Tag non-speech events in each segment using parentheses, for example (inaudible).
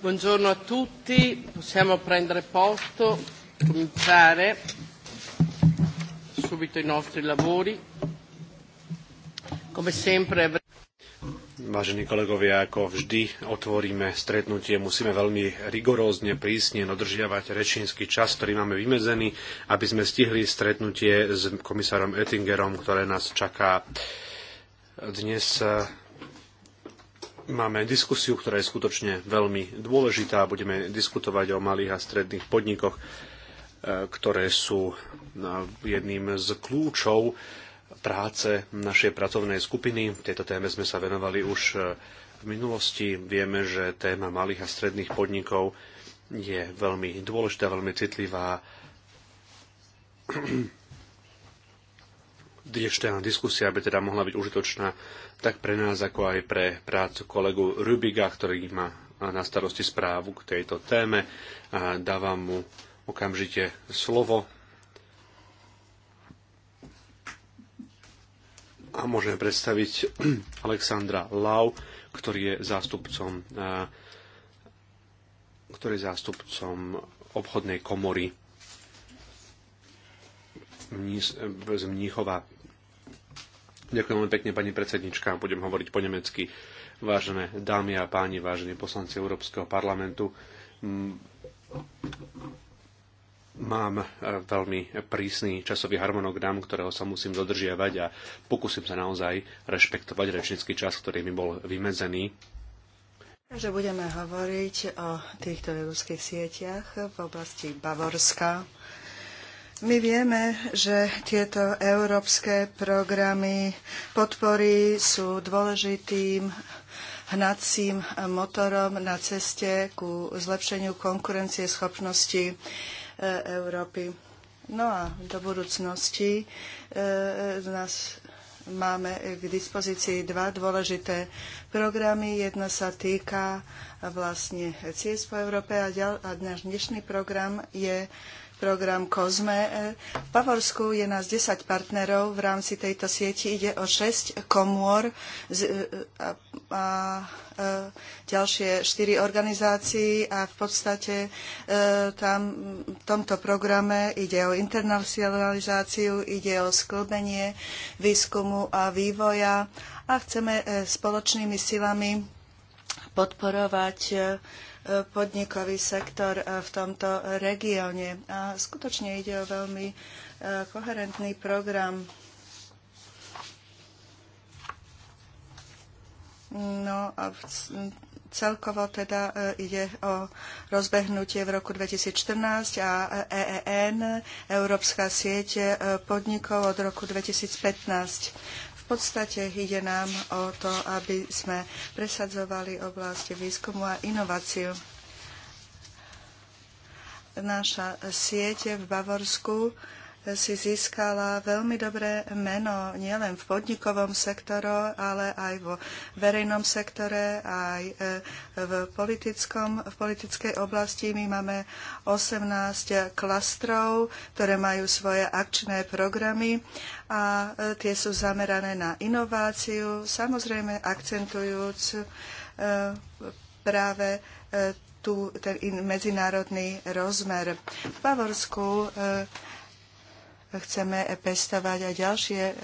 Buongiorno a tutti, possiamo prendere posto, cominciare subito i nostri lavori. Come sempre... Vážení kolegovia, ako vždy otvoríme stretnutie, musíme veľmi rigorózne, prísne dodržiavať rečínsky čas, ktorý máme vymedzený, aby sme stihli stretnutie s komisárom Ettingerom, ktoré nás čaká. Dnes Máme diskusiu, ktorá je skutočne veľmi dôležitá. Budeme diskutovať o malých a stredných podnikoch, e, ktoré sú e, jedným z kľúčov práce našej pracovnej skupiny. Tejto téme sme sa venovali už e, v minulosti. Vieme, že téma malých a stredných podnikov je veľmi dôležitá, veľmi citlivá dnešná diskusia by teda mohla byť užitočná tak pre nás, ako aj pre prácu kolegu Rubiga, ktorý má na starosti správu k tejto téme. A dávam mu okamžite slovo. A môžeme predstaviť Alexandra Lau, ktorý je zástupcom, ktorý je zástupcom obchodnej komory z Mníchova Ďakujem veľmi pekne, pani predsednička. Budem hovoriť po nemecky. Vážené dámy a páni, vážení poslanci Európskeho parlamentu, mm, mám e, veľmi prísny časový harmonogram, ktorého sa musím dodržiavať a pokúsim sa naozaj rešpektovať rečnícky čas, ktorý mi bol vymedzený. Takže budeme hovoriť o týchto európskych sieťach v oblasti Bavorska my vieme, že tieto európske programy podpory sú dôležitým hnacím motorom na ceste ku zlepšeniu konkurencie schopnosti e, Európy. No a do budúcnosti z e, nás máme k dispozícii dva dôležité programy. Jedno sa týka vlastne ciest po Európe a, ďal, a dnešný program je program COSME. V Bavorsku je nás 10 partnerov. V rámci tejto sieti ide o 6 komôr e, a e, ďalšie 4 organizácií a v podstate e, tam v tomto programe ide o internacionalizáciu, ide o sklbenie výskumu a vývoja a chceme spoločnými silami podporovať podnikový sektor e, v tomto regióne. A skutočne ide o veľmi e, koherentný program. No a celkovo teda e, ide o rozbehnutie v roku 2014 a EEN, Európska sieť podnikov od roku 2015 podstate ide nám o to, aby sme presadzovali oblasť výskumu a inováciu. Naša siete v Bavorsku si získala veľmi dobré meno nielen v podnikovom sektore, ale aj vo verejnom sektore, aj e, v, politickom, v politickej oblasti. My máme 18 klastrov, ktoré majú svoje akčné programy a e, tie sú zamerané na inováciu, samozrejme akcentujúc e, práve tu ten medzinárodný rozmer. V Bavorsku chceme pestovať aj ďalšie e,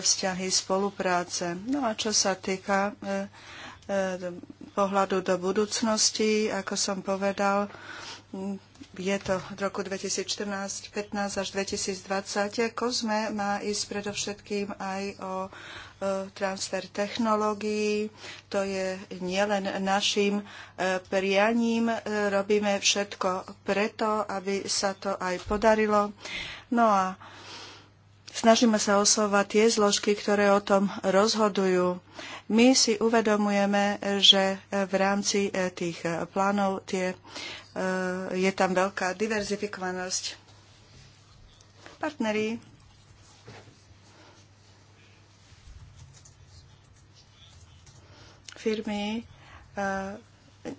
vzťahy spolupráce. No a čo sa týka e, e, pohľadu do budúcnosti, ako som povedal, je to od roku 2014, 15 až 2020. Kozme má ísť predovšetkým aj o Eh, transfer technológií. To je nielen našim eh, prianím, eh, robíme všetko preto, aby sa to aj podarilo. No a snažíme sa oslovať tie zložky, ktoré o tom rozhodujú. My si uvedomujeme, že v rámci tých plánov tie, je tam veľká diverzifikovanosť. Partneri firmy e, e,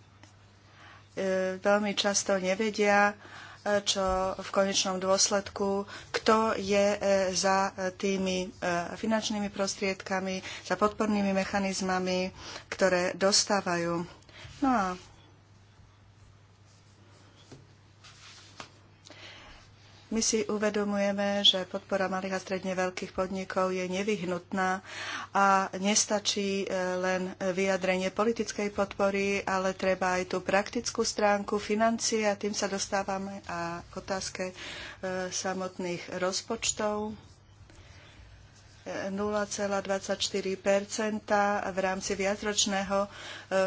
veľmi často nevedia, e, čo v konečnom dôsledku, kto je za tými finančnými prostriedkami, za podpornými mechanizmami, ktoré dostávajú. No a My si uvedomujeme, že podpora malých a stredne veľkých podnikov je nevyhnutná a nestačí e, len vyjadrenie politickej podpory, ale treba aj tú praktickú stránku financie a tým sa dostávame a k otázke e, samotných rozpočtov. 0,24 e, v rámci viacročného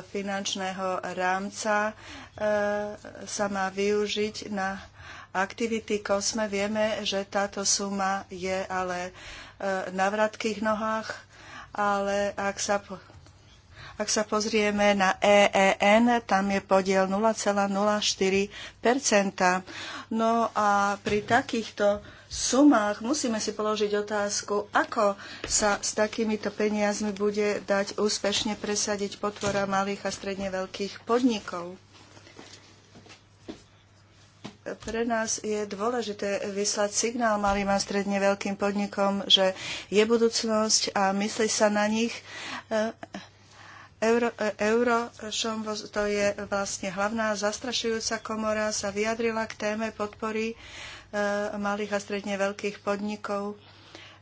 finančného rámca sa má využiť na aktivity COSME. Vieme, že táto suma je ale e, na vratkých nohách, ale ak sa, ak sa pozrieme na EEN, tam je podiel 0,04 No a pri takýchto sumách musíme si položiť otázku, ako sa s takýmito peniazmi bude dať úspešne presadiť potvora malých a stredne veľkých podnikov pre nás je dôležité vyslať signál malým a stredne veľkým podnikom, že je budúcnosť a myslí sa na nich. E, Euro, e, to je vlastne hlavná zastrašujúca komora, sa vyjadrila k téme podpory e, malých a stredne veľkých podnikov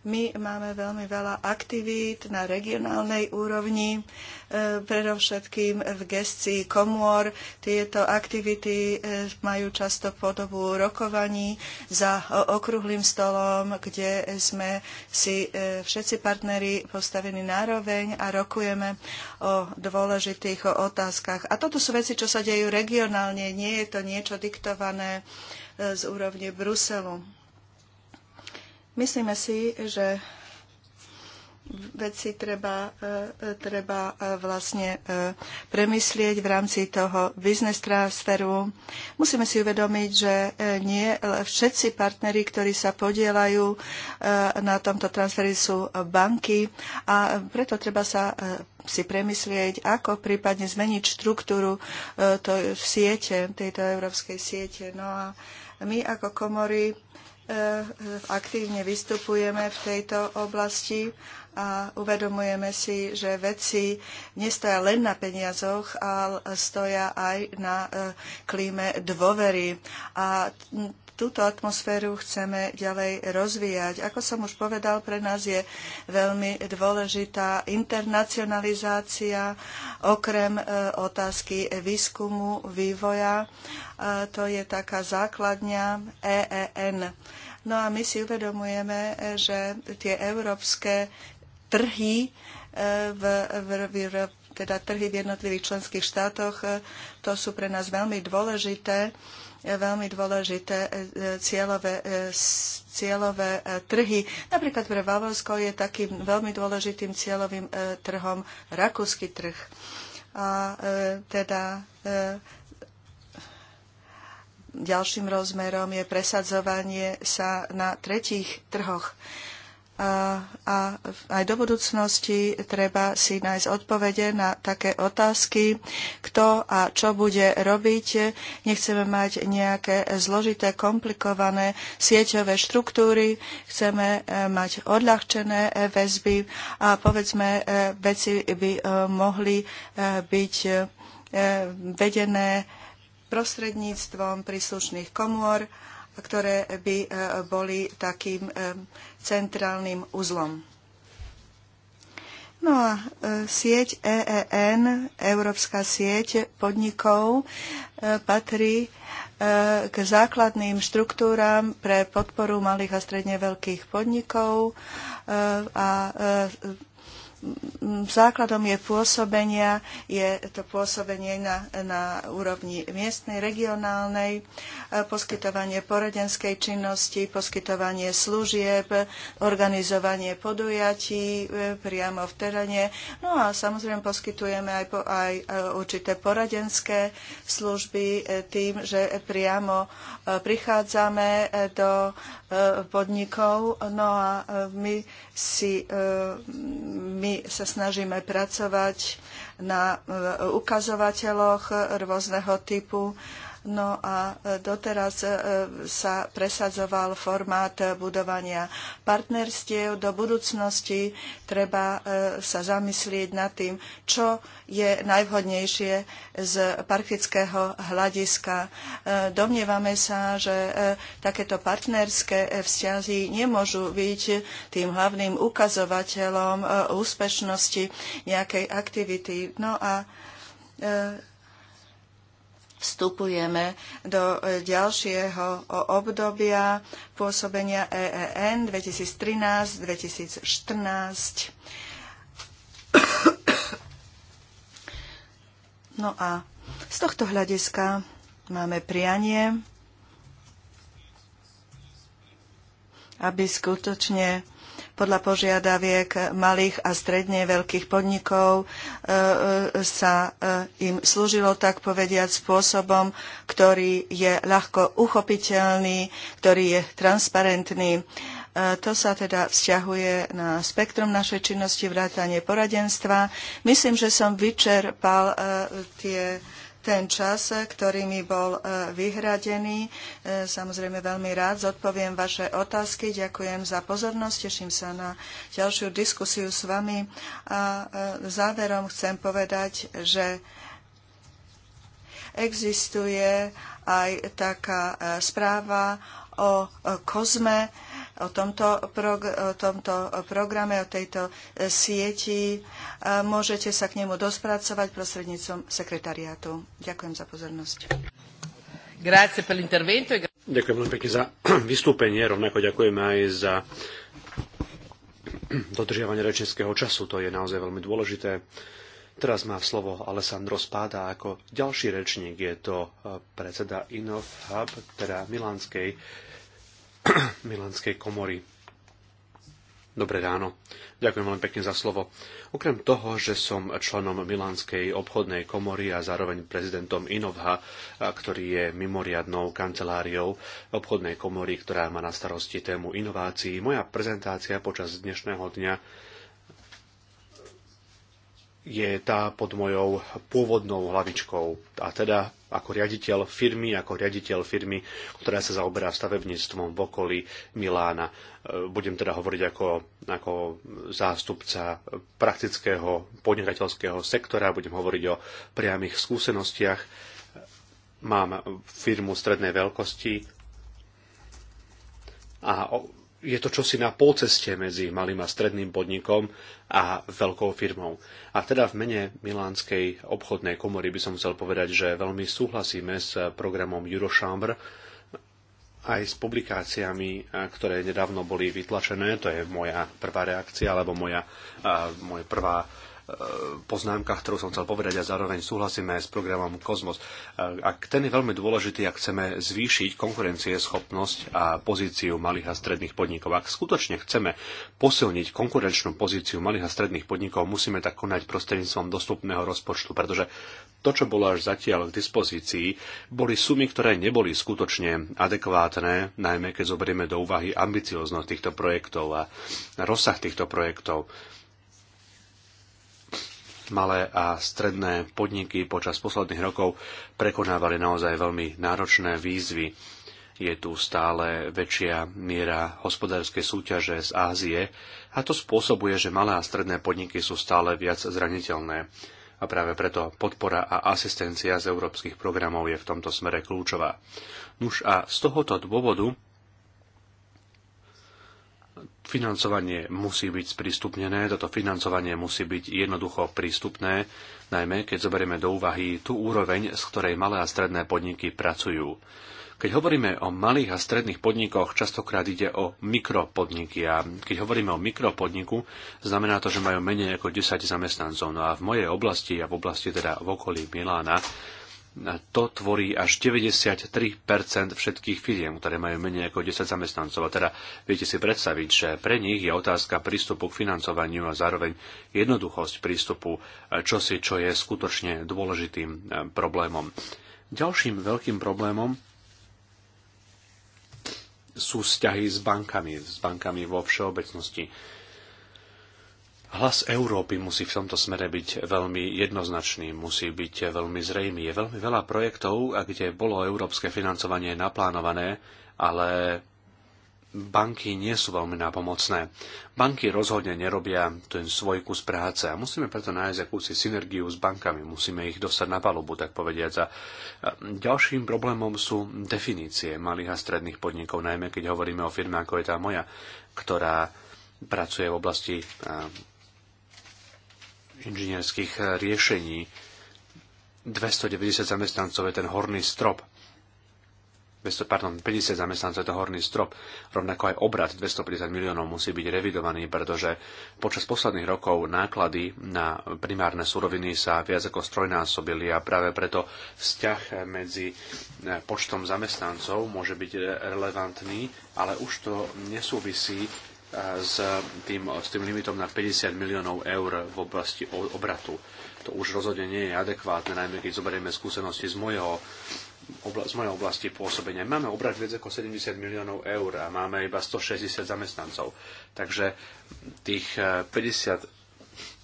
my máme veľmi veľa aktivít na regionálnej úrovni, e, predovšetkým v gestii komôr. Tieto aktivity e, majú často podobu rokovaní za okrúhlým stolom, kde sme si e, všetci partneri postavení nároveň a rokujeme o dôležitých otázkach. A toto sú veci, čo sa dejú regionálne. Nie je to niečo diktované z úrovne Bruselu. Myslíme si, že veci treba, e, treba e, vlastne e, premyslieť v rámci toho business transferu. Musíme si uvedomiť, že nie všetci partneri, ktorí sa podielajú na tomto transferi, sú banky a preto treba sa si premyslieť, ako prípadne zmeniť štruktúru to siete, tejto európskej siete. No a my ako komory Eh, aktívne vystupujeme v tejto oblasti a uvedomujeme si, že veci nestoja len na peniazoch, ale stoja aj na eh, klíme dôvery. A túto atmosféru chceme ďalej rozvíjať. Ako som už povedal, pre nás je veľmi dôležitá internacionalizácia, okrem e, otázky výskumu, vývoja. E, to je taká základňa EEN. No a my si uvedomujeme, že tie európske trhy e, v, v, v, teda trhy v jednotlivých členských štátoch, to sú pre nás veľmi dôležité veľmi dôležité e, e, cieľové, e, cieľové trhy. Napríklad pre Bavorsko je takým veľmi dôležitým cieľovým trhom rakúsky trh. A teda ďalším rozmerom je presadzovanie sa na tretích trhoch a, a aj do budúcnosti treba si nájsť odpovede na také otázky, kto a čo bude robiť. Nechceme mať nejaké zložité, komplikované sieťové štruktúry, chceme e, mať odľahčené e, väzby a povedzme, e, veci by mohli byť vedené prostredníctvom príslušných komôr, ktoré by boli takým centrálnym uzlom. No a e, sieť EEN, Európska sieť podnikov, e, patrí e, k základným štruktúram pre podporu malých a stredne veľkých podnikov a základom je pôsobenia, je to pôsobenie na, na úrovni miestnej, regionálnej, e, poskytovanie poradenskej činnosti, poskytovanie služieb, organizovanie podujatí e, priamo v teréne. No a samozrejme poskytujeme aj, po, aj e, určité poradenské služby tým, že priamo prichádzame do podnikov. No a e, my, si, e, my sa snažíme pracovať na e, ukazovateľoch rôzneho typu No a e, doteraz e, sa presadzoval formát budovania partnerstiev. Do budúcnosti treba e, sa zamyslieť nad tým, čo je najvhodnejšie z praktického hľadiska. Domnievame sa, že takéto partnerské vzťahy nemôžu byť tým hlavným ukazovateľom úspešnosti nejakej aktivity. No a vstupujeme do e, ďalšieho obdobia pôsobenia EEN 2013-2014. (coughs) No a z tohto hľadiska máme prianie, aby skutočne podľa požiadaviek malých a stredne veľkých podnikov e, e, sa e, im slúžilo tak povediať spôsobom, ktorý je ľahko uchopiteľný, ktorý je transparentný. To sa teda vzťahuje na spektrum našej činnosti, vrátanie poradenstva. Myslím, že som vyčerpal tie ten čas, ktorý mi bol e, vyhradený. E, samozrejme veľmi rád zodpoviem vaše otázky. Ďakujem za pozornosť. Teším sa na ďalšiu diskusiu s vami. A e, záverom chcem povedať, že existuje aj taká správa o kozme, o tomto, prog- o tomto programe, o tejto e, sieti. E, môžete sa k nemu dospracovať prostrednícom sekretariátu. Ďakujem za pozornosť. E ďakujem veľmi pekne za (clears throat) vystúpenie, rovnako ďakujem aj za (clears throat) dodržiavanie rečnického času, to je naozaj veľmi dôležité. Teraz má slovo Alessandro Spáda ako ďalší rečník. Je to predseda Inov Hub, teda milánskej (clears throat) Milanskej komory. Dobré ráno. Ďakujem veľmi pekne za slovo. Okrem toho, že som členom Milanskej obchodnej komory a zároveň prezidentom Inovha, ktorý je mimoriadnou kanceláriou obchodnej komory, ktorá má na starosti tému inovácií, moja prezentácia počas dnešného dňa je tá pod mojou pôvodnou hlavičkou. A teda ako riaditeľ firmy, ako riaditeľ firmy, ktorá sa zaoberá stavebníctvom v okolí Milána. E, budem teda hovoriť ako, ako zástupca praktického podnikateľského sektora, budem hovoriť o priamých skúsenostiach. Mám firmu strednej veľkosti a je to čosi na polceste medzi malým a stredným podnikom a veľkou firmou. A teda v mene Milánskej obchodnej komory by som chcel povedať, že veľmi súhlasíme s programom Eurochamber aj s publikáciami, ktoré nedávno boli vytlačené. To je moja prvá reakcia, alebo moja, moja prvá poznámkach, ktorú som chcel povedať a zároveň súhlasíme aj s programom Kozmos. A ten je veľmi dôležitý, ak chceme zvýšiť konkurencieschopnosť a pozíciu malých a stredných podnikov. Ak skutočne chceme posilniť konkurenčnú pozíciu malých a stredných podnikov, musíme tak konať prostredníctvom dostupného rozpočtu, pretože to, čo bolo až zatiaľ k dispozícii, boli sumy, ktoré neboli skutočne adekvátne, najmä keď zoberieme do úvahy ambicioznosť týchto projektov a rozsah týchto projektov malé a stredné podniky počas posledných rokov prekonávali naozaj veľmi náročné výzvy. Je tu stále väčšia miera hospodárskej súťaže z Ázie a to spôsobuje, že malé a stredné podniky sú stále viac zraniteľné. A práve preto podpora a asistencia z európskych programov je v tomto smere kľúčová. Nuž a z tohoto dôvodu Financovanie musí byť sprístupnené, toto financovanie musí byť jednoducho prístupné, najmä keď zoberieme do úvahy tú úroveň, z ktorej malé a stredné podniky pracujú. Keď hovoríme o malých a stredných podnikoch, častokrát ide o mikropodniky a keď hovoríme o mikropodniku, znamená to, že majú menej ako 10 zamestnancov. No a v mojej oblasti a v oblasti teda v okolí Milána to tvorí až 93% všetkých firiem, ktoré majú menej ako 10 zamestnancov. A teda viete si predstaviť, že pre nich je otázka prístupu k financovaniu a zároveň jednoduchosť prístupu eh, si, čo je skutočne dôležitým eh, problémom. Ďalším veľkým problémom sú vzťahy s bankami, s bankami vo všeobecnosti Hlas Európy musí v tomto smere byť veľmi jednoznačný, musí byť veľmi zrejmý. Je veľmi veľa projektov, kde bolo európske financovanie naplánované, ale banky nie sú veľmi nápomocné. Banky rozhodne nerobia ten svoj kus práce a musíme preto nájsť akúsi synergiu s bankami, musíme ich dostať na palubu, tak povediať. A ďalším problémom sú definície malých a stredných podnikov, najmä keď hovoríme o firme ako je tá moja, ktorá pracuje v oblasti inžinierských eh, riešení. 290 zamestnancov je ten horný strop. pardon, 50 zamestnancov je to horný strop. Rovnako aj obrad 250 miliónov musí byť revidovaný, pretože počas posledných rokov náklady na primárne suroviny sa viac ako strojnásobili a práve preto vzťah medzi eh, počtom zamestnancov môže byť eh, relevantný, ale už to nesúvisí s tým, s tým limitom na 50 miliónov eur v oblasti obratu. To už rozhodne nie je adekvátne, najmä keď zoberieme skúsenosti z, mojho, z mojej oblasti pôsobenia. Máme obrat viac ako 70 miliónov eur a máme iba 160 zamestnancov. Takže tých 50 e,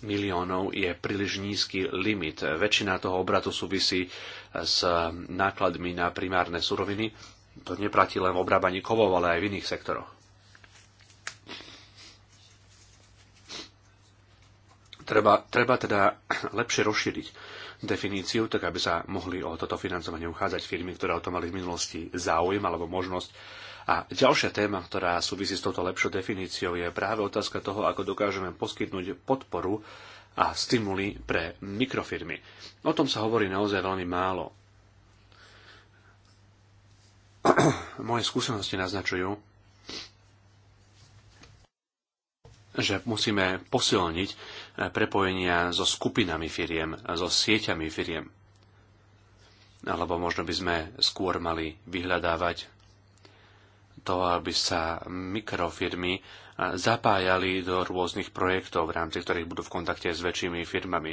miliónov je príliš nízky limit. Väčšina toho obratu súvisí e, s nákladmi na primárne suroviny. To neplatí len v obrábaní kovov, ale aj v iných sektoroch. Treba, treba teda (clears throat) lepšie rozšíriť definíciu, tak aby sa mohli o toto financovanie uchádzať firmy, ktoré o to mali v minulosti záujem alebo možnosť. A ďalšia téma, ktorá súvisí s touto lepšou definíciou, je práve otázka toho, ako dokážeme poskytnúť podporu a stimuli pre mikrofirmy. O tom sa hovorí naozaj veľmi málo. (clears throat) Moje skúsenosti naznačujú, že musíme posilniť prepojenia so skupinami firiem, so sieťami firiem. Alebo možno by sme skôr mali vyhľadávať to, aby sa mikrofirmy zapájali do rôznych projektov, v rámci ktorých budú v kontakte s väčšími firmami.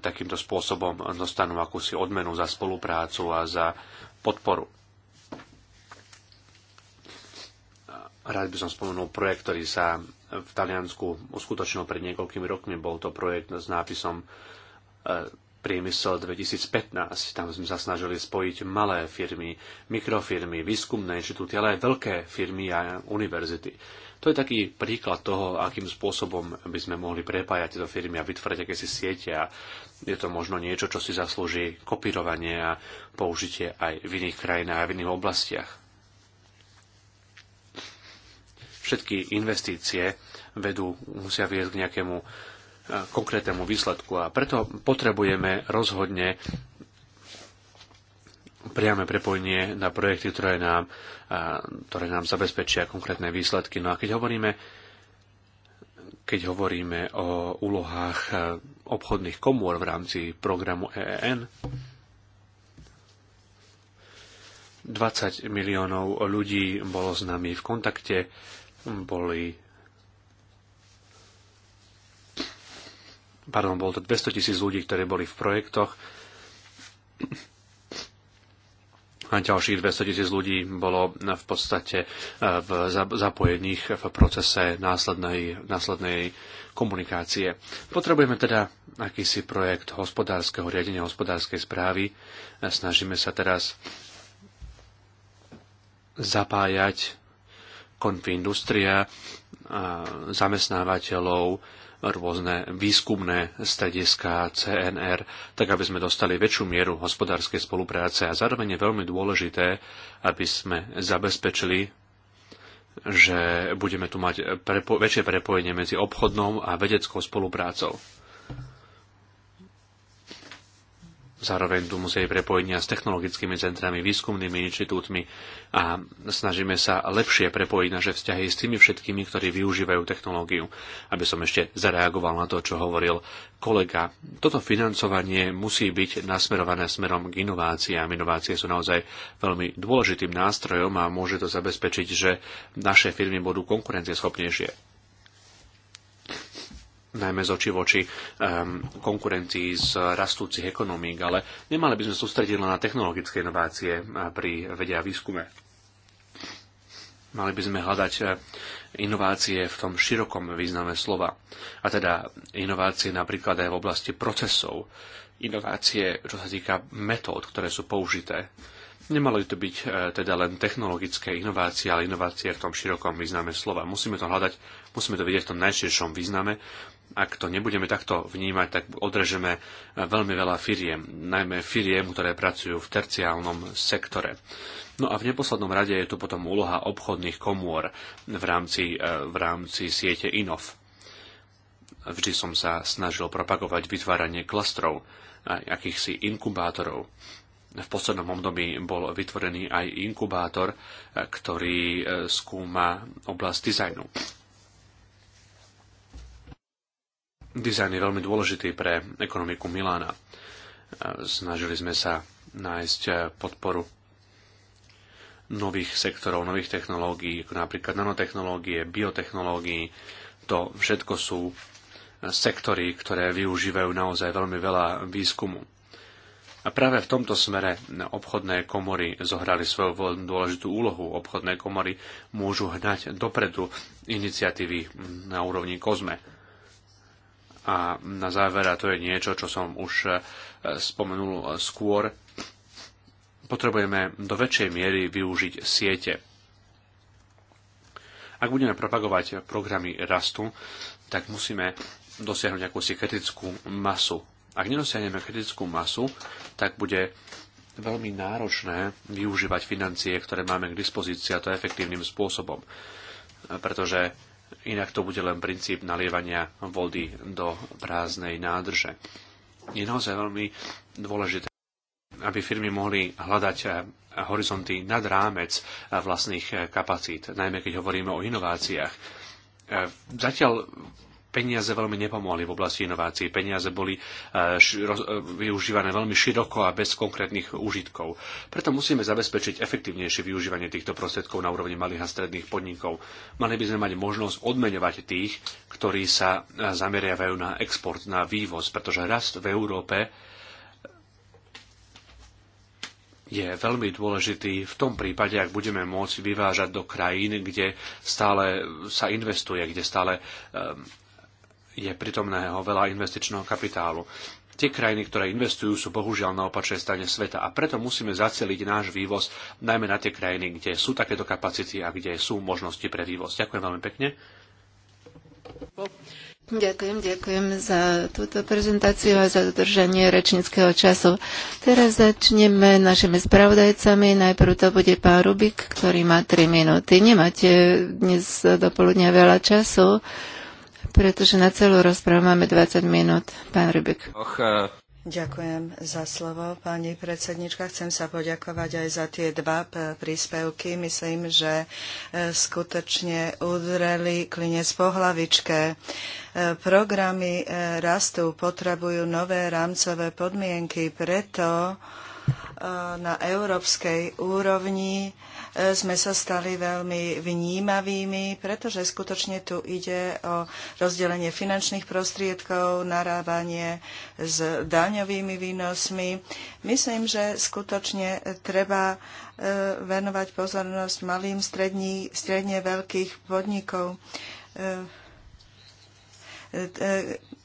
Takýmto spôsobom dostanú akúsi odmenu za spoluprácu a za podporu. Rád by som spomenul projekt, ktorý sa v Taliansku uskutočnil pred niekoľkými rokmi. Bol to projekt s nápisom e, Priemysel 2015. Tam sme sa snažili spojiť malé firmy, mikrofirmy, výskumné inštitúty, ale aj veľké firmy a univerzity. To je taký príklad toho, akým spôsobom by sme mohli prepájať tieto firmy a vytvoriť akési siete a je to možno niečo, čo si zaslúži kopírovanie a použitie aj v iných krajinách a v iných oblastiach všetky investície vedú, musia viesť k nejakému e, konkrétnemu výsledku a preto potrebujeme rozhodne priame prepojenie na projekty, ktoré nám, e, ktoré nám zabezpečia konkrétne výsledky. No a keď hovoríme, keď hovoríme o úlohách e, obchodných komôr v rámci programu EEN, 20 miliónov ľudí bolo s nami v kontakte boli pardon, bolo to 200 tisíc ľudí, ktorí boli v projektoch a ďalších 200 tisíc ľudí bolo v podstate e, v zapojených v procese následnej, následnej komunikácie. Potrebujeme teda akýsi projekt hospodárskeho riadenia, hospodárskej správy. E, snažíme sa teraz zapájať konfí industria, zamestnávateľov, rôzne výskumné strediska CNR, tak aby sme dostali väčšiu mieru hospodárskej spolupráce a zároveň je veľmi dôležité, aby sme zabezpečili, že budeme tu mať prepo- väčšie prepojenie medzi obchodnou a vedeckou spoluprácou. Zároveň tu musí prepojenia s technologickými centrami, výskumnými inštitútmi a snažíme sa lepšie prepojiť naše vzťahy s tými všetkými, ktorí využívajú technológiu. Aby som ešte zareagoval na to, čo hovoril kolega. Toto financovanie musí byť nasmerované smerom k inováciám. Inovácie sú naozaj veľmi dôležitým nástrojom a môže to zabezpečiť, že naše firmy budú konkurencieschopnejšie najmä z oči voči um, ehm, konkurencii z rastúcich ekonomík, ale nemali by sme sústrediť len na technologické inovácie eh, pri vede a výskume. Mali by sme hľadať eh, inovácie v tom širokom význame slova, a teda inovácie napríklad aj v oblasti procesov, inovácie, čo sa týka metód, ktoré sú použité. Nemalo by to byť eh, teda len technologické inovácie, ale inovácie v tom širokom význame slova. Musíme to hľadať, musíme to vidieť v tom najširšom význame ak to nebudeme takto vnímať, tak odrežeme eh, veľmi veľa firiem, najmä firiem, ktoré pracujú v terciálnom sektore. No a v neposlednom rade je tu potom úloha obchodných komôr v rámci, eh, v rámci siete INOV. Vždy som sa snažil propagovať vytváranie klastrov, eh, akýchsi inkubátorov, v poslednom období bol vytvorený aj inkubátor, ktorý skúma oblasť dizajnu. Dizajn je veľmi dôležitý pre ekonomiku Milána. E, Snažili sme sa nájsť e, podporu nových sektorov, nových technológií, ako napríklad nanotechnológie, biotechnológií. To všetko sú e, sektory, ktoré využívajú naozaj veľmi veľa výskumu. A práve v tomto smere obchodné komory zohrali svoju dôležitú úlohu. Obchodné komory môžu hnať dopredu iniciatívy na úrovni kozme. A na záver, a to je niečo, čo som už e, spomenul skôr, potrebujeme do väčšej miery využiť siete. Ak budeme propagovať programy rastu, tak musíme dosiahnuť akúsi kritickú masu. Ak nedosiahneme kritickú masu, tak bude veľmi náročné využívať financie, ktoré máme k dispozícii a to efektívnym spôsobom. Pretože inak to bude len princíp nalievania vody do prázdnej nádrže. Je naozaj veľmi dôležité, aby firmy mohli hľadať eh, horizonty nad rámec eh, vlastných eh, kapacít, najmä keď hovoríme o inováciách. Zatiaľ peniaze veľmi nepomohli v oblasti inovácií. Peniaze boli e, e, využívané veľmi široko a bez konkrétnych užitkov. Preto musíme zabezpečiť efektívnejšie využívanie týchto prostriedkov na úrovni malých a stredných podnikov. Mali by sme mať možnosť odmeňovať tých, ktorí sa e, zameriavajú na export, na vývoz, pretože rast v Európe je veľmi dôležitý v tom prípade, ak budeme môcť vyvážať do krajín, kde stále sa investuje, kde stále je pritomného veľa investičného kapitálu. Tie krajiny, ktoré investujú, sú bohužiaľ na opačnej strane sveta a preto musíme zaceliť náš vývoz najmä na tie krajiny, kde sú takéto kapacity a kde sú možnosti pre vývoz. Ďakujem veľmi pekne. Ďakujem, ďakujem za túto prezentáciu a za dodržanie rečníckého času. Teraz začneme našimi spravodajcami. Najprv to bude pán Rubik, ktorý má 3 minúty. Nemáte dnes do poludnia veľa času pretože na celú rozprávu máme 20 minút. Pán Rybik. Och, eh, Ďakujem za slovo, pani predsednička. Chcem sa poďakovať aj za tie dva eh, príspevky. Myslím, že eh, skutočne udreli klinec po hlavičke. Programy rastu potrebujú nové rámcové podmienky, preto na európskej úrovni sme sa stali veľmi vnímavými, pretože skutočne tu ide o rozdelenie finančných prostriedkov, narávanie s daňovými výnosmi. Myslím, že skutočne treba e, venovať pozornosť malým strední, stredne veľkých podnikov e, e,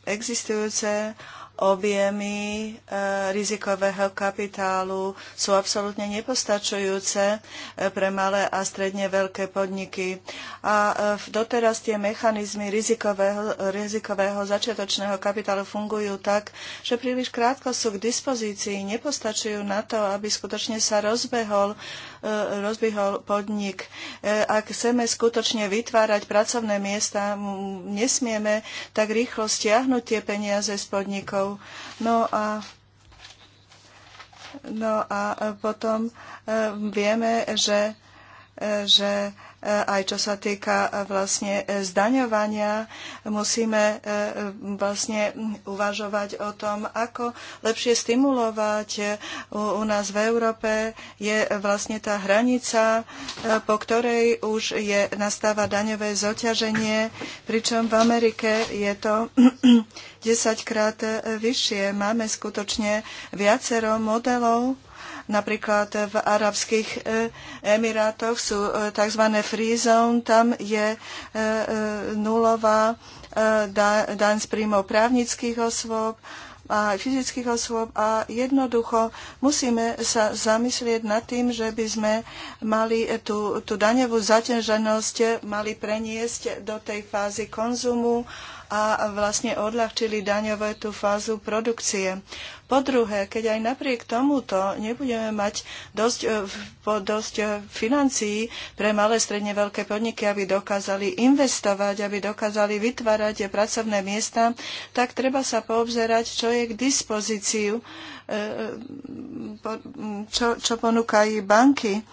existujúce objemy e, rizikového kapitálu sú absolútne nepostačujúce e, pre malé a stredne veľké podniky. A e, doteraz tie mechanizmy rizikového, rizikového začiatočného kapitálu fungujú tak, že príliš krátko sú k dispozícii, nepostačujú na to, aby skutočne sa rozbehol, rozbehol podnik. Ak chceme skutočne vytvárať pracovné miesta, nesmieme tak rýchlo stiahnuť tie peniaze z podnikov, štátov. No a No a potom e, vieme, že že eh, aj čo sa týka eh, vlastne eh, zdaňovania, musíme vlastne uvažovať o tom, ako lepšie stimulovať. U, u nás v Európe je vlastne tá hranica, po ktorej už je, nastáva daňové zoťaženie, pričom v Amerike je to 10 (clears throat) krát vyššie. Máme skutočne viacero modelov, Napríklad v Arabských e, Emirátoch sú e, tzv. free zone, tam je e, nulová daň z príjmov právnických osôb a fyzických osôb a jednoducho musíme sa zamyslieť nad tým, že by sme mali tú, tú daňovú zaťaženosť mali preniesť do tej fázy konzumu a vlastne odľahčili daňové tú fázu produkcie. Po druhé, keď aj napriek tomuto nebudeme mať dosť, eh, dosť eh, financií pre malé, stredne veľké podniky, aby dokázali investovať, aby dokázali vytvárať eh, pracovné miesta, tak treba sa poobzerať, čo je k dispozíciu, mm, čo, čo ponúkajú banky.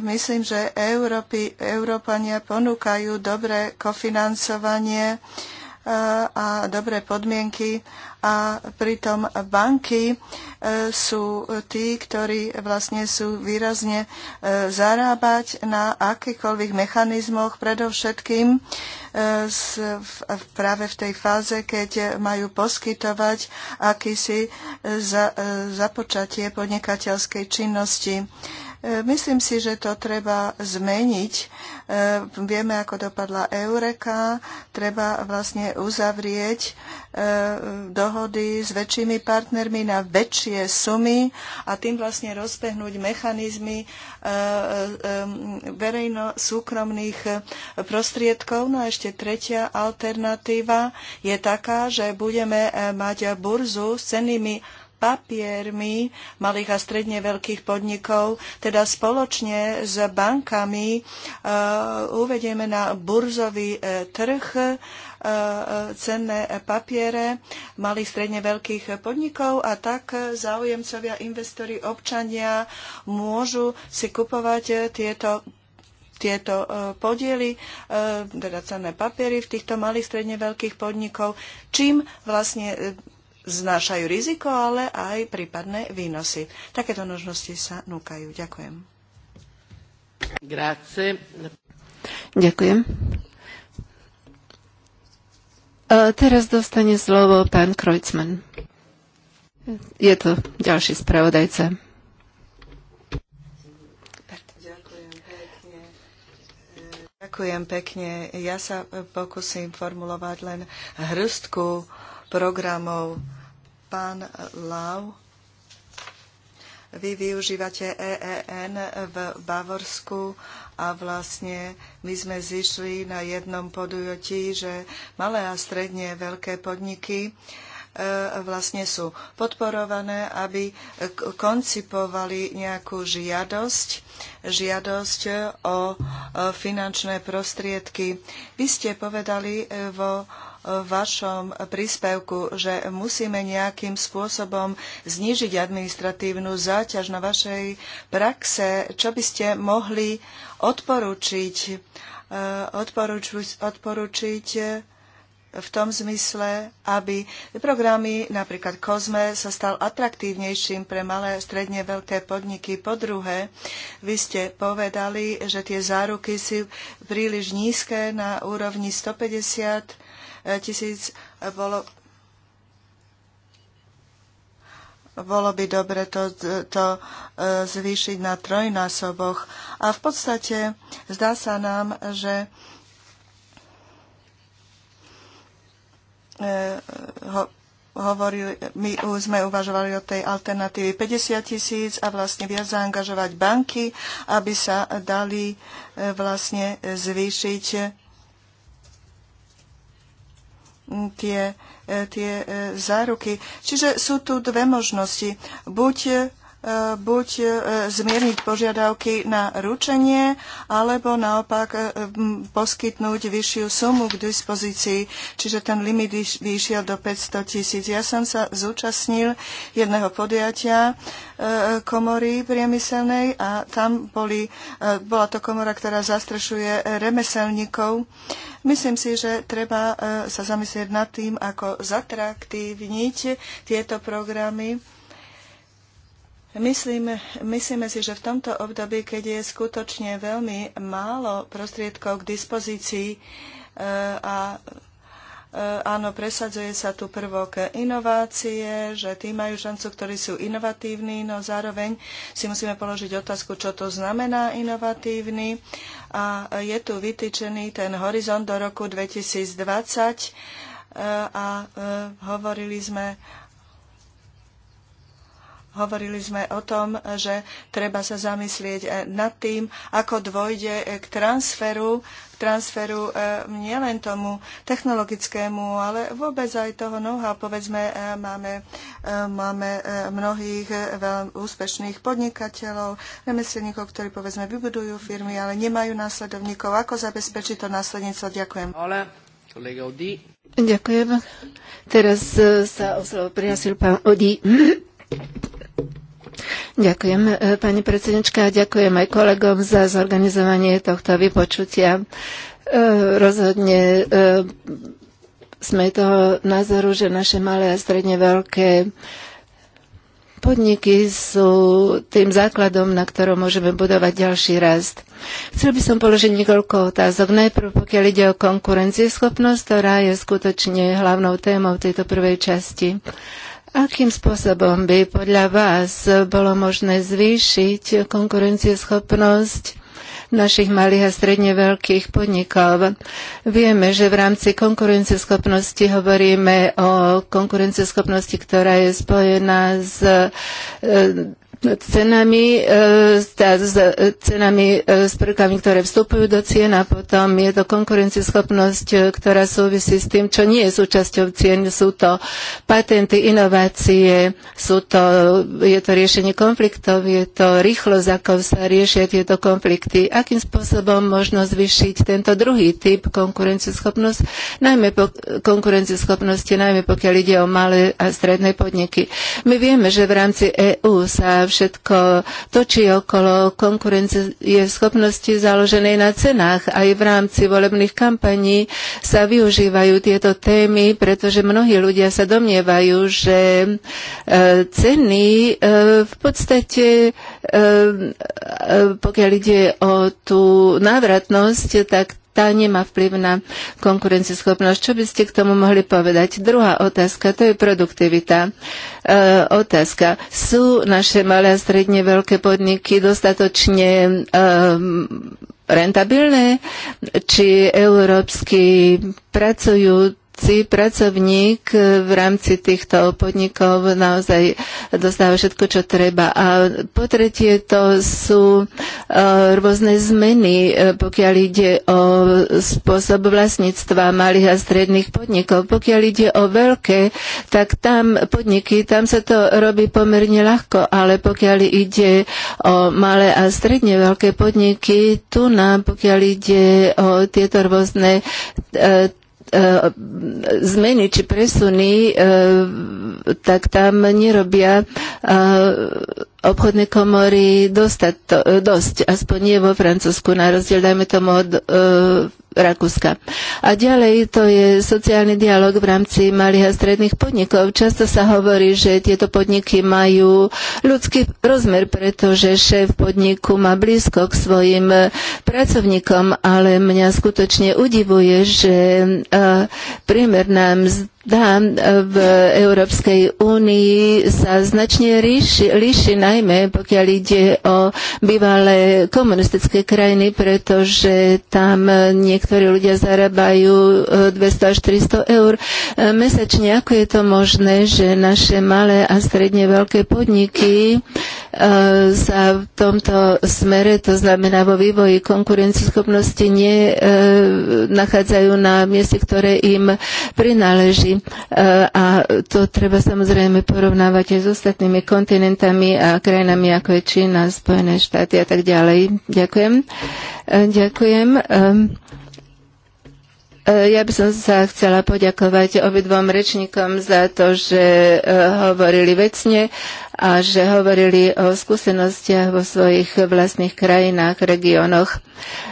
Myslím, že Európy, Európania ponúkajú dobré kofinancovanie a dobré podmienky a pritom banky e, sú tí, ktorí vlastne sú výrazne e, zarábať na akýchkoľvek mechanizmoch, predovšetkým e, práve v tej fáze, keď majú poskytovať akýsi započatie podnikateľskej činnosti. E, myslím si, že to treba zmeniť. E, vieme, ako dopadla Eureka. Treba vlastne uzavrieť e, dohody s väčšími partnermi na väčšie sumy a tým vlastne rozbehnúť mechanizmy verejno-súkromných prostriedkov. No a ešte tretia alternatíva je taká, že budeme mať burzu s cenými papiermi malých a stredne veľkých podnikov, teda spoločne s bankami e, uvedieme na burzový e, trh e, cenné papiere malých stredne veľkých podnikov a tak záujemcovia, investori, občania môžu si kupovať tieto tieto podiely, teda cenné papiery v týchto malých, stredne veľkých podnikov, čím vlastne znášajú riziko, ale aj prípadné výnosy. Takéto možnosti sa núkajú. Ďakujem. Grazie. Ďakujem. A e, teraz dostane slovo pán Kreuzmann. Je to ďalší spravodajca. Ďakujem pekne. Ja sa pokúsim formulovať len hrstku programov Pán Lau, vy využívate EEN v Bavorsku a vlastne my sme zišli na jednom podujatí, že malé a stredne veľké podniky e, vlastne sú podporované, aby koncipovali nejakú žiadosť, žiadosť o finančné prostriedky. Vy ste povedali e, vo vašom príspevku, že musíme nejakým spôsobom znížiť administratívnu záťaž na vašej praxe. Čo by ste mohli odporučiť? Eh, odporučiť, odporučiť eh, v tom zmysle, aby programy napríklad COSME sa stal atraktívnejším pre malé, stredne veľké podniky. Po druhé, vy ste povedali, že tie záruky sú príliš nízke na úrovni 150 tisíc bolo bolo by dobre to, to e, zvýšiť na trojnásoboch. A v podstate zdá sa nám, že e, ho, hovorili, my sme uvažovali o tej alternatívy 50 tisíc a vlastne viac zaangažovať banky, aby sa dali e, vlastne zvýšiť tie, e, tie e, záruky. Čiže sú tu dve možnosti. Buď e, buď zmierniť požiadavky na ručenie, alebo naopak poskytnúť vyššiu sumu k dispozícii, čiže ten limit vyšiel do 500 tisíc. Ja som sa zúčastnil jedného podujatia komory priemyselnej a tam boli, bola to komora, ktorá zastrešuje remeselníkov Myslím si, že treba e, sa zamyslieť nad tým, ako zatraktívniť tieto programy. Myslím, myslíme si, že v tomto období, keď je skutočne veľmi málo prostriedkov k dispozícii e, a e, áno, presadzuje sa tu prvok inovácie, že tí majú šancu, ktorí sú inovatívni, no zároveň si musíme položiť otázku, čo to znamená inovatívny a je tu vytýčený ten horizont do roku 2020 e, a e, hovorili sme Hovorili sme o tom, že treba sa zamyslieť eh, nad tým, ako dôjde eh, k transferu, k transferu eh, nielen tomu technologickému, ale vôbec aj toho know-how. Povedzme, máme, máme mnohých veľmi úspešných podnikateľov, remeselníkov, ktorí povedzme vybudujú firmy, ale nemajú následovníkov. Ako zabezpečiť to následníctvo? Ďakujem. Ale, kolega Odi. Ďakujem. Teraz sa o slovo pán Odi. Ďakujem, e, pani predsednička, a ďakujem aj kolegom za zorganizovanie tohto vypočutia. E, rozhodne e, sme toho názoru, že naše malé a stredne veľké podniky sú tým základom, na ktorom môžeme budovať ďalší rast. Chcel by som položiť niekoľko otázok. Najprv, pokiaľ ide o konkurencieschopnosť, ktorá je skutočne hlavnou témou tejto prvej časti. Uh, Akým spôsobom by podľa vás bolo možné zvýšiť konkurencieschopnosť našich malých a stredne veľkých podnikov. Vieme, že v rámci konkurenceschopnosti hovoríme o konkurenceschopnosti, ktorá je spojená s e, cenami, s e, teda cenami, e, s prvkami, ktoré vstupujú do cien a potom je to konkurencieschopnosť, e, ktorá súvisí s tým, čo nie je súčasťou cien. Sú to patenty, inovácie, sú to, je to riešenie konfliktov, je to rýchlosť, ako sa riešia tieto konflikty. Akým spôsobom možno zvyšiť tento druhý typ konkurencieschopnosť, najmä po, konkurencieschopnosti, najmä pokiaľ ide o malé a stredné podniky. My vieme, že v rámci EÚ sa všetko točí okolo konkurencie je schopnosti založenej na cenách. Aj v rámci volebných kampaní sa využívajú tieto témy, pretože mnohí ľudia sa domnievajú, že e, ceny e, v podstate, e, pokiaľ ide o tú návratnosť, tak tá nemá vplyv na konkurencieschopnosť. Čo by ste k tomu mohli povedať? Druhá otázka, to je produktivita. E, otázka, sú naše malé a stredne veľké podniky dostatočne e, rentabilné? Či európsky pracujú? vedúci pracovník e, v rámci týchto podnikov naozaj dostáva všetko, čo treba. A po tretie to sú e, rôzne zmeny, e, pokiaľ ide o spôsob vlastníctva malých a stredných podnikov. Pokiaľ ide o veľké, tak tam podniky, tam sa to robí pomerne ľahko, ale pokiaľ ide o malé a stredne veľké podniky, tu nám, pokiaľ ide o tieto rôzne E, zmeny či presuny, e, tak tam nerobia e, obchodné komory dostať to, dosť, aspoň nie vo Francúzsku, na rozdiel, dajme tomu, od e, Rakúska. A ďalej to je sociálny dialog v rámci malých a stredných podnikov. Často sa hovorí, že tieto podniky majú ľudský rozmer, pretože šéf podniku má blízko k svojim e, pracovníkom, ale mňa skutočne udivuje, že e, priemerná mzda E, v Európskej únii sa značne líši, líši najmä pokiaľ ide o bývalé komunistické krajiny, pretože tam niektorí ľudia zarábajú 200 e, až 300 eur e, mesačne. Ako je to možné, že naše malé a stredne veľké podniky sa v tomto smere, to znamená vo vývoji konkurencieschopnosti, e, nachádzajú na mieste, ktoré im prináleží. E, a to treba samozrejme porovnávať aj s ostatnými kontinentami a krajinami, ako je Čína, Spojené štáty a tak ďalej. Ďakujem. E, ďakujem. Ja by som sa chcela poďakovať obidvom rečníkom za to, že hovorili vecne a že hovorili o skúsenostiach vo svojich vlastných krajinách, regiónoch.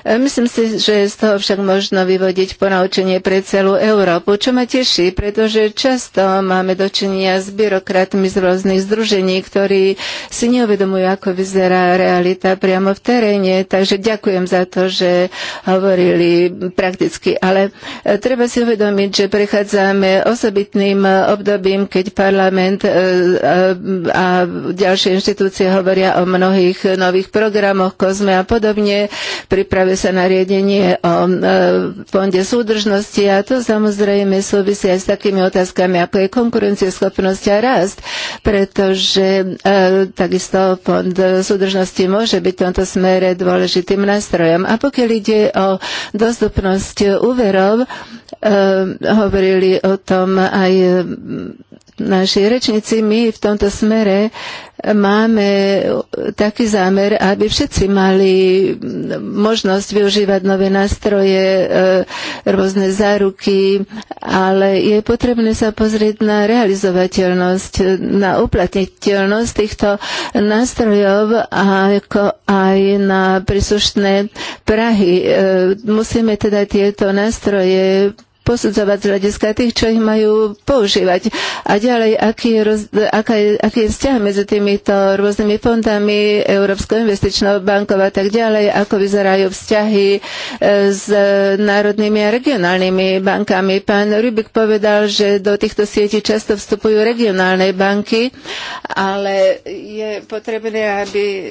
E, myslím si, že z toho však možno vyvodiť ponaučenie pre celú Európu, čo ma teší, pretože často máme dočinenia s byrokratmi z rôznych združení, ktorí si neuvedomujú, ako vyzerá realita priamo v teréne. Takže ďakujem za to, že hovorili prakticky. Ale e, treba si uvedomiť, že prechádzame osobitným obdobím, keď parlament e, a ďalšie inštitúcie hovoria o mnohých nových programoch, kozme a podobne. Pripravuje sa nariadenie o e, fonde súdržnosti a to samozrejme súvisí aj s takými otázkami, ako je konkurencieschopnosť a rast, pretože e, takisto fond súdržnosti môže byť v tomto smere dôležitým nástrojom. A pokiaľ ide o dostupnosť úverov, e, hovorili o tom aj naši rečníci, my v tomto smere máme taký zámer, aby všetci mali možnosť využívať nové nástroje, e, rôzne záruky, ale je potrebné sa pozrieť na realizovateľnosť, na uplatniteľnosť týchto nástrojov a ako aj na príslušné prahy. E, musíme teda tieto nástroje posudzovať z hľadiska tých, čo ich majú používať. A ďalej, aký je, roz, aká je, aký je vzťah medzi týmito rôznymi fondami, Európskou investičnou bankou a tak ďalej, ako vyzerajú vzťahy e, s národnými a regionálnymi bankami. Pán Rubik povedal, že do týchto sietí často vstupujú regionálne banky, ale je potrebné, aby e,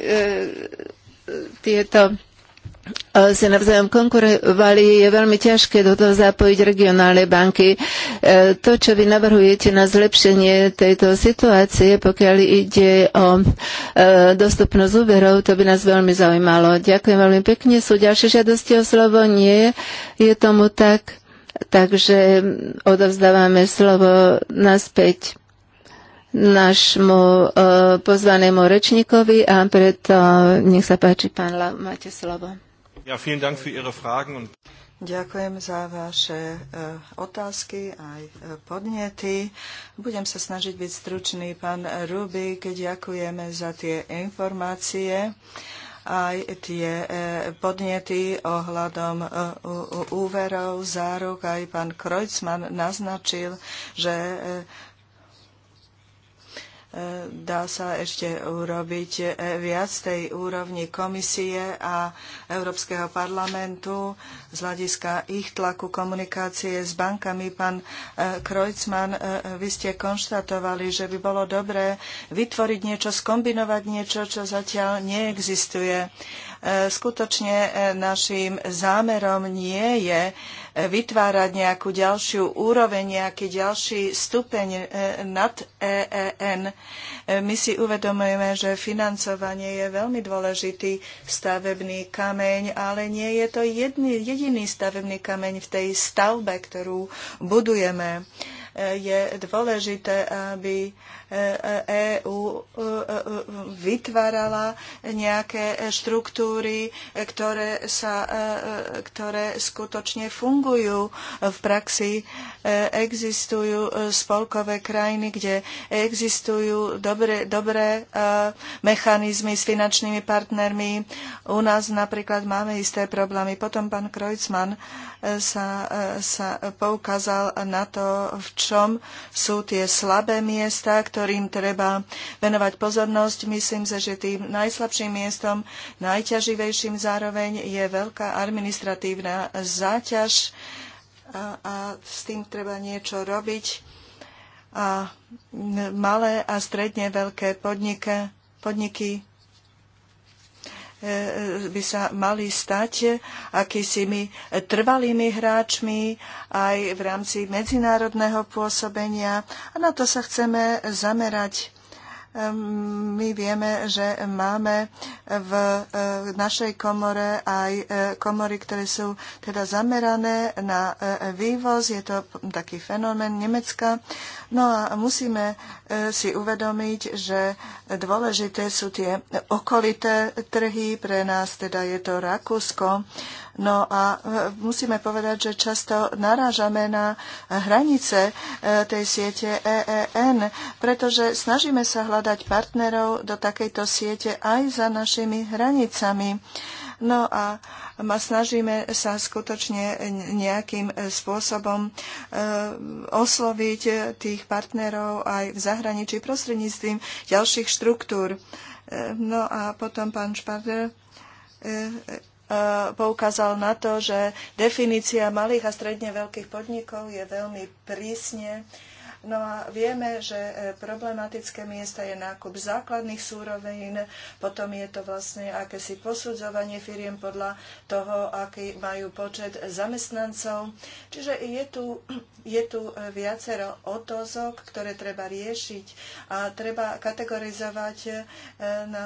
tieto si navzájom konkurovali, je veľmi ťažké do toho zapojiť regionálne banky. E, to, čo vy navrhujete na zlepšenie tejto situácie, pokiaľ ide o e, dostupnosť úverov, to by nás veľmi zaujímalo. Ďakujem veľmi pekne. Sú ďalšie žiadosti o slovo? Nie. Je tomu tak? Takže odovzdávame slovo naspäť nášmu e, pozvanému rečníkovi a preto nech sa páči, pán Lav, máte slovo. Ja, vielen Dank für Ihre Fragen und Ďakujem za vaše eh, otázky aj eh, podnety. Budem sa snažiť byť stručný, pán Rubik. Ďakujeme za tie informácie aj tie eh, podnety ohľadom úverov, záruk. Aj pán Krojcman naznačil, že dá sa ešte urobiť e, viac tej úrovni komisie a Európskeho parlamentu z hľadiska ich tlaku komunikácie s bankami. Pán e, Krojcman, e, vy ste konštatovali, že by bolo dobré vytvoriť niečo, skombinovať niečo, čo zatiaľ neexistuje. Skutočne e, našim zámerom nie je e, vytvárať nejakú ďalšiu úroveň, nejaký ďalší stupeň e, nad EEN. My si uvedomujeme, že financovanie je veľmi dôležitý stavebný kameň, ale nie je to jedný, jediný stavebný kameň v tej stavbe, ktorú budujeme je dôležité, aby EÚ e, e e, vytvárala nejaké štruktúry, ktoré, sa, ktoré skutočne fungujú v praxi existujú e, spolkové krajiny, kde existujú dobré, dobré e, mechanizmy s finančnými partnermi. U nás napríklad máme isté problémy. Potom pán Krojcman e, sa, sa poukázal na to, v čom sú tie slabé miesta, ktorým treba venovať pozornosť. Myslím sa, že tým najslabším miestom, najťaživejším zároveň je veľká administratívna záťaž a, a s tým treba niečo robiť. A malé a stredne veľké podnike, podniky e, by sa mali stať akýsimi trvalými hráčmi aj v rámci medzinárodného pôsobenia a na to sa chceme zamerať Ehm, my vieme, že máme v eh, našej komore aj eh, komory, ktoré sú teda zamerané na eh, vývoz. Je to taký fenomén Nemecka. No a musíme si uvedomiť, že dôležité sú tie okolité trhy. Pre nás teda je to Rakúsko. No a e, musíme povedať, že často narážame na hranice e, tej siete EEN, pretože snažíme sa hľadať partnerov do takejto siete aj za našimi hranicami. No a ma snažíme sa skutočne nejakým e, spôsobom osloviť tých partnerov aj v zahraničí prostredníctvím ďalších štruktúr. No a potom pán Šparder Eh, poukázal na to, že definícia malých a stredne veľkých podnikov je veľmi prísne. No a vieme, že eh, problematické miesta je nákup základných súrovín, potom je to vlastne akési posudzovanie firiem podľa toho, aký majú počet zamestnancov. Čiže je tu, (clears throat) je tu eh, viacero otázok, ktoré treba riešiť a treba kategorizovať na,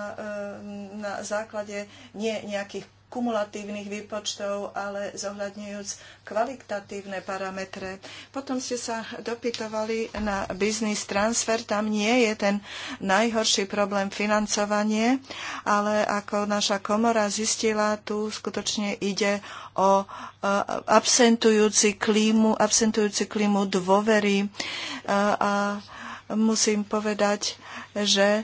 na základe nie nejakých kumulatívnych výpočtov, ale zohľadňujúc kvalitatívne parametre. Potom ste sa dopytovali na business transfer. Tam nie je ten najhorší problém financovanie, ale ako naša komora zistila, tu skutočne ide o absentujúci klímu, absentujúci klímu dôvery a, a musím povedať, že e,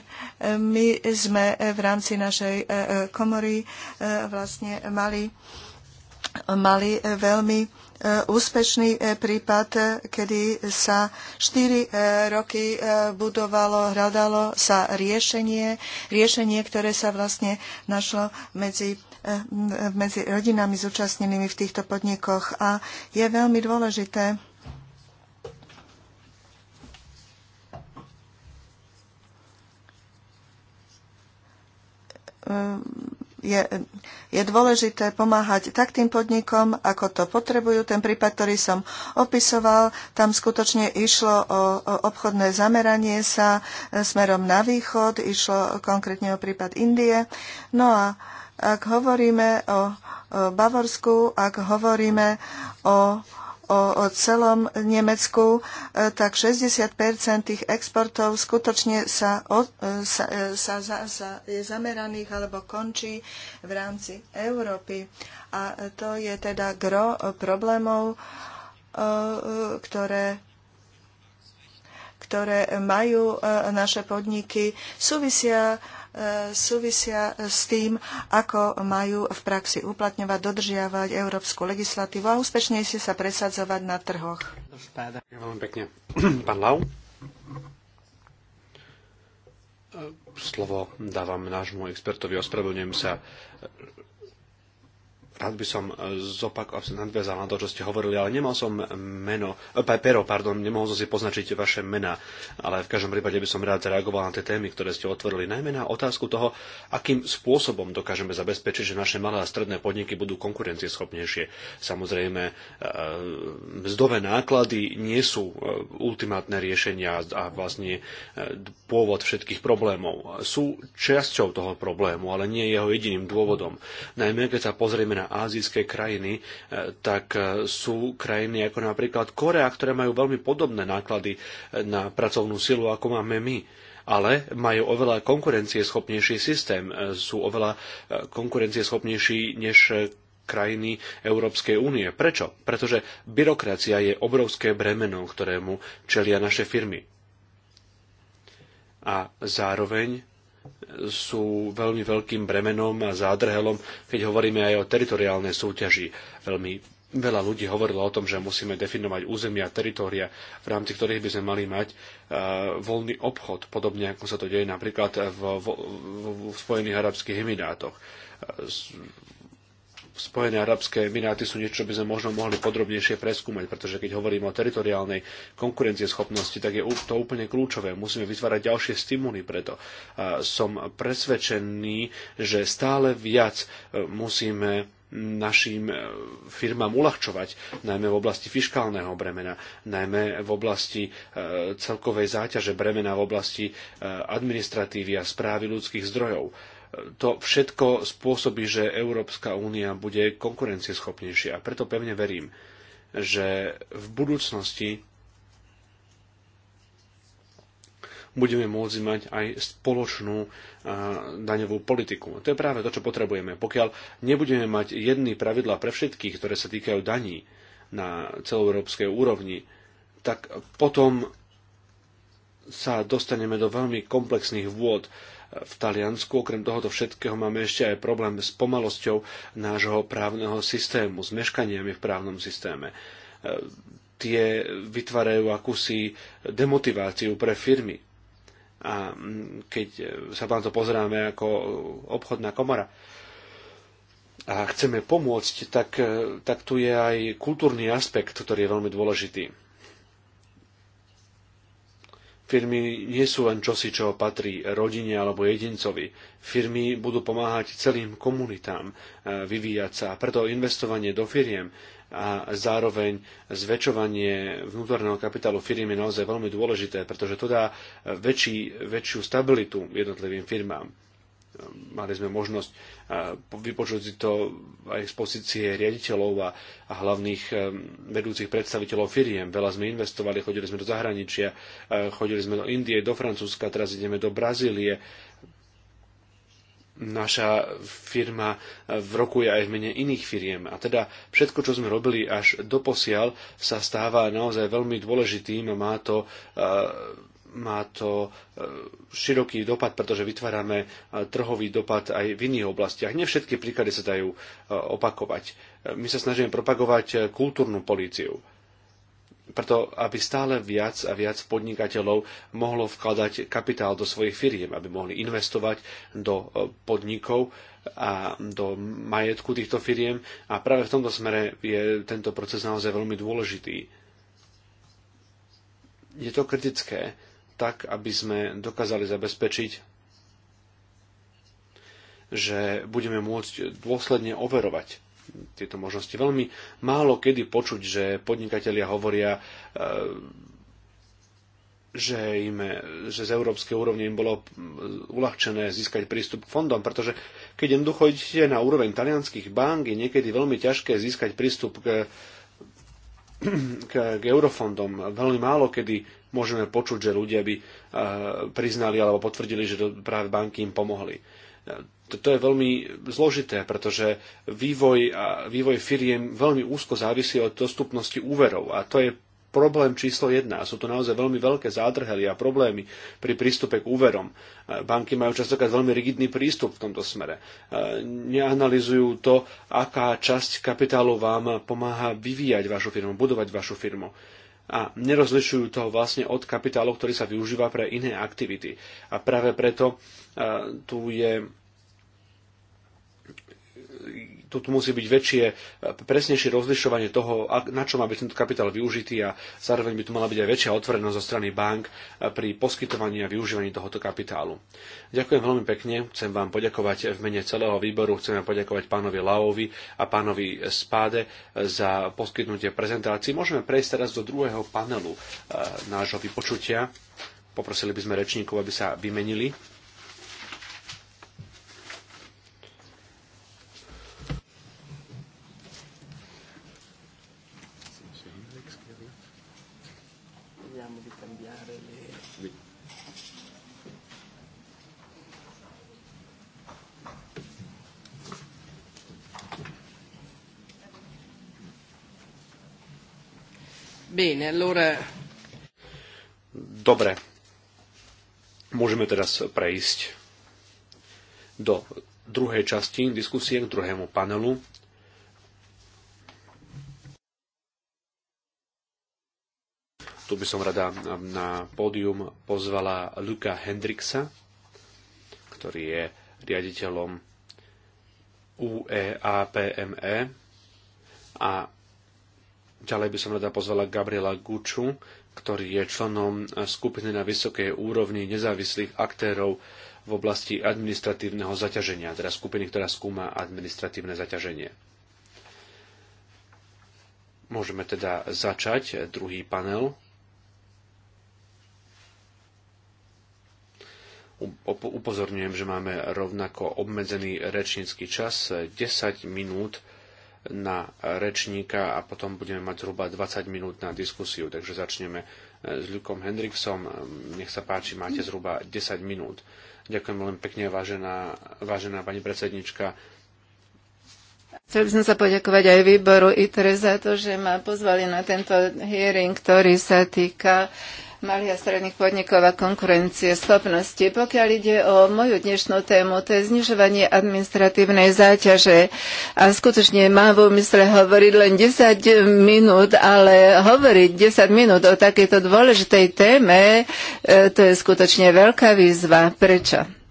my sme e, v rámci našej e, komory vlastne mali, mali veľmi úspešný prípad, kedy sa 4 roky budovalo, hľadalo sa riešenie, riešenie, ktoré sa vlastne našlo medzi medzi rodinami zúčastnenými v týchto podnikoch a je veľmi dôležité je, je dôležité pomáhať tak tým podnikom, ako to potrebujú. Ten prípad, ktorý som opisoval, tam skutočne išlo o, o obchodné zameranie sa e, smerom na východ, išlo konkrétne o prípad Indie. No a ak hovoríme o, o Bavorsku, ak hovoríme o, o o, o celom Nemecku, e, tak 60 tých exportov skutočne sa, o, e, sa, e, sa, sa, sa je zameraných alebo končí v rámci Európy. A to je teda gro problémov, ktoré ktoré majú naše podniky, súvisia súvisia s tým, ako majú v praxi uplatňovať, dodržiavať európsku legislatívu a úspešnejšie sa presadzovať na trhoch. Veľmi pekne. (clears throat) Pán Lau. Slovo dávam nášmu expertovi, ospravedlňujem sa, rád by som e, zopak nadviazal na to, čo ste hovorili, ale nemal som meno, e, pero, pardon, nemohol som si poznačiť vaše mená, ale v každom prípade by som rád zareagoval na tie témy, ktoré ste otvorili, najmä na otázku toho, akým spôsobom dokážeme zabezpečiť, že naše malé a stredné podniky budú konkurencieschopnejšie. Samozrejme, e, mzdové náklady nie sú ultimátne riešenia a vlastne pôvod všetkých problémov. Sú časťou toho problému, ale nie jeho jediným dôvodom. Najmä keď sa pozrieme na na azijské krajiny, e, tak e, sú krajiny ako napríklad Korea, ktoré majú veľmi podobné náklady e, na pracovnú silu, ako máme my ale majú oveľa konkurencieschopnejší systém, sú oveľa konkurencieschopnejší než krajiny Európskej únie. Prečo? Pretože byrokracia je obrovské bremeno, ktorému čelia naše firmy. A zároveň sú veľmi veľkým bremenom a zádrhelom, keď hovoríme aj o teritoriálnej súťaži. Veľmi veľa ľudí hovorilo o tom, že musíme definovať územia a teritória, v rámci ktorých by sme mali mať e, voľný obchod, podobne ako sa to deje napríklad v, v, v Spojených arabských emirátoch. E, Spojené arabské emiráty sú niečo, čo by sme možno mohli podrobnejšie preskúmať, pretože keď hovoríme o teritoriálnej konkurencieschopnosti, tak je to úplne kľúčové. Musíme vytvárať ďalšie stimuly preto. som presvedčený, že stále viac e, musíme našim e, firmám uľahčovať, najmä v oblasti fiškálneho bremena, najmä v oblasti e, celkovej záťaže bremena v oblasti administratívy a správy ľudských zdrojov to všetko spôsobí, že Európska únia bude konkurencieschopnejšia. A preto pevne verím, že v budúcnosti budeme môcť mať aj spoločnú daňovú politiku. To je práve to, čo potrebujeme. Pokiaľ nebudeme mať jedny pravidlá pre všetkých, ktoré sa týkajú daní na celoeurópskej úrovni, tak potom sa dostaneme do veľmi komplexných vôd v Taliansku. Okrem tohoto všetkého máme ešte aj problém s pomalosťou nášho právneho systému, s meškaniami v právnom systéme. E, tie vytvárajú akúsi demotiváciu pre firmy. A keď sa vám to pozeráme ako obchodná komora, a chceme pomôcť, tak, e, tak tu je aj kultúrny aspekt, ktorý je veľmi dôležitý Firmy nie sú len čosi, čo patrí rodine alebo jedincovi. Firmy budú pomáhať celým komunitám eh, vyvíjať sa a preto investovanie do firiem a zároveň zväčšovanie vnútorného kapitálu firiem je naozaj veľmi dôležité, pretože to dá eh, väčší, väčšiu stabilitu jednotlivým firmám mali sme možnosť vypočuť si to aj z pozície riaditeľov a, a hlavných vedúcich predstaviteľov firiem. Veľa sme investovali, chodili sme do zahraničia, chodili sme do Indie, do Francúzska, teraz ideme do Brazílie. Naša firma e, v je aj v mene iných firiem. A teda všetko, čo sme robili až doposiaľ, sa stáva naozaj veľmi dôležitým a má to uh, má to e, široký dopad, pretože vytvárame e, trhový dopad aj v iných oblastiach. Ne všetky príklady sa dajú e, opakovať. My sa snažíme propagovať kultúrnu políciu preto aby stále viac a viac podnikateľov mohlo vkladať kapitál do svojich firiem, aby mohli investovať do podnikov a do majetku týchto firiem. A práve v tomto smere je tento proces naozaj veľmi dôležitý. Je to kritické, tak, aby sme dokázali zabezpečiť, že budeme môcť dôsledne overovať tieto možnosti. Veľmi málo kedy počuť, že podnikatelia hovoria, e, že, im, že z európskej úrovne im bolo uľahčené získať prístup k fondom, pretože keď jednoducho idete na úroveň talianských bank, je niekedy veľmi ťažké získať prístup k, k eurofondom. Veľmi málo kedy môžeme počuť, že ľudia by eh, priznali alebo potvrdili, že práve banky im pomohli. To je veľmi zložité, pretože vývoj, eh, vývoj firiem veľmi úzko závisí od dostupnosti úverov a to je problém číslo jedna. Sú to naozaj veľmi veľké zádrhely a problémy pri prístupe k úverom. Eh, banky majú častokrát veľmi rigidný prístup v tomto smere. Neanalizujú to, aká časť kapitálu vám pomáha vyvíjať vašu firmu, budovať vašu firmu a nerozlišujú to vlastne od kapitálu, ktorý sa využíva pre iné aktivity. A práve preto tu je tu, tu musí byť väčšie, presnejšie rozlišovanie toho, na čo má byť tento kapitál využitý a zároveň by tu mala byť aj väčšia otvorenosť zo strany bank eh, pri poskytovaní a využívaní tohoto kapitálu. Ďakujem veľmi pekne, chcem vám poďakovať v mene celého výboru, chcem vám poďakovať pánovi Laovi a pánovi Spáde eh, za poskytnutie prezentácií. Môžeme prejsť teraz do druhého panelu eh, nášho vypočutia. Poprosili by sme rečníkov, aby sa vymenili. Bene, allora... Dobre. Môžeme teraz prejsť do druhej časti diskusie k druhému panelu. Tu by som rada na pódium pozvala Luka Hendrixa, ktorý je riaditeľom UEAPME a Ďalej by som rada pozvala Gabriela Guču, ktorý je členom skupiny na vysokej úrovni nezávislých aktérov v oblasti administratívneho zaťaženia, teda skupiny, ktorá skúma administratívne zaťaženie. Môžeme teda začať druhý panel. Upozorňujem, že máme rovnako obmedzený rečnícky čas 10 minút na rečníka a potom budeme mať zhruba 20 minút na diskusiu. Takže začneme e, s Lukom Hendrixom. E, nech sa páči, máte zhruba 10 minút. Ďakujem veľmi pekne, vážená, vážená pani predsednička. Chcel by som sa poďakovať aj výboru ITRE za to, že ma pozvali na tento hearing, ktorý sa týka uh, malých a stredných podnikov a konkurencie schopnosti. Pokiaľ ide o moju dnešnú tému, to je znižovanie administratívnej záťaže. A skutočne mám v úmysle hovoriť len 10 minút, ale hovoriť 10 minút o takejto dôležitej téme, e, to je skutočne veľká výzva. Prečo?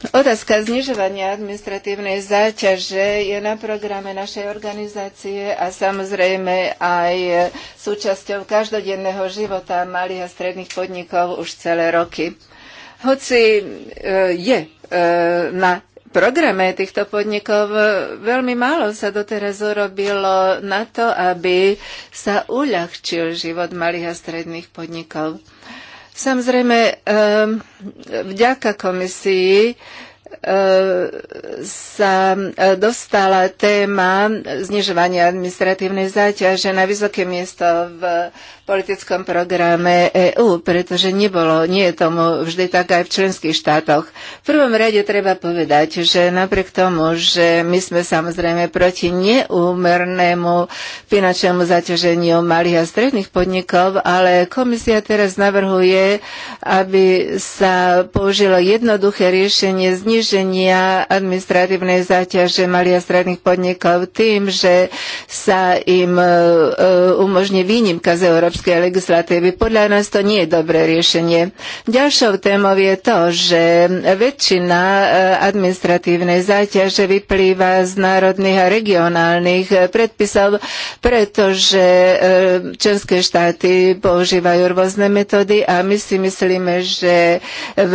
Otázka znižovania administratívnej záťaže je na programe našej organizácie a samozrejme aj súčasťou každodenného života malých a stredných podnikov už celé roky. Hoci e, je e, na programe týchto podnikov e, veľmi málo sa doteraz urobilo na to, aby sa uľahčil život malých a stredných podnikov. Samozrejme, ehm, vďaka komisii E, sa e, dostala téma znižovania administratívnej záťaže na vysoké miesto v politickom programe EÚ, pretože nebolo, nie je tomu vždy tak aj v členských štátoch. V prvom rade treba povedať, že napriek tomu, že my sme samozrejme proti neúmernému finančnému zaťaženiu malých a stredných podnikov, ale komisia teraz navrhuje, aby sa použilo jednoduché riešenie znižovania zníženia administratívnej záťaže malých a stredných podnikov tým, že sa im e, e, umožní výnimka z európskej legislatívy. Podľa nás to nie je dobré riešenie. Ďalšou témou je to, že väčšina e, administratívnej záťaže vyplýva z národných a regionálnych predpisov, pretože členské štáty používajú rôzne metódy a my si myslíme, že v,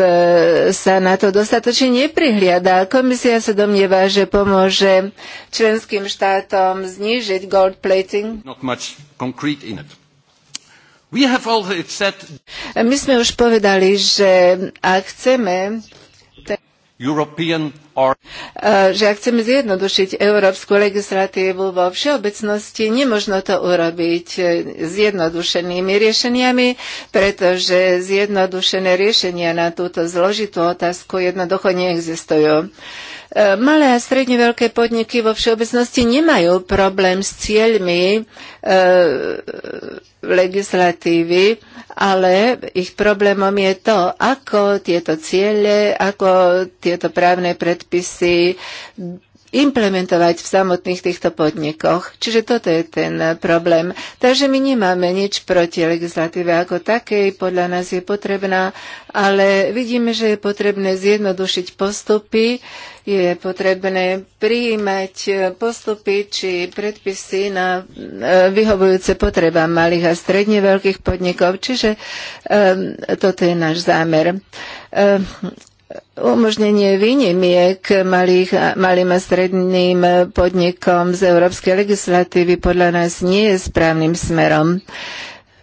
sa na to dostatočne neprihliada. Komisia sa domnieva, že pomôže členským štátom znižiť gold plating. My sme už povedali, že ak chceme European or... E, že ak chceme zjednodušiť európsku legislatívu vo všeobecnosti, nemožno to urobiť e, zjednodušenými riešeniami, pretože zjednodušené riešenia na túto zložitú otázku jednoducho neexistujú. Uh, E, malé a stredne veľké podniky vo všeobecnosti nemajú problém s cieľmi e, legislatívy, ale ich problémom je to, ako tieto ciele, ako tieto právne predpisy implementovať v samotných týchto podnikoch. Čiže toto je ten eh, problém. Takže my nemáme nič proti legislatíve ako takej, podľa nás je potrebná, ale vidíme, že je potrebné zjednodušiť postupy, je potrebné prijímať eh, postupy či predpisy na eh, vyhovujúce potreba malých a stredne veľkých podnikov, čiže um, toto je náš zámer. Um, umožnenie výnimiek malých, malým a stredným podnikom z európskej legislatívy podľa nás nie je správnym smerom.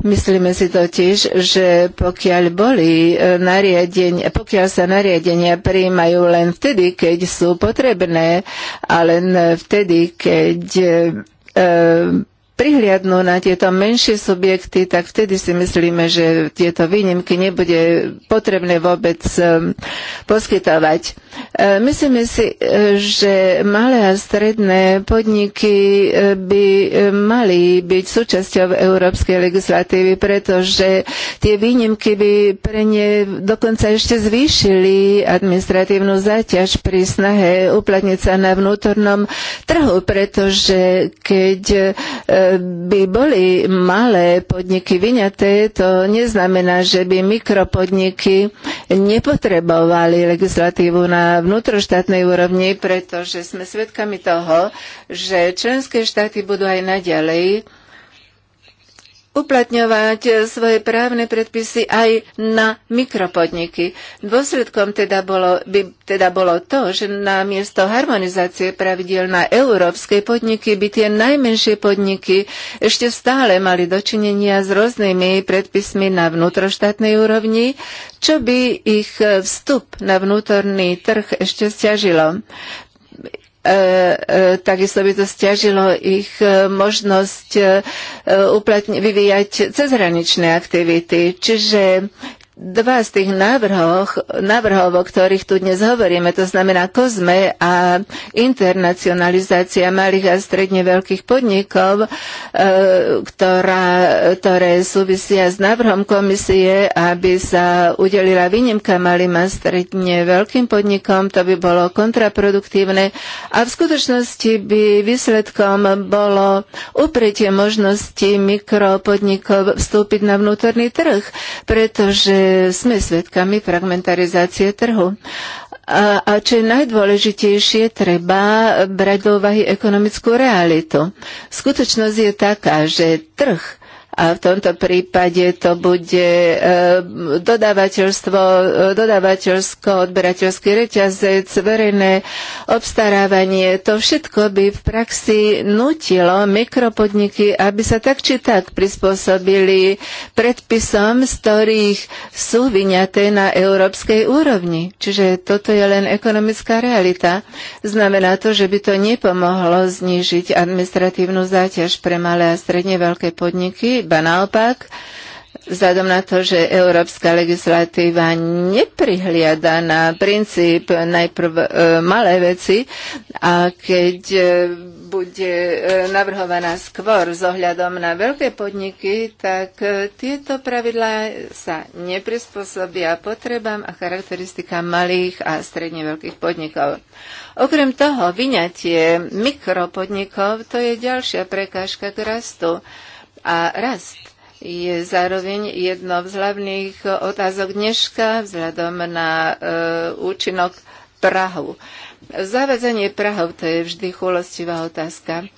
Myslíme si totiž, že pokiaľ, boli e, nariadenia, pokiaľ sa nariadenia prijímajú len vtedy, keď sú potrebné a len vtedy, keď e, e prihliadnú na tieto menšie subjekty, tak vtedy si myslíme, že tieto výnimky nebude potrebné vôbec ehm, poskytovať. Ehm, myslíme si, e, že malé a stredné podniky e, by e, mali byť súčasťou európskej legislatívy, pretože tie výnimky by pre ne dokonca ešte zvýšili administratívnu záťaž pri snahe uplatniť sa na vnútornom trhu, pretože keď e, by boli malé podniky vyňaté, to neznamená, že by mikropodniky nepotrebovali legislatívu na vnútroštátnej úrovni, pretože sme svedkami toho, že členské štáty budú aj naďalej uplatňovať eh, svoje právne predpisy aj na mikropodniky. Dôsledkom teda bolo, by teda bolo to, že na miesto harmonizácie pravidel na európskej podniky by tie najmenšie podniky ešte stále mali dočinenia s rôznymi predpismi na vnútroštátnej úrovni, čo by ich eh, vstup na vnútorný trh ešte stiažilo. E, e, takisto by to stiažilo ich e, možnosť uplatni- vyvíjať cezhraničné aktivity. Čiže Dva z tých návrhov, návrhov, o ktorých tu dnes hovoríme, to znamená kozme a internacionalizácia malých a stredne veľkých podnikov, e, ktorá, ktoré súvisia s návrhom komisie, aby sa udelila výnimka malým a stredne veľkým podnikom, to by bolo kontraproduktívne a v skutočnosti by výsledkom bolo upretie možnosti mikropodnikov vstúpiť na vnútorný trh, pretože sme svedkami fragmentarizácie trhu. A, a čo je najdôležitejšie, treba brať do úvahy ekonomickú realitu. Skutočnosť je taká, že trh a v tomto prípade to bude eh, dodávateľstvo, eh, dodávateľsko-odberateľský reťazec, verejné obstarávanie. To všetko by v praxi nutilo mikropodniky, aby sa tak či tak prispôsobili predpisom, z ktorých sú vyňaté na európskej úrovni. Čiže toto je len ekonomická realita. Znamená to, že by to nepomohlo znížiť administratívnu záťaž pre malé a stredne veľké podniky, iba naopak, vzhľadom na to, že európska legislatíva neprihliada na princíp najprv e, malé veci a keď e, bude e, navrhovaná skôr s ohľadom na veľké podniky, tak e, tieto pravidlá sa neprispôsobia potrebám a charakteristikám malých a stredne veľkých podnikov. Okrem toho, vyňatie mikropodnikov to je ďalšia prekážka k rastu a rast je zároveň jedno z hlavných otázok dneška vzhľadom na e, účinok Prahu. Zavedzenie Prahov to je vždy chulostivá otázka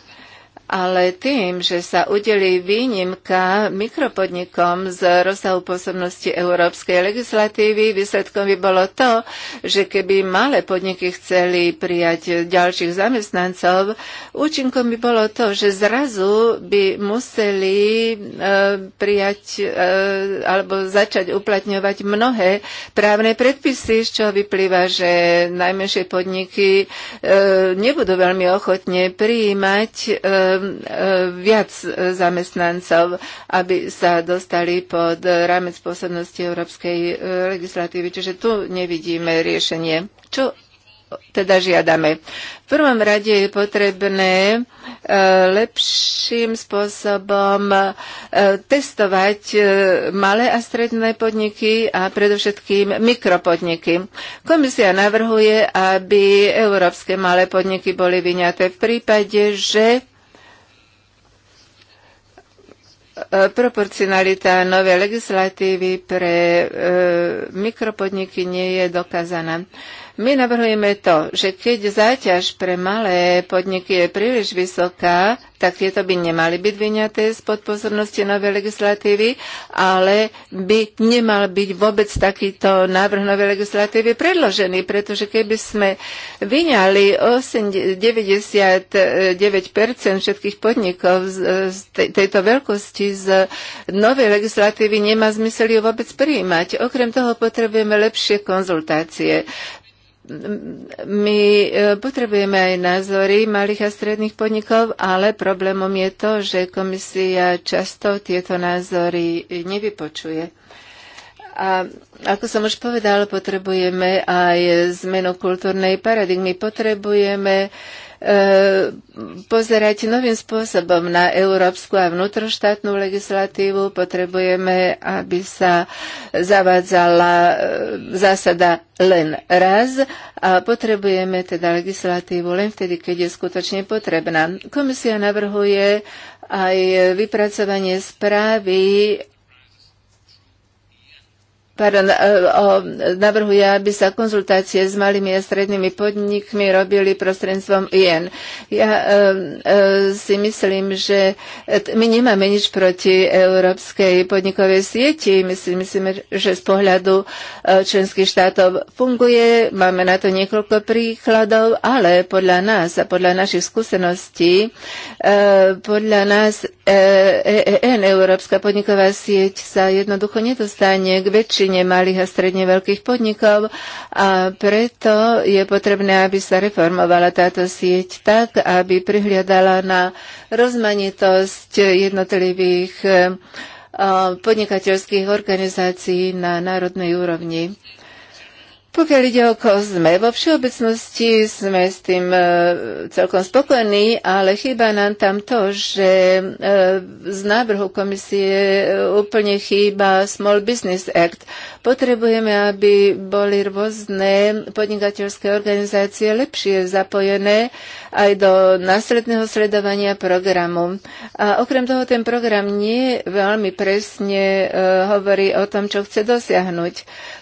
ale tým, že sa udeli výnimka mikropodnikom z rozsahu pôsobnosti európskej legislatívy, výsledkom by bolo to, že keby malé podniky chceli prijať ďalších zamestnancov, účinkom by bolo to, že zrazu by museli e, prijať e, alebo začať uplatňovať mnohé právne predpisy, z čoho vyplýva, že najmenšie podniky e, nebudú veľmi ochotne prijímať e, Eh, viac zamestnancov, aby sa dostali pod rámec pôsobnosti európskej eh, legislatívy. Čiže tu nevidíme riešenie. Čo teda žiadame. V prvom rade je potrebné eh, lepším spôsobom testovať malé a stredné podniky a predovšetkým mikropodniky. Komisia navrhuje, aby európske malé podniky boli vyňaté v prípade, že proporcionalita novej legislatívy pre e, mikropodniky nie je dokázaná. E, my navrhujeme to, že keď záťaž pre malé podniky je príliš vysoká, tak tieto by nemali byť vyňaté spod pozornosti novej legislatívy, ale by nemal byť vôbec takýto návrh novej legislatívy predložený, pretože keby sme vyňali 99% všetkých podnikov z tejto veľkosti z novej legislatívy, nemá zmysel ju vôbec prijímať. Okrem toho potrebujeme lepšie konzultácie my e, potrebujeme aj názory malých a stredných podnikov, ale problémom je to, že komisia často tieto názory nevypočuje. A ako som už povedal, potrebujeme aj zmenu kultúrnej paradigmy. Potrebujeme uh, E, pozerať novým spôsobom na európsku a vnútroštátnu legislatívu. Potrebujeme, aby sa zavádzala e, zásada len raz a potrebujeme teda legislatívu len vtedy, keď je skutočne potrebná. Komisia navrhuje aj vypracovanie správy pardon, e, navrhuje, aby sa konzultácie s malými a strednými podnikmi robili prostredníctvom Ien. Ja e, e, si myslím, že my nemáme nič proti európskej podnikovej sieti. My si myslíme, že z pohľadu členských štátov funguje. Máme na to niekoľko príkladov, ale podľa nás a podľa našich skúseností, podľa nás EEN, Európska podniková sieť, sa jednoducho nedostane k väčšinu väčšine malých a stredne veľkých podnikov a preto je potrebné, aby sa reformovala táto sieť tak, aby prihliadala na rozmanitosť jednotlivých eh, podnikateľských organizácií na národnej úrovni. Pokiaľ ide o kozme, vo všeobecnosti sme s tým e, celkom spokojní, ale chýba nám tam to, že e, z návrhu komisie e, úplne chýba Small Business Act. Potrebujeme, aby boli rôzne podnikateľské organizácie lepšie zapojené aj do následného sledovania programu. A okrem toho ten program nie veľmi presne e, hovorí o tom, čo chce dosiahnuť.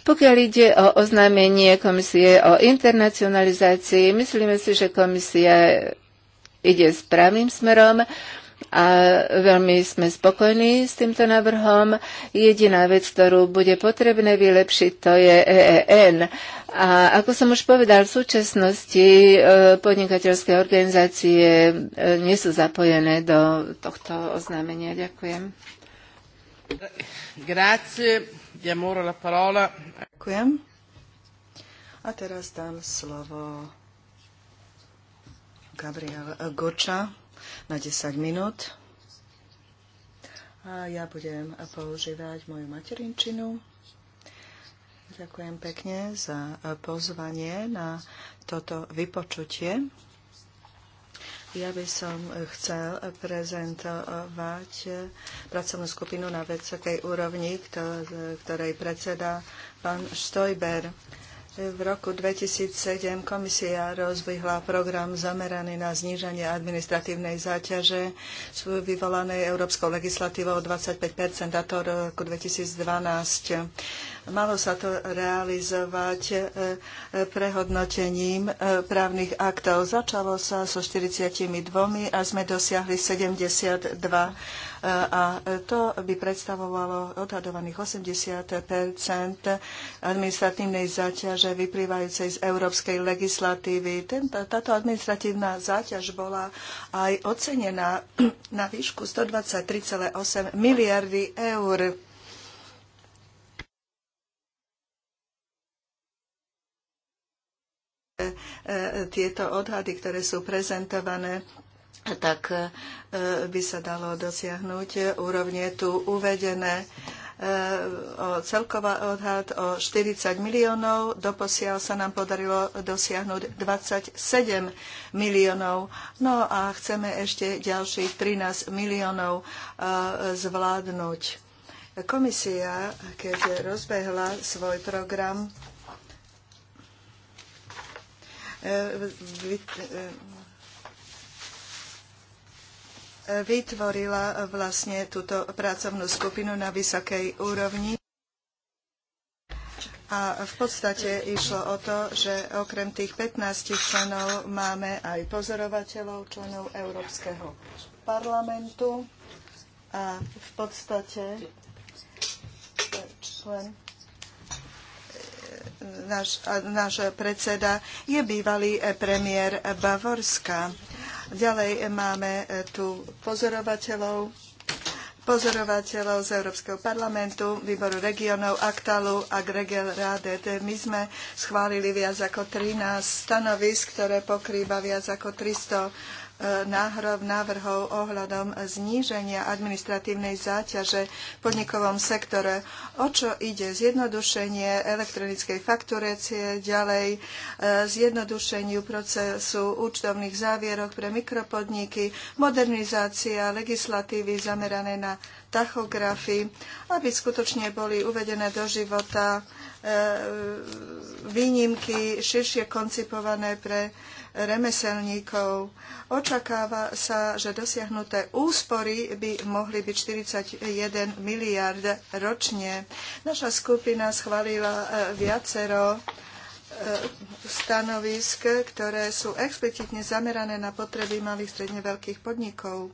Pokiaľ ide o oznámenie oznámenie komisie o internacionalizácii. Myslíme si, že komisia ide správnym smerom a veľmi sme spokojní s týmto návrhom. Jediná vec, ktorú bude potrebné vylepšiť, to je EEN. A ako som už povedal, v súčasnosti e, podnikateľské organizácie e, nie sú zapojené do tohto oznámenia. Ďakujem. Grazie. Diamo ora la parola. Ďakujem. A teraz dám slovo Gabriel Goča na 10 minút. A ja budem používať moju materinčinu. Ďakujem pekne za pozvanie na toto vypočutie. Ja by som chcel prezentovať pracovnú skupinu na vysokej úrovni, ktorej predseda pán Štojber. V roku 2007 komisia rozvihla program zameraný na zníženie administratívnej záťaže vyvolanej európskou legislatívou 25 a to roku 2012. Malo sa to realizovať e, e, prehodnotením e, právnych aktov. Začalo sa so 42 a sme dosiahli 72 a to by predstavovalo odhadovaných 80 administratívnej záťaže vyplývajúcej z európskej legislatívy. Tento, táto administratívna záťaž bola aj ocenená na výšku 123,8 miliardy eur. E, tieto odhady, ktoré sú prezentované, tak e, by sa dalo dosiahnuť úrovne tu uvedené e, o celková odhad o 40 miliónov. Doposiaľ sa nám podarilo dosiahnuť 27 miliónov. No a chceme ešte ďalších 13 miliónov zvládnuť. Komisia, keď rozbehla svoj program, E, e, vytvorila vlastne túto pracovnú skupinu na vysokej úrovni. A v podstate išlo o to, že okrem tých 15 členov máme aj pozorovateľov, členov Európskeho parlamentu a v podstate člen náš, náš predseda je bývalý premiér Bavorska. Ďalej máme tu pozorovateľov, pozorovateľov z Európskeho parlamentu, výboru regionov, Aktalu a Gregel Rádet. My sme schválili viac ako 13 stanovisk, ktoré pokrýva viac ako 300 návrhov ohľadom zníženia administratívnej záťaže v podnikovom sektore. O čo ide? Zjednodušenie elektronickej fakturecie ďalej e, zjednodušeniu procesu účtovných závierok pre mikropodniky, modernizácia legislatívy zamerané na tachografy, aby skutočne boli uvedené do života e, výnimky širšie koncipované pre remeselníkov. Očakáva sa, že dosiahnuté úspory by mohli byť 41 miliard ročne. Naša skupina schválila e, viacero e, stanovisk, ktoré sú explicitne zamerané na potreby malých stredne veľkých podnikov.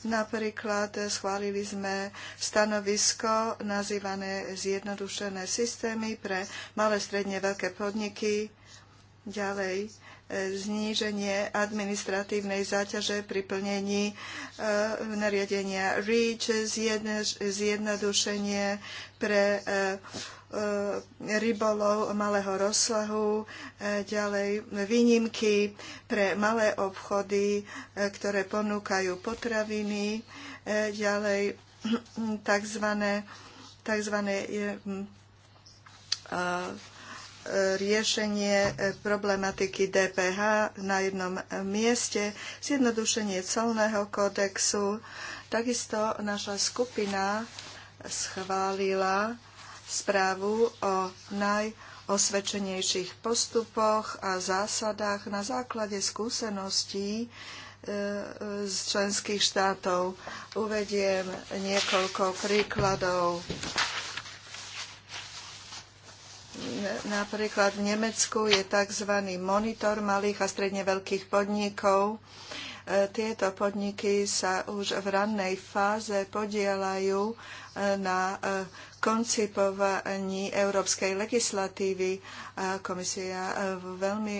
Napríklad schválili sme stanovisko nazývané zjednodušené systémy pre malé stredne veľké podniky. Ďalej zníženie administratívnej záťaže pri plnení e, nariadenia REACH, zjednodušenie pre e, e, rybolov malého rozsahu, ďalej výnimky pre malé obchody, ktoré ponúkajú potraviny, ďalej tzv. (clears throat) tzv riešenie e, problematiky DPH na jednom e, mieste, zjednodušenie celného kódexu. Takisto naša skupina schválila správu o najosvedčenejších postupoch a zásadách na základe skúseností e, z členských štátov. Uvediem niekoľko príkladov Napríklad v Nemecku je tzv. monitor malých a stredne veľkých podnikov. E, tieto podniky sa už v rannej fáze podielajú e, na e, koncipovaní európskej legislatívy. Komisia veľmi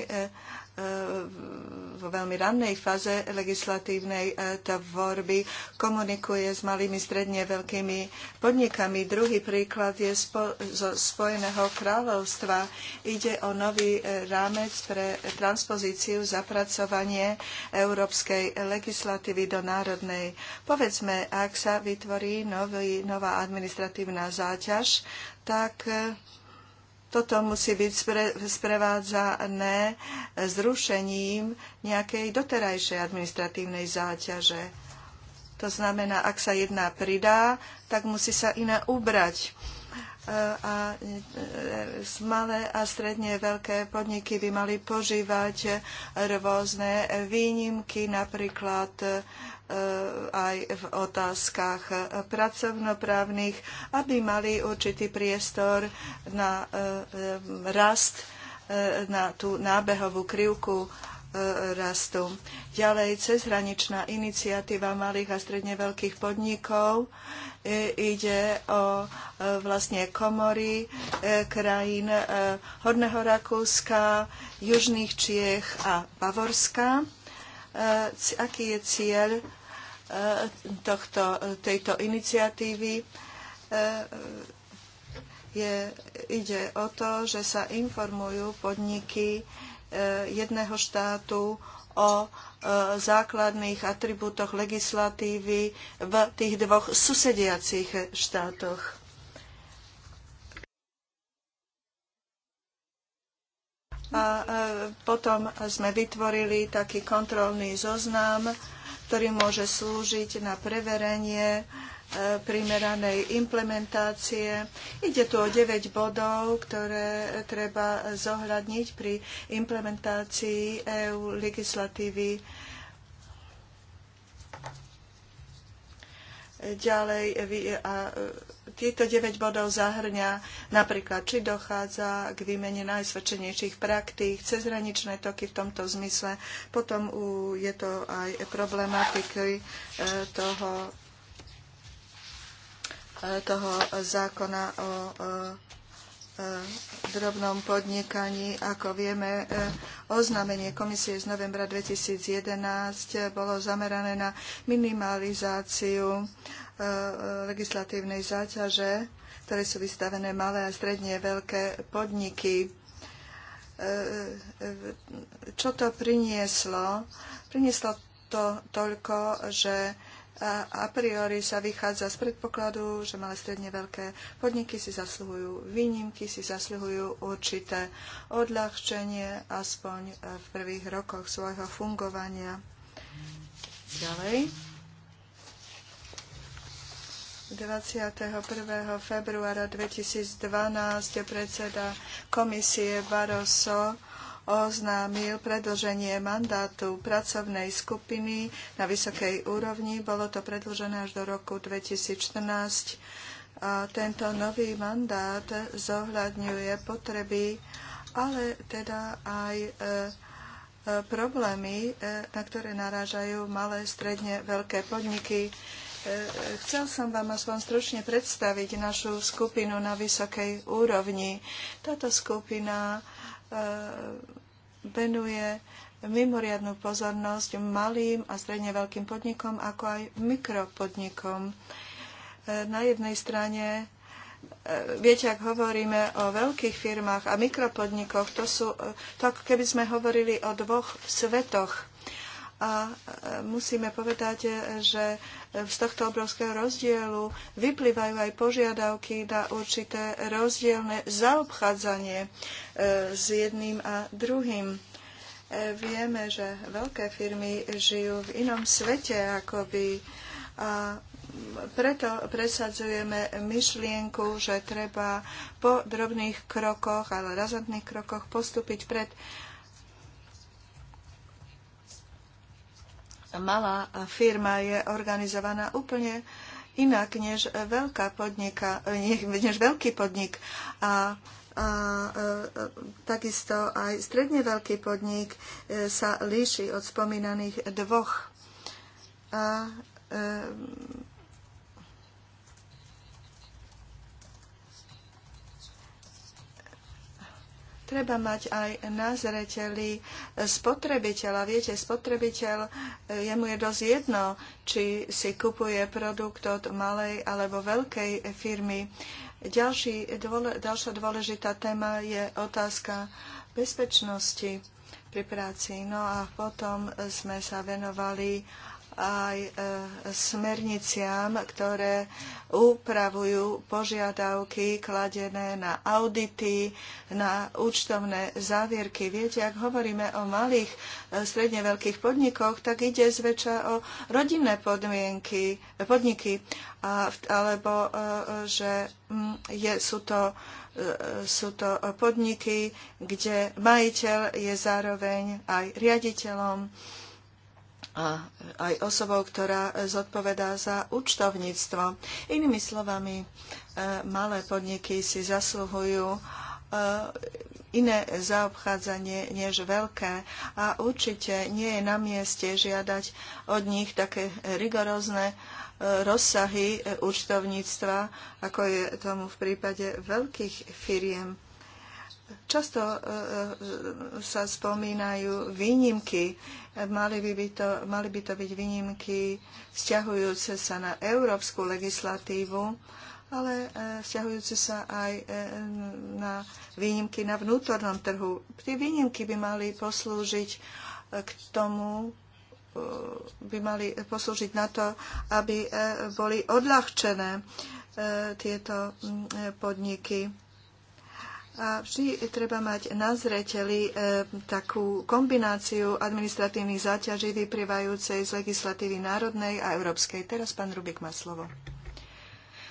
vo veľmi rannej fáze legislatívnej e, tvorby komunikuje s malými, stredne veľkými podnikami. Druhý príklad je spo, zo Spojeného kráľovstva. Ide o nový e, rámec pre transpozíciu, zapracovanie európskej legislatívy do národnej. Povedzme, ak sa vytvorí nový, nová administratívna záťaž, tak e, toto musí byť sprevádzané zrušením nejakej doterajšej administratívnej záťaže. To znamená, ak sa jedna pridá, tak musí sa iná ubrať e, a e, malé a stredne veľké podniky by mali požívať rôzne výnimky, napríklad Eh, aj v otázkach pracovnoprávnych, aby mali určitý priestor na eh, rast, eh, na tú nábehovú krivku rastu. Ďalej cezhraničná iniciatíva malých a stredne veľkých podnikov ide o vlastne komory krajín Horného Rakúska, Južných Čiech a Bavorska. Aký je cieľ tohto, tejto iniciatívy je, ide o to, že sa informujú podniky e, jedného štátu o e, základných atribútoch legislatívy v tých dvoch susediacich štátoch. A e, potom sme vytvorili taký kontrolný zoznam, ktorý môže slúžiť na preverenie e, primeranej implementácie. Ide tu o 9 bodov, ktoré treba zohľadniť pri implementácii EU legislatívy. Ďalej a týchto 9 bodov zahrňa napríklad, či dochádza k výmene najsvedčenejších praktík, cezhraničné toky v tomto zmysle. Potom je to aj problematiky e, toho, e, toho zákona o e, drobnom podnikaní. Ako vieme, eh, oznámenie komisie z novembra 2011 bolo zamerané na minimalizáciu eh, legislatívnej záťaže, ktoré sú vystavené malé a stredne veľké podniky. Eh, čo to prinieslo? Prinieslo to toľko, že a, a priori sa vychádza z predpokladu, že malé stredne veľké podniky si zasluhujú výnimky, si zasluhujú určité odľahčenie, aspoň v prvých rokoch svojho fungovania. Ďalej. 21. februára 2012 predseda komisie Barroso oznámil predlženie mandátu pracovnej skupiny na vysokej úrovni. Bolo to predlžené až do roku 2014. A tento nový mandát zohľadňuje potreby, ale teda aj e, e, problémy, e, na ktoré narážajú malé, stredne veľké podniky. Chcel som vám aspoň stručne predstaviť našu skupinu na vysokej úrovni. Táto skupina venuje mimoriadnú pozornosť malým a stredne veľkým podnikom, ako aj mikropodnikom. E, na jednej strane, e, viete, ak hovoríme o veľkých firmách a mikropodnikoch, to sú, e, tak keby sme hovorili o dvoch svetoch a e, musíme povedať, e, že e, z tohto obrovského rozdielu vyplývajú aj požiadavky na určité rozdielne zaobchádzanie s jedným a druhým. Vieme, že veľké firmy žijú v inom svete, akoby a preto presadzujeme myšlienku, že treba po drobných krokoch, ale razantných krokoch postúpiť pred malá firma je organizovaná úplne inak než, veľká podnika, eh, než veľký podnik. A a e, e, takisto aj stredne veľký podnik e, sa líši od spomínaných dvoch. A treba mať aj na zreteli spotrebiteľa. Viete, spotrebiteľ, eh, jemu je dosť jedno, či si kupuje produkt od malej alebo veľkej firmy. Ďalší, dôle, ďalšia dôležitá téma je otázka bezpečnosti pri práci. No a potom sme sa venovali aj e, smerniciam, ktoré upravujú požiadavky kladené na audity, na účtovné závierky. Viete, ak hovoríme o malých, e, stredne veľkých podnikoch, tak ide zväčša o rodinné podmienky, podniky, alebo e, že mm, je, sú, to, sú to podniky, kde majiteľ je zároveň aj riaditeľom a aj osobou, ktorá zodpovedá za účtovníctvo. Inými slovami, e, malé podniky si zasluhujú e, iné zaobchádzanie než veľké a určite nie je na mieste žiadať od nich také rigorózne e, rozsahy účtovníctva, ako je tomu v prípade veľkých firiem Často e, e, sa spomínajú výnimky. Mali by, by to, mali by to byť výnimky vzťahujúce sa na európsku legislatívu, ale e, vzťahujúce sa aj na výnimky na vnútornom trhu. Tie výnimky by mali poslúžiť k tomu, by mali poslúžiť na to, aby boli odľahčené tieto podniky a vždy treba mať na zreteli e, takú kombináciu administratívnych záťaží vyprývajúcej z legislatívy národnej a európskej. Teraz pán Rubik má slovo.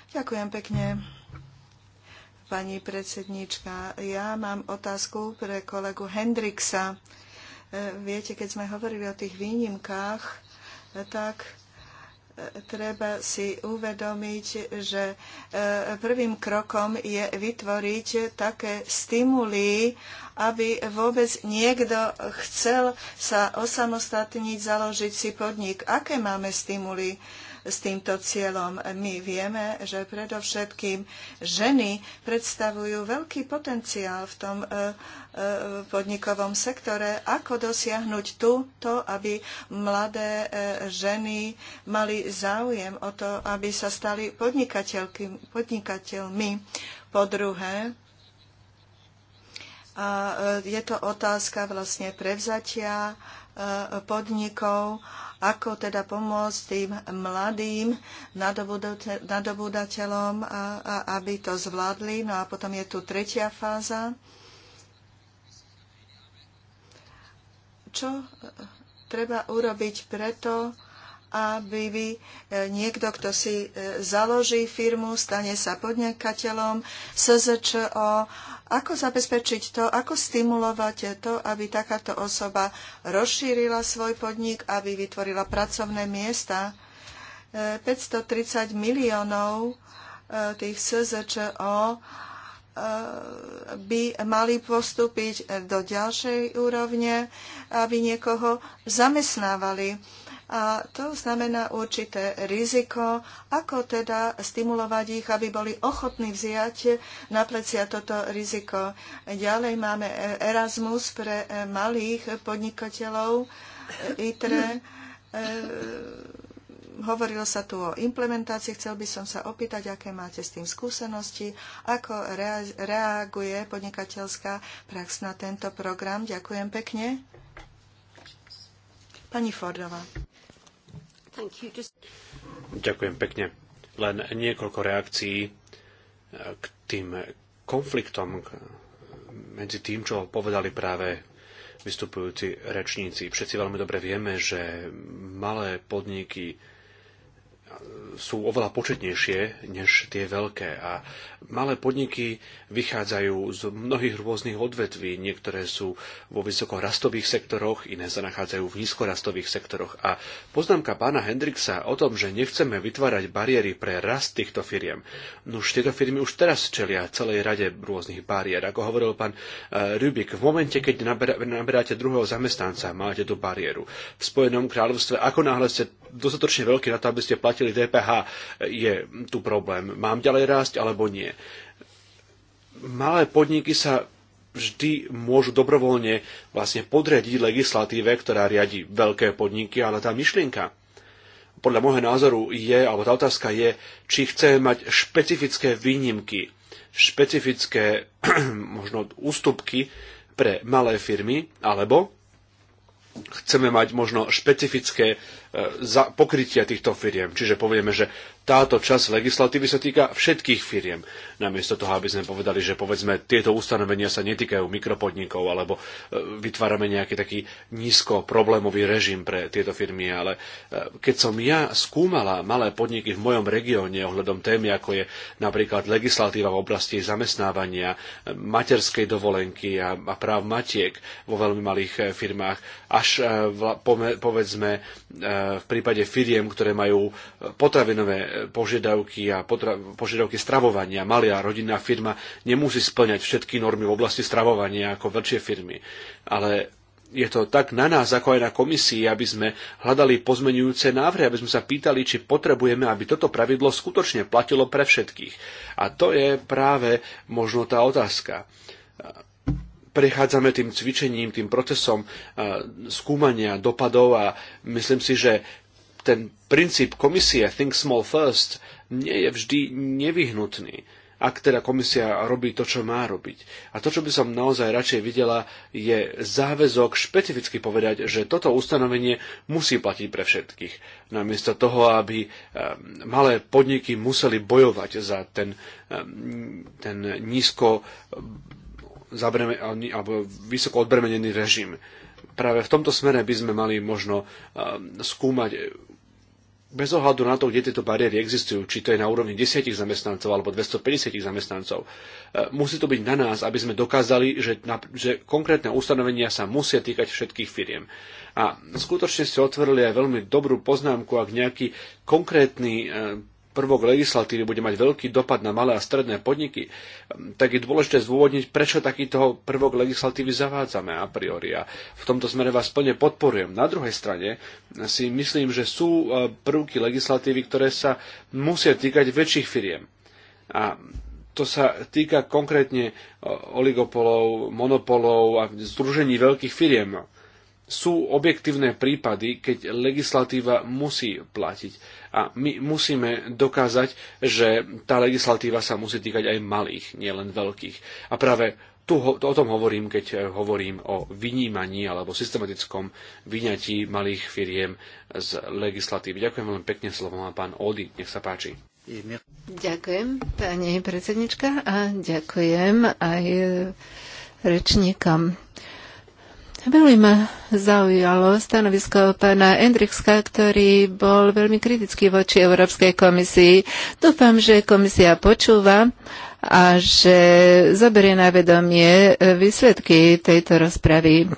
Ďakujem pekne. Pani predsednička, ja mám otázku pre kolegu Hendrixa. E, viete, keď sme hovorili o tých výnimkách, e, tak treba si uvedomiť, že e, prvým krokom je vytvoriť také stimuly, aby vôbec niekto chcel sa osamostatniť, založiť si podnik. Aké máme stimuly? s týmto cieľom. My vieme, že predovšetkým ženy predstavujú veľký potenciál v tom e, e, podnikovom sektore, ako dosiahnuť tu to, aby mladé e, ženy mali záujem o to, aby sa stali podnikateľmi. Po druhé, a je to otázka vlastne prevzatia Eh, podnikov, ako teda pomôcť tým mladým nadobudateľom, aby to zvládli. No a potom je tu tretia fáza. Čo eh, treba urobiť preto, aby by eh, niekto, kto si založí firmu, stane sa podnikateľom, SZČO, ako zabezpečiť to, ako stimulovať to, aby takáto osoba rozšírila svoj podnik, aby vytvorila pracovné miesta. 530 e, miliónov e, tých SZČO e, by mali postúpiť do ďalšej úrovne, aby niekoho zamestnávali a to znamená určité riziko, ako teda stimulovať ich, aby boli ochotní vziať na plecia toto riziko. Ďalej máme Erasmus pre e, malých podnikateľov e, ITRE. E, hovorilo sa tu o implementácii. Chcel by som sa opýtať, aké máte s tým skúsenosti, ako reaguje podnikateľská prax na tento program. Ďakujem pekne. Pani Fordová. Ďakujem pekne. Len niekoľko reakcií eh, k tým konfliktom medzi tým, čo povedali práve vystupujúci rečníci. Všetci veľmi dobre vieme, že malé podniky sú oveľa početnejšie než tie veľké. A malé podniky vychádzajú z mnohých rôznych odvetví. Niektoré sú vo vysokorastových sektoroch, iné sa nachádzajú v nízkorastových sektoroch. A poznámka pána Hendrixa o tom, že nechceme vytvárať bariéry pre rast týchto firiem. No už tieto firmy už teraz čelia celej rade rôznych bariér. Ako hovoril pán eh, Rubik, v momente, keď naberáte druhého zamestnanca, máte tú bariéru. V Spojenom kráľovstve, ako náhle ste dostatočne veľký na to, aby ste platili platili DPH, je tu problém. Mám ďalej rásť alebo nie? Malé podniky sa vždy môžu dobrovoľne vlastne podriadiť legislatíve, ktorá riadi veľké podniky, ale tá myšlienka podľa môjho názoru je, alebo tá otázka je, či chceme mať špecifické výnimky, špecifické (clears throat) možno ústupky pre malé firmy, alebo chceme mať možno špecifické e, pokrytia týchto firiem. Čiže povieme, že táto časť legislatívy sa týka všetkých firiem. Namiesto toho, aby sme povedali, že povedzme tieto ustanovenia sa netýkajú mikropodnikov alebo e, vytvárame nejaký taký nízko problémový režim pre tieto firmy, ale e, keď som ja skúmala malé podniky v mojom regióne ohľadom témy, ako je napríklad legislatíva v oblasti zamestnávania, e, materskej dovolenky a práv matiek vo veľmi malých firmách, až povedzme v prípade firiem, ktoré majú potravinové požiadavky a potra- požiadavky stravovania. Malá rodinná firma nemusí splňať všetky normy v oblasti stravovania ako väčšie firmy, ale je to tak na nás, ako aj na komisii, aby sme hľadali pozmenujúce návrhy, aby sme sa pýtali, či potrebujeme, aby toto pravidlo skutočne platilo pre všetkých. A to je práve možno tá otázka prechádzame tým cvičením, tým procesom skúmania dopadov a myslím si, že ten princíp komisie Think Small First nie je vždy nevyhnutný ak teda komisia robí to, čo má robiť. A to, čo by som naozaj radšej videla, je záväzok špecificky povedať, že toto ustanovenie musí platiť pre všetkých. Namiesto toho, aby malé podniky museli bojovať za ten, ten nízko alebo vysoko odbremenený režim práve v tomto smere by sme mali možno skúmať bez ohľadu na to, kde tieto bariéry existujú, či to je na úrovni 10 zamestnancov alebo 250 zamestnancov, e, musí to byť na nás, aby sme dokázali, že, na, že konkrétne ustanovenia sa musia týkať všetkých firiem. A skutočne ste otvorili aj veľmi dobrú poznámku, ak nejaký konkrétny e, prvok legislatívy bude mať veľký dopad na malé a stredné podniky, tak je dôležité zdôvodniť, prečo takýto prvok legislatívy zavádzame a priori. A v tomto smere vás plne podporujem. Na druhej strane si myslím, že sú e, prvky legislatívy, ktoré sa musia týkať väčších firiem. A to sa týka konkrétne e, oligopolov, monopolov a združení veľkých firiem sú objektívne prípady, keď legislatíva musí platiť. A my musíme dokázať, že tá legislatíva sa musí týkať aj malých, nielen veľkých. A práve tu o tom hovorím, keď eh, hovorím o vynímaní alebo systematickom vyňatí malých firiem z legislatívy. Ďakujem veľmi pekne, slovo a pán Ody, nech sa páči. Ďakujem, pani predsednička, a ďakujem aj rečníkom. Veľmi ma zaujalo stanovisko pána Endrichska, ktorý bol veľmi kritický voči Európskej komisii. Dúfam, že komisia počúva a že zoberie na vedomie e, výsledky tejto rozpravy.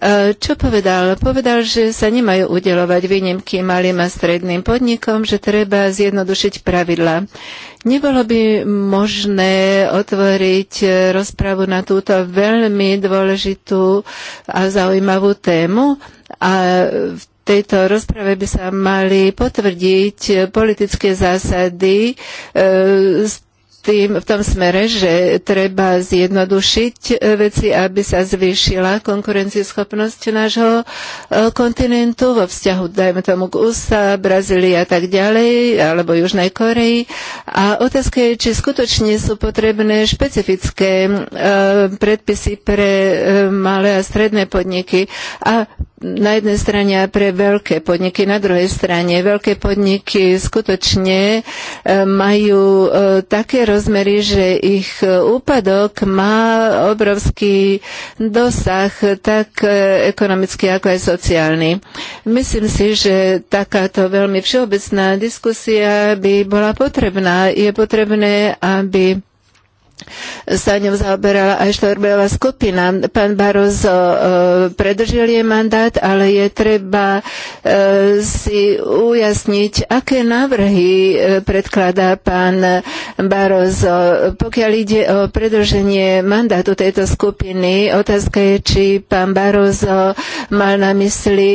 E, čo povedal? Povedal, že sa nemajú udelovať výnimky malým a stredným podnikom, že treba zjednodušiť pravidla. Nebolo by možné otvoriť e, rozpravu na túto veľmi dôležitú a zaujímavú tému a v tejto rozprave by sa mali potvrdiť politické zásady, e, tým, v tom smere, že treba zjednodušiť e, veci, aby sa zvýšila konkurencieschopnosť nášho e, kontinentu vo vzťahu, dajme tomu, k USA, Brazílii a tak ďalej, alebo Južnej Koreji. A otázka je, či skutočne sú potrebné špecifické e, predpisy pre malé a stredné podniky. A na jednej strane pre veľké podniky, na druhej strane veľké podniky skutočne majú také rozmery, že ich e, úpadok má obrovský dosah, tak e, ekonomický, ako aj sociálny. Myslím si, že takáto veľmi všeobecná diskusia by bola potrebná. Je potrebné, aby sa ňou zaoberala aj štvorbelová skupina. Pán Barozo e, predržil jej mandát, ale je treba e, si ujasniť, aké návrhy e, predkladá pán Barozo. Pokiaľ ide o predrženie mandátu tejto skupiny, otázka je, či pán Barozo mal na mysli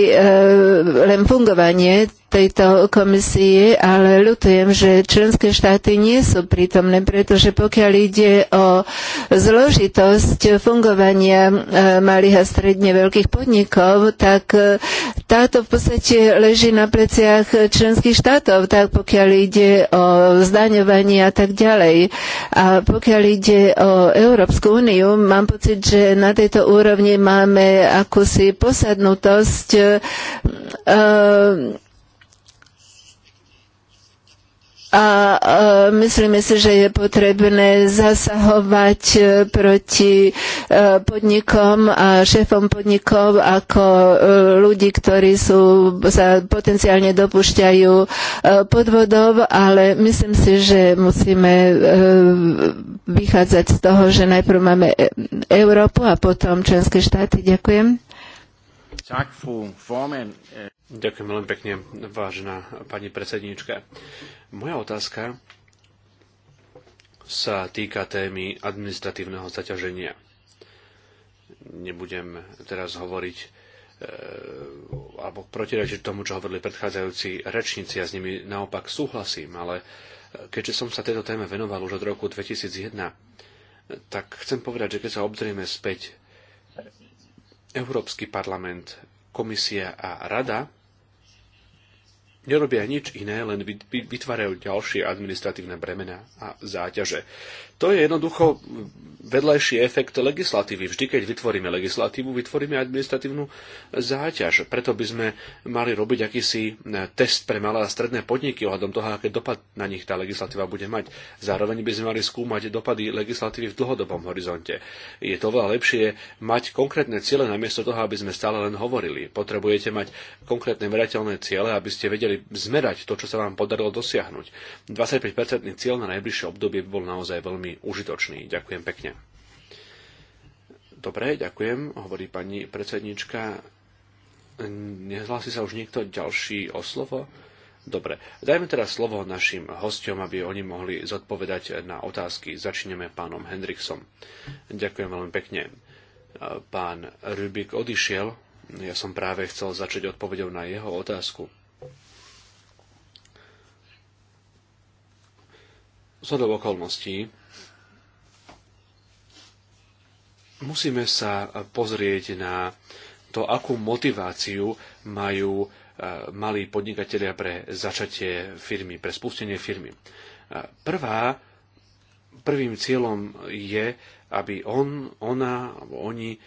len fungovanie tejto komisie, ale ľutujem, že členské štáty nie sú prítomné, pretože pokiaľ ide o zložitosť fungovania e, malých a stredne veľkých podnikov, tak e, táto v podstate leží na pleciach členských štátov, tak pokiaľ ide o zdaňovanie a tak ďalej. A pokiaľ ide o Európsku úniu, mám pocit, že na tejto úrovni máme akúsi posadnutosť e, a e, myslíme si, že je potrebné zasahovať e, proti e, podnikom a šéfom podnikov ako ľudí, ktorí sú, sa potenciálne dopúšťajú podvodov, ale myslím si, že musíme vychádzať z toho, že najprv máme Európu a potom členské štáty. Ďakujem. Ďakujem veľmi pekne, vážená pani predsedníčka. Moja otázka sa týka témy administratívneho zaťaženia. Nebudem teraz hovoriť e, alebo protirečiť tomu, čo hovorili predchádzajúci rečníci. Ja s nimi naopak súhlasím, ale keďže som sa tejto téme venoval už od roku 2001, tak chcem povedať, že keď sa obzrieme späť Európsky parlament, komisia a rada nerobia nič iné, len vytvárajú ďalšie administratívne bremena a záťaže. To je jednoducho vedľajší efekt legislatívy. Vždy, keď vytvoríme legislatívu, vytvoríme administratívnu záťaž. Preto by sme mali robiť akýsi e, test pre malé a stredné podniky ohľadom toho, aké dopad na nich tá legislatíva bude mať. Zároveň by sme mali skúmať dopady legislatívy v dlhodobom horizonte. Je to veľa lepšie mať konkrétne ciele namiesto toho, aby sme stále len hovorili. Potrebujete mať konkrétne merateľné ciele, aby ste vedeli zmerať to, čo sa vám podarilo dosiahnuť. 25-percentný cieľ na najbližšie obdobie by bol naozaj veľmi veľmi užitočný. Ďakujem pekne. Dobre, ďakujem, hovorí pani predsednička. Nehlási sa už niekto ďalší o slovo? Dobre, dajme teraz slovo našim hostiom, aby oni mohli zodpovedať na otázky. Začneme pánom Hendrixom. Ďakujem veľmi pekne. Pán Rubik odišiel. Ja som práve chcel začať odpovedou na jeho otázku. Zhodov okolností musíme sa pozrieť na to, akú motiváciu majú e, malí podnikatelia pre začatie firmy, pre spustenie firmy. E, prvá, prvým cieľom je, aby on, ona alebo oni e,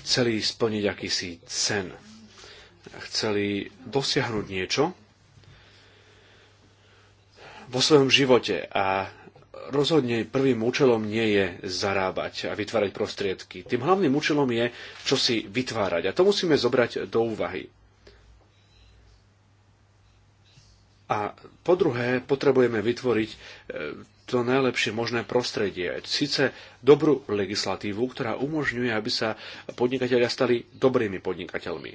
chceli splniť akýsi cen. Chceli dosiahnuť niečo vo svojom živote a rozhodne prvým účelom nie je zarábať a vytvárať prostriedky. Tým hlavným účelom je, čo si vytvárať. A to musíme zobrať do úvahy. A po druhé, potrebujeme vytvoriť e, to najlepšie možné prostredie. Sice dobrú legislatívu, ktorá umožňuje, aby sa podnikatelia stali dobrými podnikateľmi.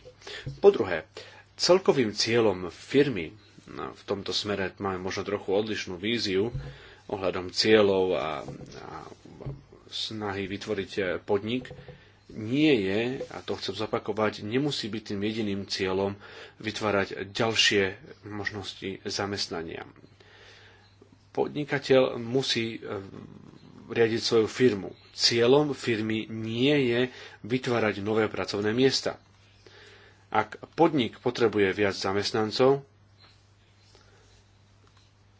Po druhé, celkovým cieľom firmy, no, v tomto smere máme možno trochu odlišnú víziu, ohľadom cieľov a, a snahy vytvoriť e, podnik, nie je, a to chcem zopakovať, nemusí byť tým jediným cieľom vytvárať ďalšie možnosti zamestnania. Podnikateľ musí e, riadiť svoju firmu. Cieľom firmy nie je vytvárať nové pracovné miesta. Ak podnik potrebuje viac zamestnancov,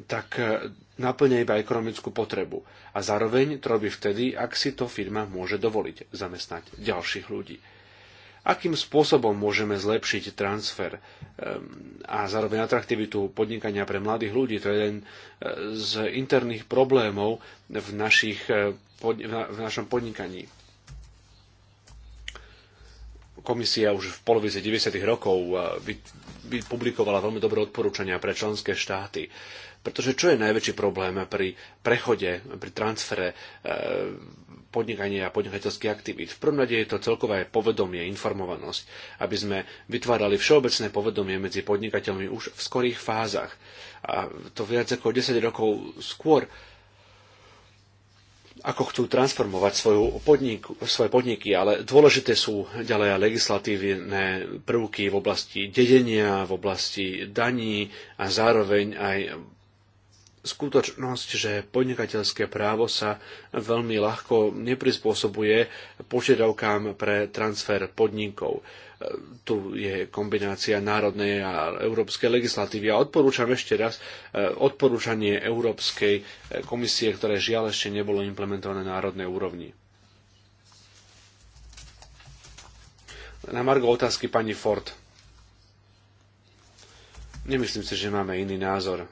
tak e, naplňa iba ekonomickú potrebu a zároveň to robí vtedy, ak si to firma môže dovoliť zamestnať ďalších ľudí. Akým spôsobom môžeme zlepšiť transfer ehm, a zároveň atraktivitu podnikania pre mladých ľudí? To je jeden e, z interných problémov v, našich, e, v našom podnikaní komisia už v polovici 90. rokov e, publikovala veľmi dobré odporúčania pre členské štáty pretože čo je najväčší problém pri prechode, pri transfere e, podnikania a podnikateľských aktivít? V prvom rade je to celkové povedomie, informovanosť, aby sme vytvárali všeobecné povedomie medzi podnikateľmi už v skorých fázach. A to viac ako 10 rokov skôr, ako chcú transformovať svoju podnik, svoje podniky, ale dôležité sú ďalej legislatívne prvky v oblasti dedenia, v oblasti daní a zároveň aj skutočnosť, že podnikateľské právo sa veľmi ľahko neprispôsobuje požiadavkám pre transfer podnikov. E, tu je kombinácia národnej a európskej legislatívy a odporúčam ešte raz e, odporúčanie Európskej e, komisie, ktoré žiaľ ešte nebolo implementované na národnej úrovni. Na Margo otázky pani Ford. Nemyslím si, že máme iný názor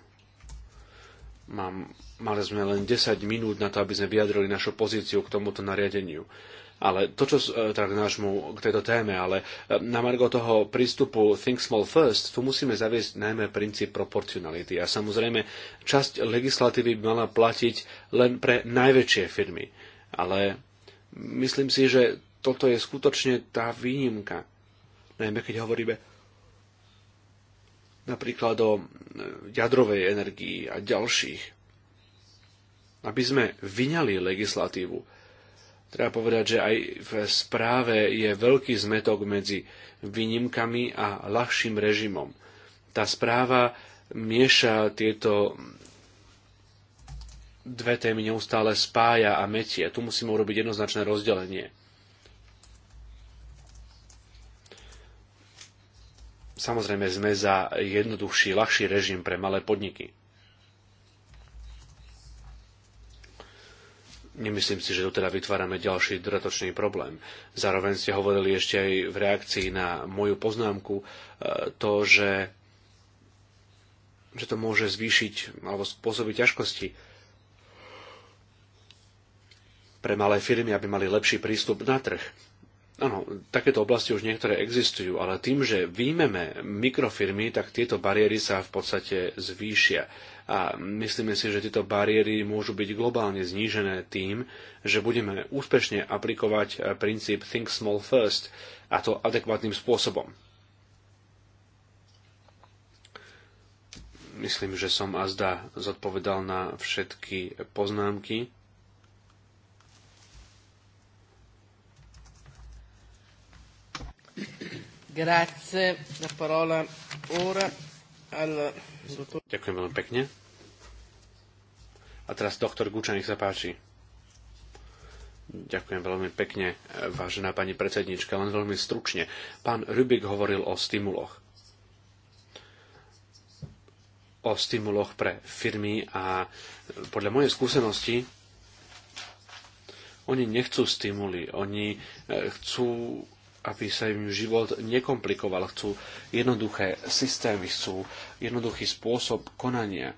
Mám, mali sme len 10 minút na to, aby sme vyjadrili našu pozíciu k tomuto nariadeniu. Ale to, čo e, tak nášmu k tejto téme, ale e, na margo toho prístupu Think Small First, tu musíme zaviesť najmä princíp proporcionality. A samozrejme, časť legislatívy by mala platiť len pre najväčšie firmy. Ale myslím si, že toto je skutočne tá výnimka. Najmä keď hovoríme napríklad o e, jadrovej energii a ďalších. Aby sme vyňali legislatívu, treba povedať, že aj v správe je veľký zmetok medzi výnimkami a ľahším režimom. Tá správa mieša tieto dve témy neustále spája a metie. Tu musíme urobiť jednoznačné rozdelenie. Samozrejme sme za jednoduchší, ľahší režim pre malé podniky. Nemyslím si, že tu teda vytvárame ďalší dodatočný problém. Zároveň ste hovorili ešte aj v reakcii na moju poznámku e, to, že, že to môže zvýšiť alebo spôsobiť ťažkosti pre malé firmy, aby mali lepší prístup na trh. Áno, takéto oblasti už niektoré existujú, ale tým, že výjmeme mikrofirmy, tak tieto bariéry sa v podstate zvýšia. A myslíme si, že tieto bariéry môžu byť globálne znížené tým, že budeme úspešne aplikovať princíp Think Small First, a to adekvátnym spôsobom. Myslím, že som azda zodpovedal na všetky poznámky. Grazie. La parola ora al... Ďakujem veľmi pekne. A teraz doktor Guča, nech sa páči. Ďakujem veľmi pekne, vážená pani predsednička, len veľmi stručne. Pán Rubik hovoril o stimuloch. O stimuloch pre firmy a podľa mojej skúsenosti oni nechcú stimuly, oni eh, chcú aby sa im život nekomplikoval. Chcú jednoduché systémy, chcú jednoduchý spôsob konania.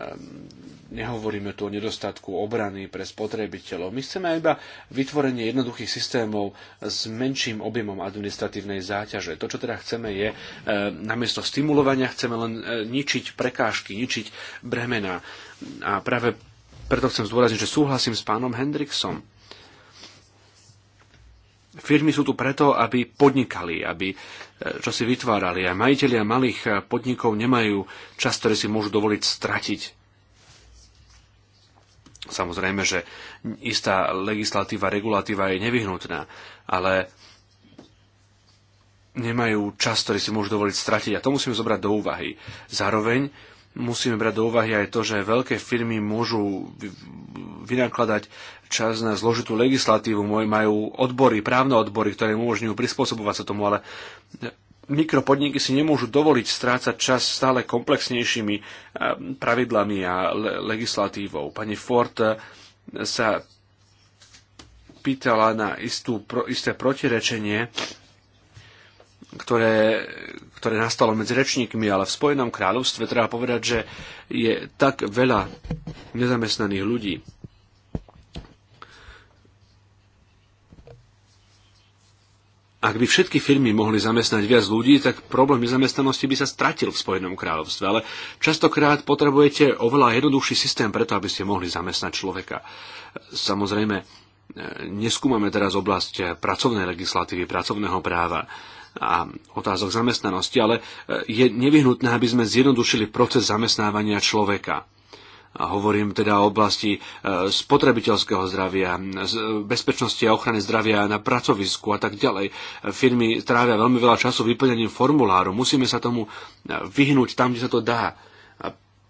Ehm, nehovoríme tu o nedostatku obrany pre spotrebiteľov. My chceme iba vytvorenie jednoduchých systémov s menším objemom administratívnej záťaže. To, čo teda chceme, je ehm, namiesto stimulovania chceme len e, ničiť prekážky, ničiť bremena. A práve preto chcem zdôrazniť, že súhlasím s pánom Hendrixom Firmy sú tu preto, aby podnikali, aby e, čo si vytvárali a majiteľia malých podnikov nemajú čas, ktorý si môžu dovoliť stratiť. Samozrejme, že istá legislatíva, regulatíva je nevyhnutná, ale nemajú čas, ktorý si môžu dovoliť stratiť a to musíme zobrať do úvahy. Zároveň musíme brať do úvahy aj to, že veľké firmy môžu vynakladať čas na zložitú legislatívu, majú odbory, právne odbory, ktoré im umožňujú prispôsobovať sa tomu, ale e, mikropodniky si nemôžu dovoliť strácať čas stále komplexnejšími e, pravidlami a legislatívou. Pani Ford e, sa pýtala na istú, isté protirečenie, ktoré, ktoré nastalo medzi rečníkmi, ale v Spojenom kráľovstve treba povedať, že je tak veľa nezamestnaných ľudí, Ak by všetky firmy mohli zamestnať viac ľudí, tak problém nezamestnanosti by sa stratil v Spojenom kráľovstve, ale častokrát potrebujete oveľa jednoduchší systém preto, aby ste mohli zamestnať človeka. Samozrejme, e, neskúmame teraz oblasť e, pracovnej legislatívy, pracovného práva a otázok zamestnanosti, ale e, je nevyhnutné, aby sme zjednodušili proces zamestnávania človeka a hovorím teda o oblasti e, spotrebiteľského zdravia, bezpečnosti a ochrany zdravia na pracovisku a tak ďalej. Firmy trávia veľmi veľa času vyplnením formuláru. Musíme sa tomu e, vyhnúť tam, kde sa to dá.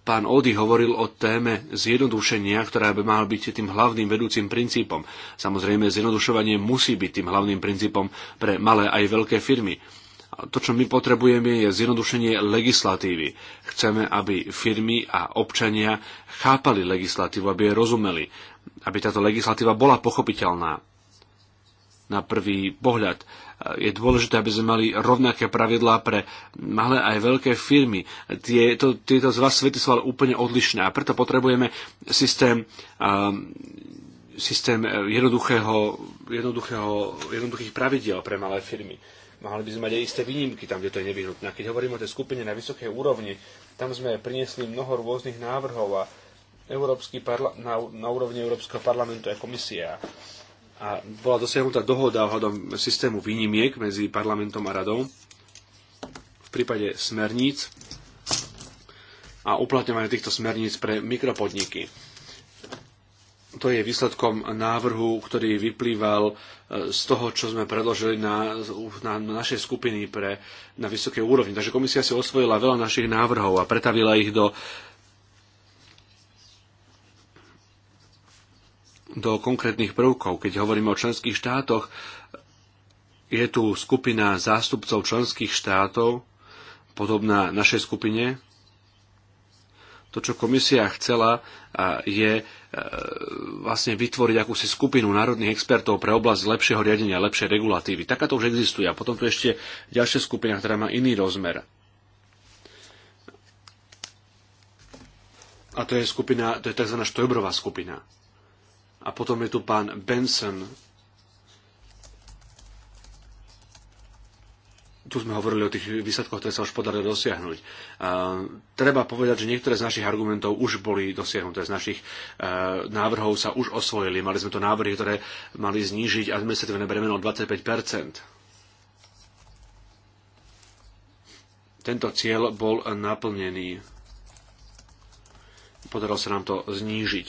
Pán Ody hovoril o téme zjednodušenia, ktorá by mala byť tým hlavným vedúcim princípom. Samozrejme, zjednodušovanie musí byť tým hlavným princípom pre malé aj veľké firmy to, čo my potrebujeme, je zjednodušenie legislatívy. Chceme, aby firmy a občania chápali legislatívu, aby je rozumeli, aby táto legislatíva bola pochopiteľná. Na prvý pohľad je dôležité, aby sme mali rovnaké pravidlá pre malé aj veľké firmy. Tieto, tieto z vás svety sú ale úplne odlišné a preto potrebujeme systém um, systém jednoduchého, jednoduchého, jednoduchých pravidiel pre malé firmy. Mali by sme mať aj isté výnimky tam, kde to je nevyhnutné. A keď hovoríme o tej skupine na vysokej úrovni, tam sme priniesli mnoho rôznych návrhov a Európsky parla- na, na úrovni Európskeho parlamentu a komisia. A bola dosiahnutá dohoda ohľadom systému výnimiek medzi parlamentom a radou v prípade smerníc a uplatňovanie týchto smerníc pre mikropodniky to je výsledkom návrhu, ktorý vyplýval e, z toho, čo sme predložili na, na našej skupiny pre, na vysokej úrovni. Takže komisia si osvojila veľa našich návrhov a pretavila ich do do konkrétnych prvkov. Keď hovoríme o členských štátoch, je tu skupina zástupcov členských štátov, podobná našej skupine, to, čo komisia chcela, je e, vlastne vytvoriť akúsi skupinu národných expertov pre oblasť lepšieho riadenia, a lepšej regulatívy. Takáto už existuje. A potom tu ešte ďalšia skupina, ktorá má iný rozmer. A to je skupina, to je tzv. Štojbrová skupina. A potom je tu pán Benson, tu sme hovorili o tých výsledkoch, ktoré sa už podarilo dosiahnuť. Uh, treba povedať, že niektoré z našich argumentov už boli dosiahnuté, z našich uh, návrhov sa už osvojili. Mali sme to návrhy, ktoré mali znížiť administratívne bremeno o 25 Tento cieľ bol naplnený. Podarilo sa nám to znížiť.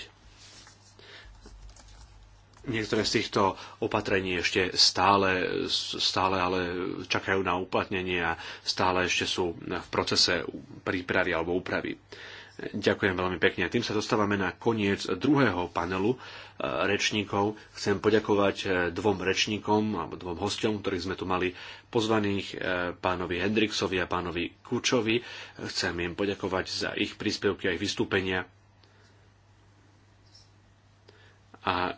Niektoré z týchto opatrení ešte stále, stále ale čakajú na uplatnenie a stále ešte sú v procese prípravy alebo úpravy. Ďakujem veľmi pekne. Tým sa dostávame na koniec druhého panelu eh, rečníkov. Chcem poďakovať eh, dvom rečníkom alebo dvom hostom, ktorých sme tu mali pozvaných, eh, pánovi Hendrixovi a pánovi Kučovi. Chcem im poďakovať za ich príspevky a ich vystúpenia. A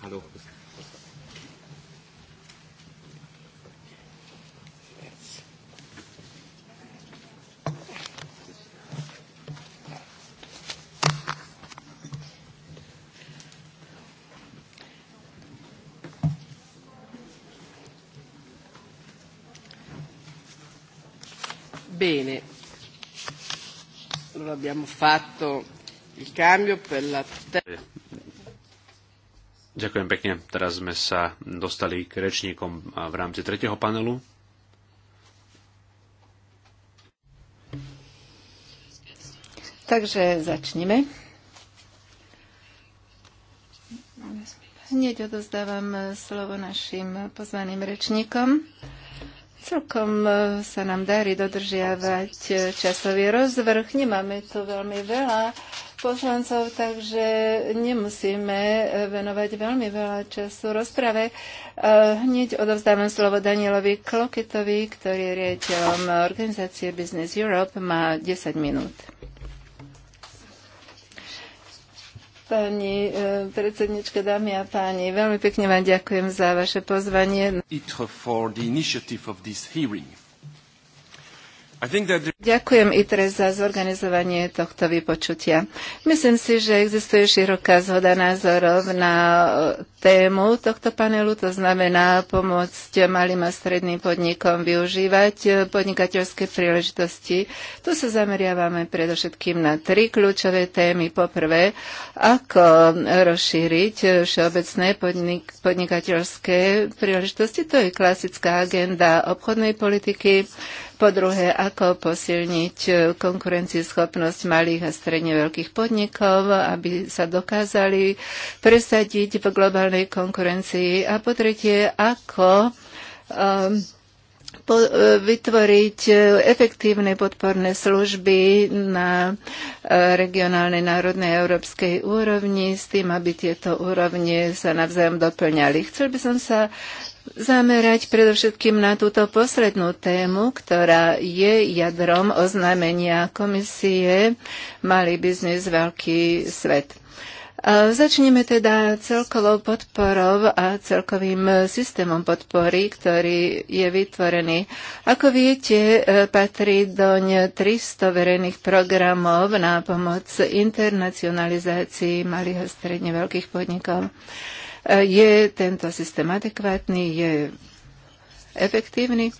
Hallo. Bene, lo abbiamo fatto il cambio per la... Ďakujem pekne. Teraz sme sa dostali k rečníkom v rámci tretieho panelu. Takže začneme. Hneď odozdávam slovo našim pozvaným rečníkom. Celkom sa nám darí dodržiavať časový rozvrh. Nemáme to veľmi veľa poslancov, takže nemusíme eh, venovať veľmi veľa času rozprave. Eh, hneď odovzdávam slovo Danielovi Kloketovi, ktorý je riaditeľom organizácie Business Europe, má 10 minút. Pani eh, predsednička, dámy a páni, veľmi pekne vám ďakujem za vaše pozvanie. Ďakujem ITRE za zorganizovanie tohto vypočutia. Myslím si, že existuje široká zhoda názorov na e, tému tohto panelu, to znamená pomôcť malým a stredným podnikom využívať e, podnikateľské príležitosti. Tu sa zameriavame predovšetkým na tri kľúčové témy. Poprvé, ako rozšíriť e, všeobecné podnik- podnikateľské príležitosti. To je klasická agenda obchodnej politiky po druhé, ako posilniť e, konkurencieschopnosť malých a stredne veľkých podnikov, aby sa dokázali presadiť v globálnej konkurencii. A po tretie, ako um, vytvoriť e, efektívne podporné služby na regionálnej, národnej a európskej úrovni s tým, aby tieto úrovne sa navzájom doplňali. Chcel by som sa zamerať predovšetkým na túto poslednú tému, ktorá je jadrom oznámenia komisie Malý biznis, veľký svet. Začneme teda celkovou podporou a celkovým systémom podpory, ktorý je vytvorený. Ako viete, e, patrí doň 300 verejných programov na pomoc internacionalizácii malých a stredne veľkých podnikov. Je tento systém adekvátny, je efektívny?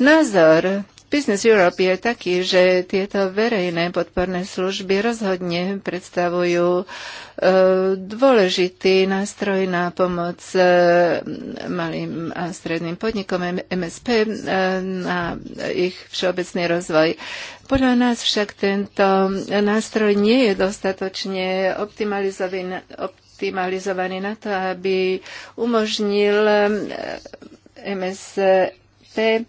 Názor Business Europe je taký, že tieto verejné podporné služby rozhodne predstavujú e, dôležitý nástroj na pomoc e, malým a stredným podnikom MSP e, na ich všeobecný rozvoj. Podľa nás však tento nástroj nie je dostatočne optimalizovaný, optimalizovaný na to, aby umožnil eh, MSP eh,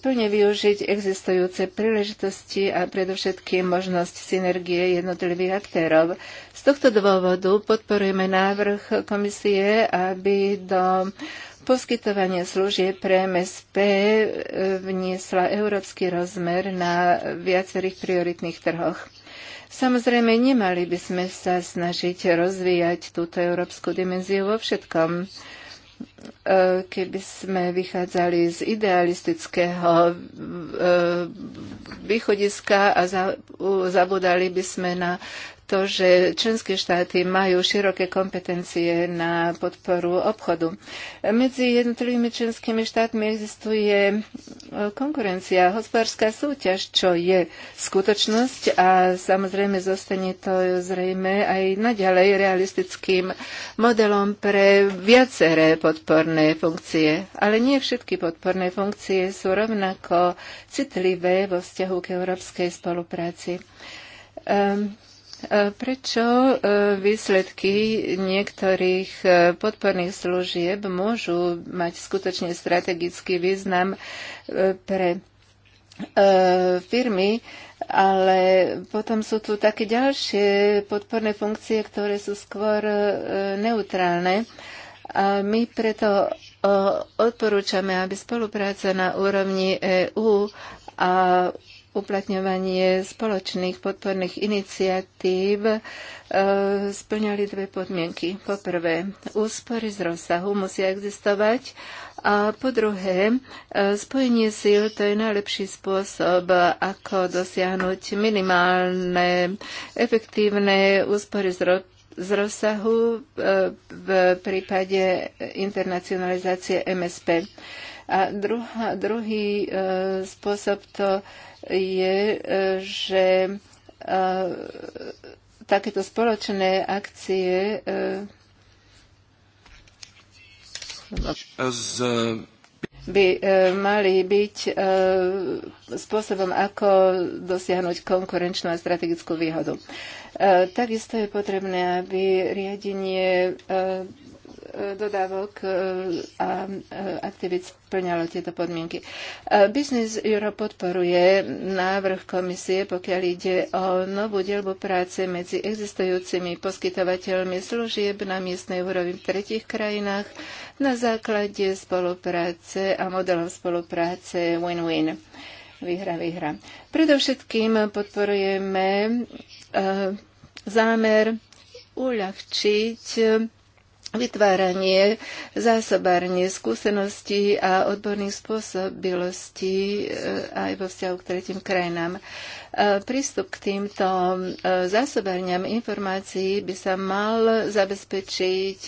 plne využiť existujúce príležitosti a predovšetkým možnosť synergie jednotlivých aktérov. Z tohto dôvodu podporujeme návrh komisie, aby do poskytovania služieb pre MSP eh, vniesla európsky rozmer na viacerých prioritných trhoch. Samozrejme, nemali by sme sa snažiť rozvíjať túto európsku dimenziu vo všetkom e, keby sme vychádzali z idealistického e, východiska a zabudali by sme na to, že členské štáty majú široké kompetencie na podporu obchodu. Medzi jednotlivými členskými štátmi existuje e, konkurencia, hospodárska súťaž, čo je skutočnosť a samozrejme zostane to zrejme aj naďalej realistickým modelom pre viaceré podporné funkcie. Ale nie všetky podporné funkcie sú rovnako citlivé vo vzťahu k európskej spolupráci. Um, E, prečo e, výsledky niektorých e, podporných služieb môžu mať skutočne strategický význam pre firmy, ale potom sú tu také ďalšie podporné funkcie, ktoré sú skôr neutrálne. A my preto odporúčame, aby spolupráca na úrovni EÚ a uplatňovanie spoločných podporných iniciatív e, splňali dve podmienky. Po prvé, úspory z rozsahu musia existovať a po druhé, e, spojenie síl to je najlepší spôsob, ako dosiahnuť minimálne efektívne úspory z rozsahu z rozsahu e, v prípade internacionalizácie MSP. A druhá, druhý e, spôsob to je, e, že e, takéto spoločné akcie by mali byť spôsobom, ako dosiahnuť konkurenčnú a strategickú výhodu. Takisto je potrebné, aby riadenie dodávok e, a e, aktivít splňalo tieto podmienky. E, Business Europe podporuje návrh komisie, pokiaľ ide o novú dielbu práce medzi existujúcimi poskytovateľmi služieb na miestnej úrovni v tretich krajinách na základe spolupráce a modelov spolupráce win-win. Výhra, výhra. Predovšetkým podporujeme zámer uľahčiť vytváranie zásobárne skúseností a odborných spôsobilostí eh, aj vo vzťahu k tretím krajinám. Eh, prístup k týmto eh, zásobárňam informácií by sa mal zabezpečiť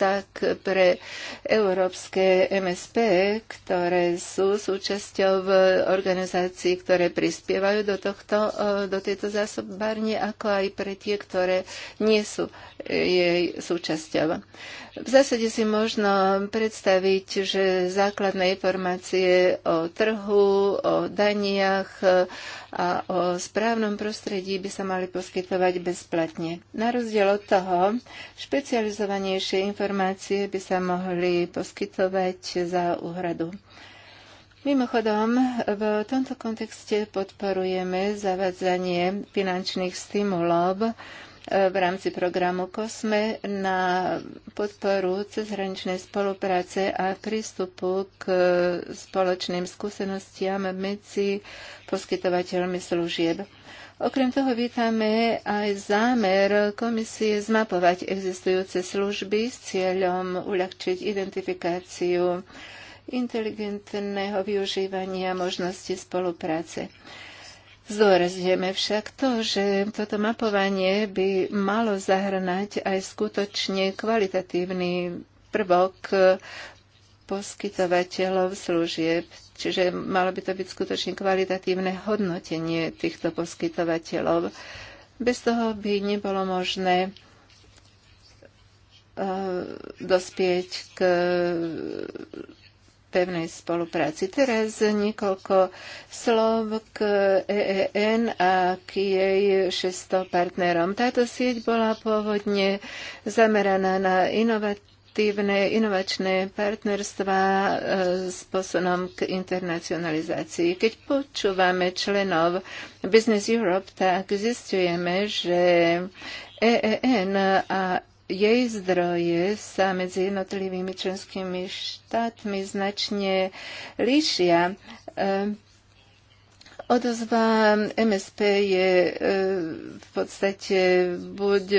tak pre európske MSP, ktoré sú súčasťou v organizácií, ktoré prispievajú do, tohto, e, do tejto zásobárne, ako aj pre tie, ktoré nie sú e, jej súčasťou. V zásade si možno predstaviť, že základné informácie o trhu, o daniach e, a o správnom prostredí by sa mali poskytovať bezplatne. Na rozdiel od toho, špecializovanejšie informácie informácie by sa mohli poskytovať za úhradu. Mimochodom, v tomto kontexte podporujeme zavadzanie finančných stimulov eh, v rámci programu COSME na podporu cezhraničnej spolupráce a prístupu k spoločným skúsenostiam medzi poskytovateľmi služieb. Okrem toho vítame aj zámer komisie zmapovať existujúce služby s cieľom uľahčiť identifikáciu inteligentného využívania možnosti spolupráce. Zdôrazňujeme však to, že toto mapovanie by malo zahrnať aj skutočne kvalitatívny prvok poskytovateľov služieb, čiže malo by to byť skutočne kvalitatívne hodnotenie týchto poskytovateľov. Bez toho by nebolo možné e, dospieť k pevnej spolupráci. Teraz niekoľko slov k EEN a k jej 600 partnerom. Táto sieť bola pôvodne zameraná na inovatívne aktívne inovačné partnerstva e, s posunom k internacionalizácii. Keď počúvame členov Business Europe, tak zistujeme, že EEN a jej zdroje sa medzi jednotlivými členskými štátmi značne líšia. E, Odozva MSP je e, v podstate buď e,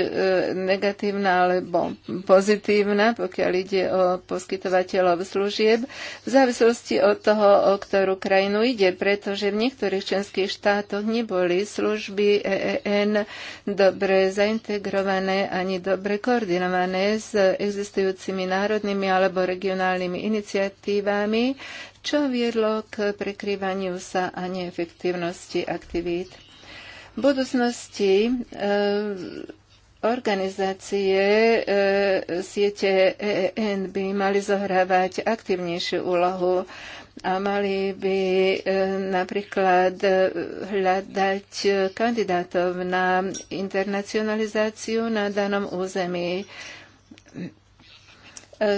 negatívna alebo pozitívna, pokiaľ ide o poskytovateľov služieb, v závislosti od toho, o ktorú krajinu ide, pretože v niektorých členských štátoch neboli služby EEN dobre zaintegrované ani dobre koordinované s existujúcimi národnými alebo regionálnymi iniciatívami, čo viedlo k prekryvaniu sa a neefektívnosti aktivít. V budúcnosti eh, organizácie eh, siete EEN by mali zohrávať aktivnejšiu úlohu a mali by eh, napríklad hľadať kandidátov na internacionalizáciu na danom území.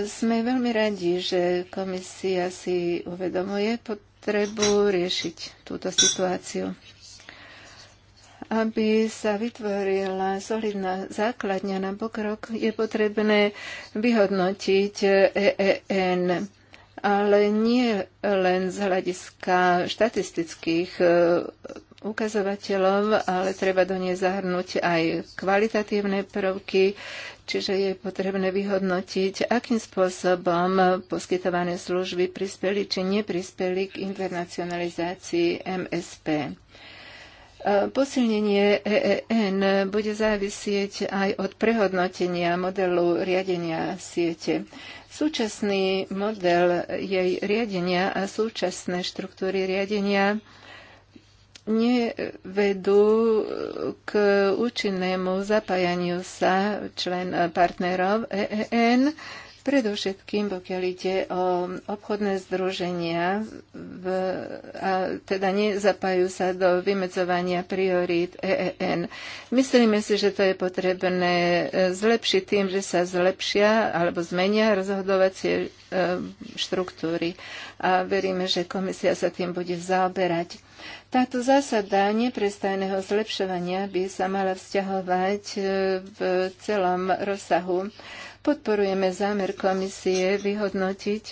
Sme veľmi radi, že komisia si uvedomuje potrebu riešiť túto situáciu. Aby sa vytvorila solidná základňa na pokrok, je potrebné vyhodnotiť EEN ale nie len z hľadiska štatistických e, ukazovateľov, ale treba do nej zahrnúť aj kvalitatívne prvky, Čiže je potrebné vyhodnotiť, akým spôsobom poskytované služby prispeli či neprispeli k internacionalizácii MSP. Posilnenie EEN bude závisieť aj od prehodnotenia modelu riadenia siete. Súčasný model jej riadenia a súčasné štruktúry riadenia nevedú eh, k účinnému zapájaniu sa člen eh, partnerov EEN, predovšetkým pokiaľ ide o obchodné združenia, v, a teda nezapájú sa do vymedzovania priorít EEN. Myslíme si, že to je potrebné eh, zlepšiť tým, že sa zlepšia alebo zmenia rozhodovacie štruktúry a veríme, že komisia sa tým bude zaoberať. Táto zásada neprestajného zlepšovania by sa mala vzťahovať e, v celom rozsahu. Podporujeme zámer komisie vyhodnotiť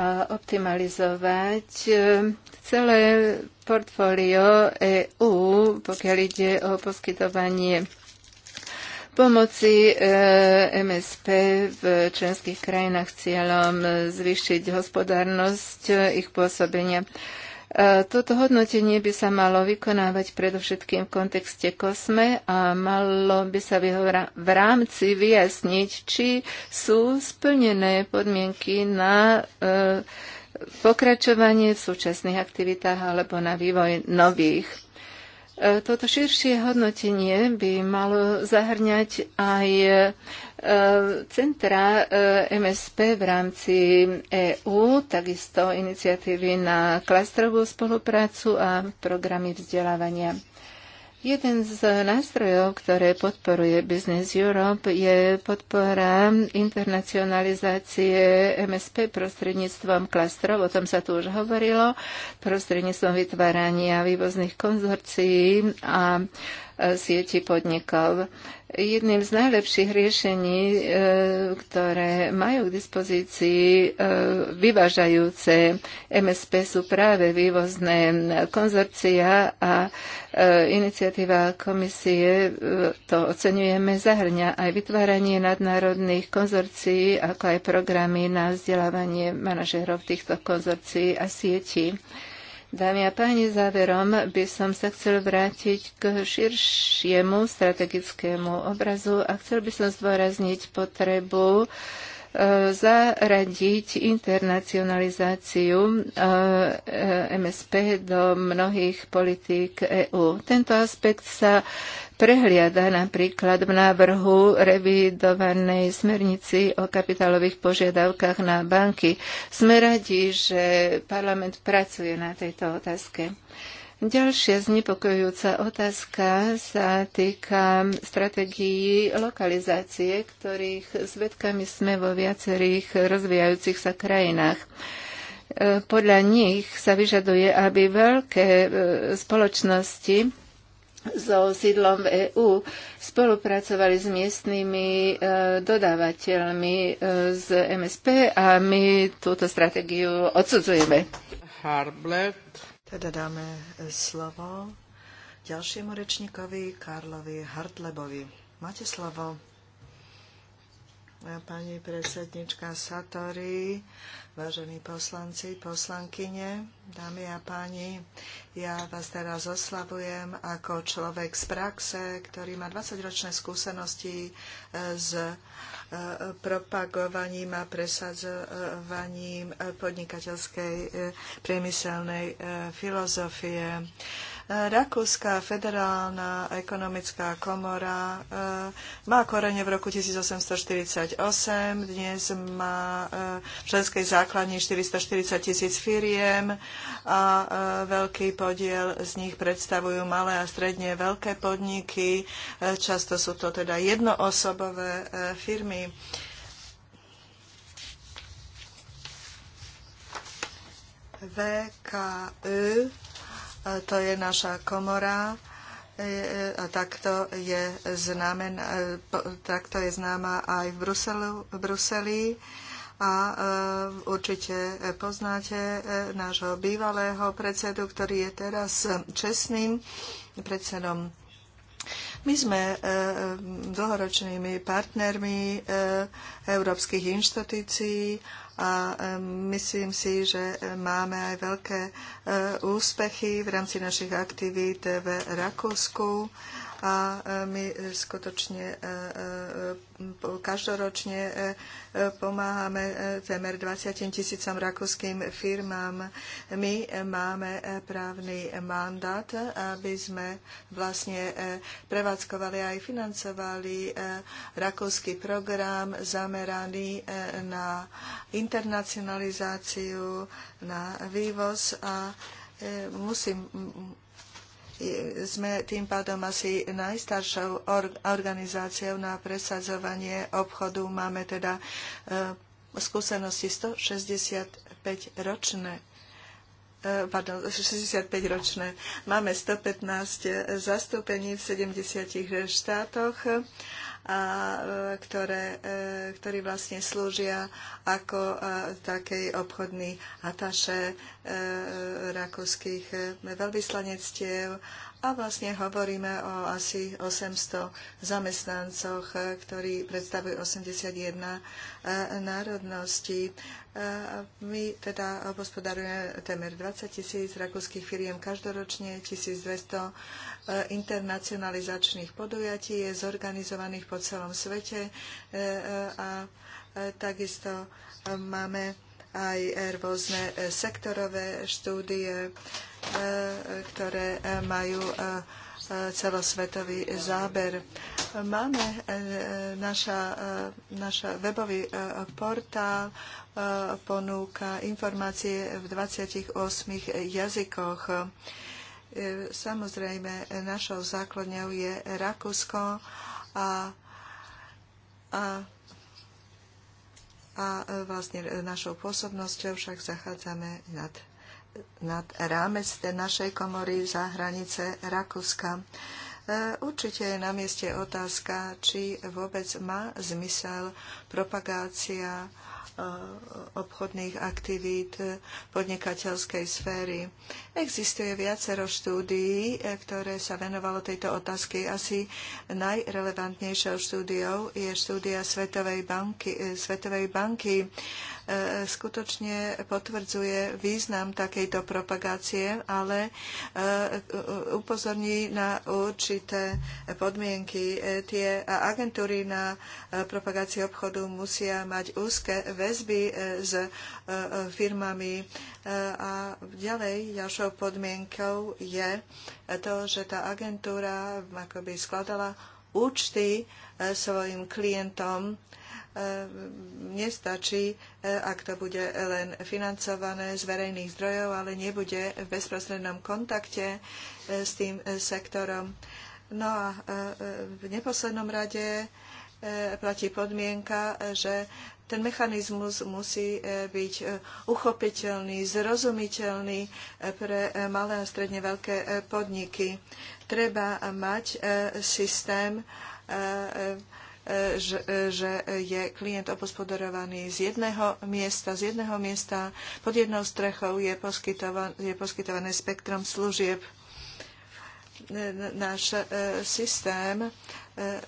a optimalizovať e, celé portfólio EÚ, pokiaľ ide o poskytovanie pomoci e, MSP v členských krajinách cieľom zvýšiť hospodárnosť ich pôsobenia. E, toto hodnotenie by sa malo vykonávať predovšetkým v kontexte kosme a malo by sa v rámci vyjasniť, či sú splnené podmienky na e, pokračovanie v súčasných aktivitách alebo na vývoj nových. E, toto širšie hodnotenie by malo zahrňať aj e, centra e, MSP v rámci EÚ, takisto iniciatívy na klastrovú spoluprácu a programy vzdelávania. Jeden z nástrojov, ktoré podporuje Business Europe, je podpora internacionalizácie MSP prostredníctvom klastrov, o tom sa tu už hovorilo, prostredníctvom vytvárania vývozných konzorcií a sieti podnikov. Jedným z najlepších riešení, e, ktoré majú k dispozícii e, vyvážajúce MSP sú práve vývozné konzorcia a e, iniciatíva komisie, to oceňujeme, zahrňa aj vytváranie nadnárodných konzorcií, ako aj programy na vzdelávanie manažérov týchto konzorcií a sietí. Dámy a páni, záverom by som sa chcel vrátiť k širšiemu strategickému obrazu a chcel by som zdôrazniť potrebu e, zaradiť internacionalizáciu e, e, MSP do mnohých politík EÚ. Tento aspekt sa prehliada napríklad v návrhu revidovanej smernici o kapitálových požiadavkách na banky. Sme radi, že parlament pracuje na tejto otázke. Ďalšia znepokojujúca otázka sa týka stratégií lokalizácie, ktorých zvedkami sme vo viacerých rozvíjajúcich sa krajinách podľa nich sa vyžaduje, aby veľké e, spoločnosti so sídlom v EÚ spolupracovali s miestnymi e, dodávateľmi e, z MSP a my túto stratégiu odsudzujeme. Harblet. Teda dáme slovo ďalšiemu rečníkovi, Karlovi Hartlebovi. Máte slovo pani predsednička Satori, vážení poslanci, poslankyne, dámy a páni. Ja vás teraz oslavujem ako človek z praxe, ktorý má 20-ročné skúsenosti e, s e, propagovaním a presadzovaním podnikateľskej e, priemyselnej filozofie Rakúska federálna ekonomická komora eh, má korene v roku 1848, dnes má eh, v členskej základni 440 tisíc firiem a eh, veľký podiel z nich predstavujú malé a stredne veľké podniky. Často sú to teda jednoosobové firmy. VKU to je naša komora e, e, a takto je, znamen, e, takto je známa aj v, Bruselu, v Bruseli a určite poznáte nášho bývalého predsedu, ktorý je teraz čestným predsedom. My sme dlhoročnými partnermi európskych inštitúcií a myslím si, že máme aj veľké eh, úspechy v rámci našich aktivít v Rakúsku a e, my e, skutočne e, každoročne pomáhame témer 20 tisícom rakúským firmám. My máme právny mandát, aby sme vlastne prevádzkovali aj financovali rakúsky program zameraný na internacionalizáciu, na vývoz a musím sme tým pádom asi najstaršou organizáciou na presadzovanie obchodu. Máme teda e, skúsenosti 165 ročné e, pardon, 65-ročné. Máme 115 zastúpení v 70 štátoch a e, ktoré, e, ktorí vlastne slúžia ako e, takej obchodný ataše rakúskych veľvyslanectiev a vlastne hovoríme o asi 800 zamestnancoch, ktorí predstavujú 81 národností. My teda obospodarujeme témer 20 tisíc rakúskych firiem každoročne, 1200 internacionalizačných podujatí je zorganizovaných po celom svete e, e, a e, takisto máme aj rôzne sektorové štúdie, ktoré majú celosvetový záber. Máme naša, naša webový portál, ponúka informácie v 28 jazykoch Samozrejme, našou základňou je Rakúsko a, a a vlastne našou pôsobnosťou však zachádzame nad, nad rámec tej našej komory za hranice Rakúska. E, určite je na mieste otázka, či vôbec má zmysel propagácia Eh, obchodných aktivít podnikateľskej sféry. Existuje viacero štúdií, eh, ktoré sa venovalo tejto otázky. Asi najrelevantnejšou štúdiou je štúdia Svetovej banky, eh, Svetovej banky E, skutočne potvrdzuje význam takejto propagácie, ale e, upozorní na určité podmienky. E, tie agentúry na propagáciu obchodu musia mať úzke väzby s firmami a ďalej ďalšou podmienkou je to, že tá agentúra akoby skladala účty svojim klientom Ehm, nestačí, e, ak to bude len financované z verejných zdrojov, ale nebude v bezprostrednom kontakte e, s tým e, sektorom. No a v neposlednom rade platí podmienka, že ten mechanizmus musí byť uchopiteľný, zrozumiteľný pre malé a stredne veľké podniky. Treba mať systém že je klient obospodarovaný z jedného miesta, z jedného miesta pod jednou strechou je, poskytované, je poskytované spektrum služieb. Náš e, systém e,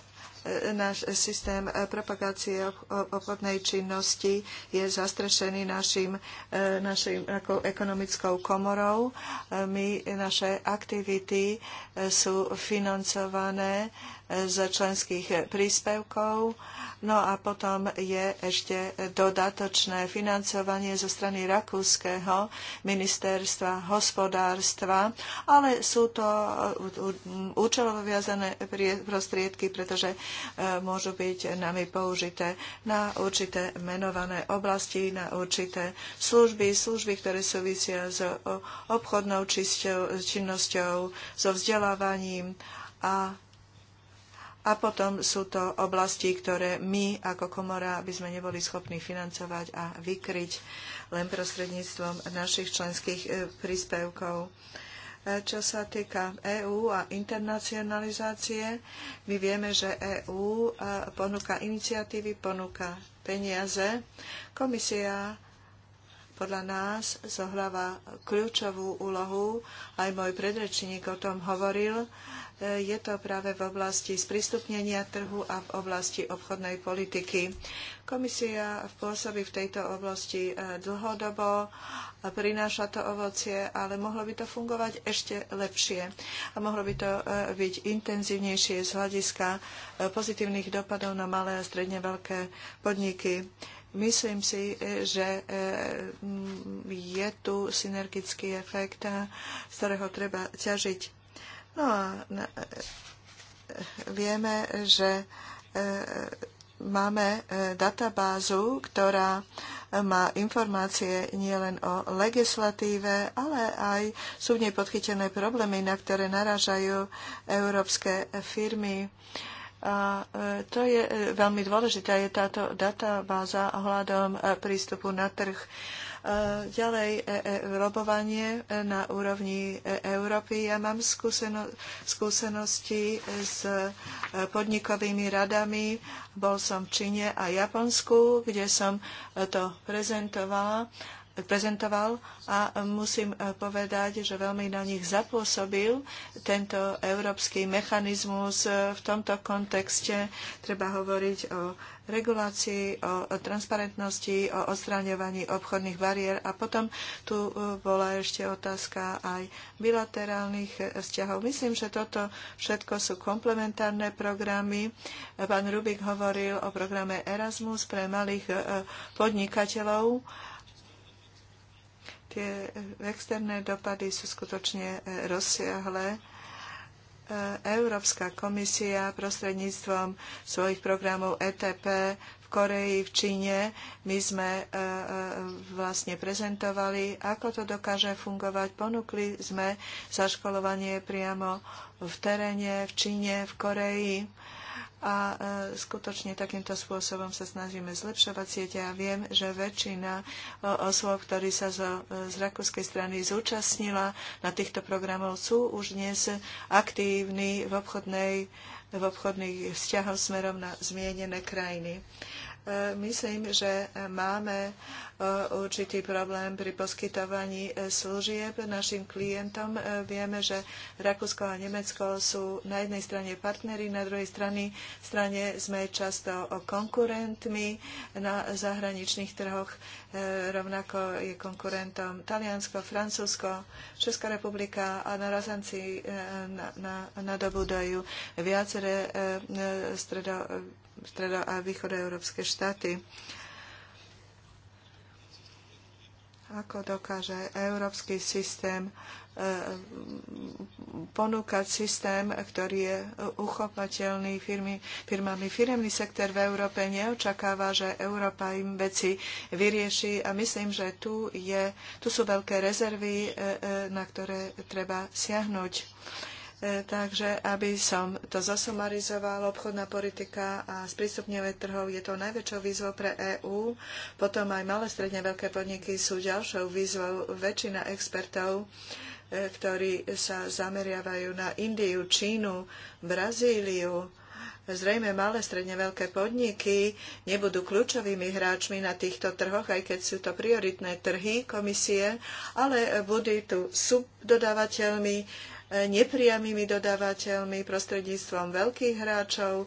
e, náš systém propagácie obchodnej činnosti je zastrešený našim, našim ekonomickou komorou. My, naše aktivity sú financované z členských príspevkov. No a potom je ešte dodatočné financovanie zo strany Rakúskeho ministerstva hospodárstva, ale sú to účelovo viazané prostriedky, pretože e, môžu byť nami použité na určité menované oblasti, na určité služby, služby, ktoré súvisia s obchodnou činnosťou, so vzdelávaním a a potom sú to oblasti, ktoré my ako komora by sme neboli schopní financovať a vykryť len prostredníctvom našich členských e, príspevkov. E, čo sa týka EÚ a internacionalizácie, my vieme, že EÚ e, ponúka iniciatívy, ponúka peniaze. Komisia podľa nás zohráva kľúčovú úlohu, aj môj predrečník o tom hovoril, je to práve v oblasti sprístupnenia trhu a v oblasti obchodnej politiky. Komisia pôsobí v tejto oblasti e, dlhodobo, prináša to ovocie, ale mohlo by to fungovať ešte lepšie a mohlo by to e, byť intenzívnejšie z hľadiska e, pozitívnych dopadov na malé a stredne veľké podniky. Myslím si, že je tu synergický efekt, z ktorého treba ťažiť No a e, vieme, že e, máme e, databázu, ktorá má informácie nielen o legislatíve, ale aj sú v nej podchytené problémy, na ktoré naražajú európske firmy. A to je veľmi dôležité, je táto databáza ohľadom prístupu na trh. Ďalej, robovanie e, e, e, na úrovni Európy. Ja mám skúseno, skúsenosti s podnikovými radami. Bol som v Číne a Japonsku, kde som to prezentovala prezentoval a musím e, povedať, že veľmi na nich zapôsobil tento európsky mechanizmus. E, v tomto kontexte treba hovoriť o regulácii, o transparentnosti, o odstráňovaní obchodných bariér a potom tu e, bola ešte otázka aj bilaterálnych vzťahov. Myslím, že toto všetko sú komplementárne programy. Pán Rubik hovoril o programe Erasmus pre malých podnikateľov tie externé dopady sú skutočne e, rozsiahle. E, Európska komisia prostredníctvom svojich programov ETP v Koreji, v Číne, my sme e, vlastne prezentovali, ako to dokáže fungovať. Ponúkli sme zaškolovanie priamo v teréne, v Číne, v Koreji a e, skutočne takýmto spôsobom sa snažíme zlepšovať siete a ja viem, že väčšina osôb, ktorí sa zo, e, z rakúskej strany zúčastnila na týchto programov, sú už dnes aktívni v, obchodnej, v obchodných vzťahoch smerom na zmienené krajiny. E, myslím, že máme e, určitý problém pri poskytovaní e, služieb našim klientom. Vieme, že Rakúsko a Nemecko sú na jednej strane partnery, na druhej strane, strane sme často konkurentmi na zahraničných trhoch. Rovnako je konkurentom Taliansko, Francúzsko, Česká republika a narazanci na, na, nadobudajú viaceré stredo stredo- a východoeurópske štáty. Ako dokáže európsky systém eh, ponúkať systém, ktorý je uchopateľný firmy, firmami. Firemný sektor v Európe neočakáva, že Európa im veci vyrieši a myslím, že tu, je, tu sú veľké rezervy, eh, eh, na ktoré treba siahnuť E, takže aby som to zosumarizoval, obchodná politika a sprístupnenie trhov je to najväčšou výzvou pre EÚ. Potom aj malé stredne veľké podniky sú ďalšou výzvou. Väčšina expertov e, ktorí sa zameriavajú na Indiu, Čínu, Brazíliu, Zrejme malé, stredne veľké podniky nebudú kľúčovými hráčmi na týchto trhoch, aj keď sú to prioritné trhy komisie, ale budú tu subdodávateľmi nepriamými dodávateľmi, prostredníctvom veľkých hráčov e, e,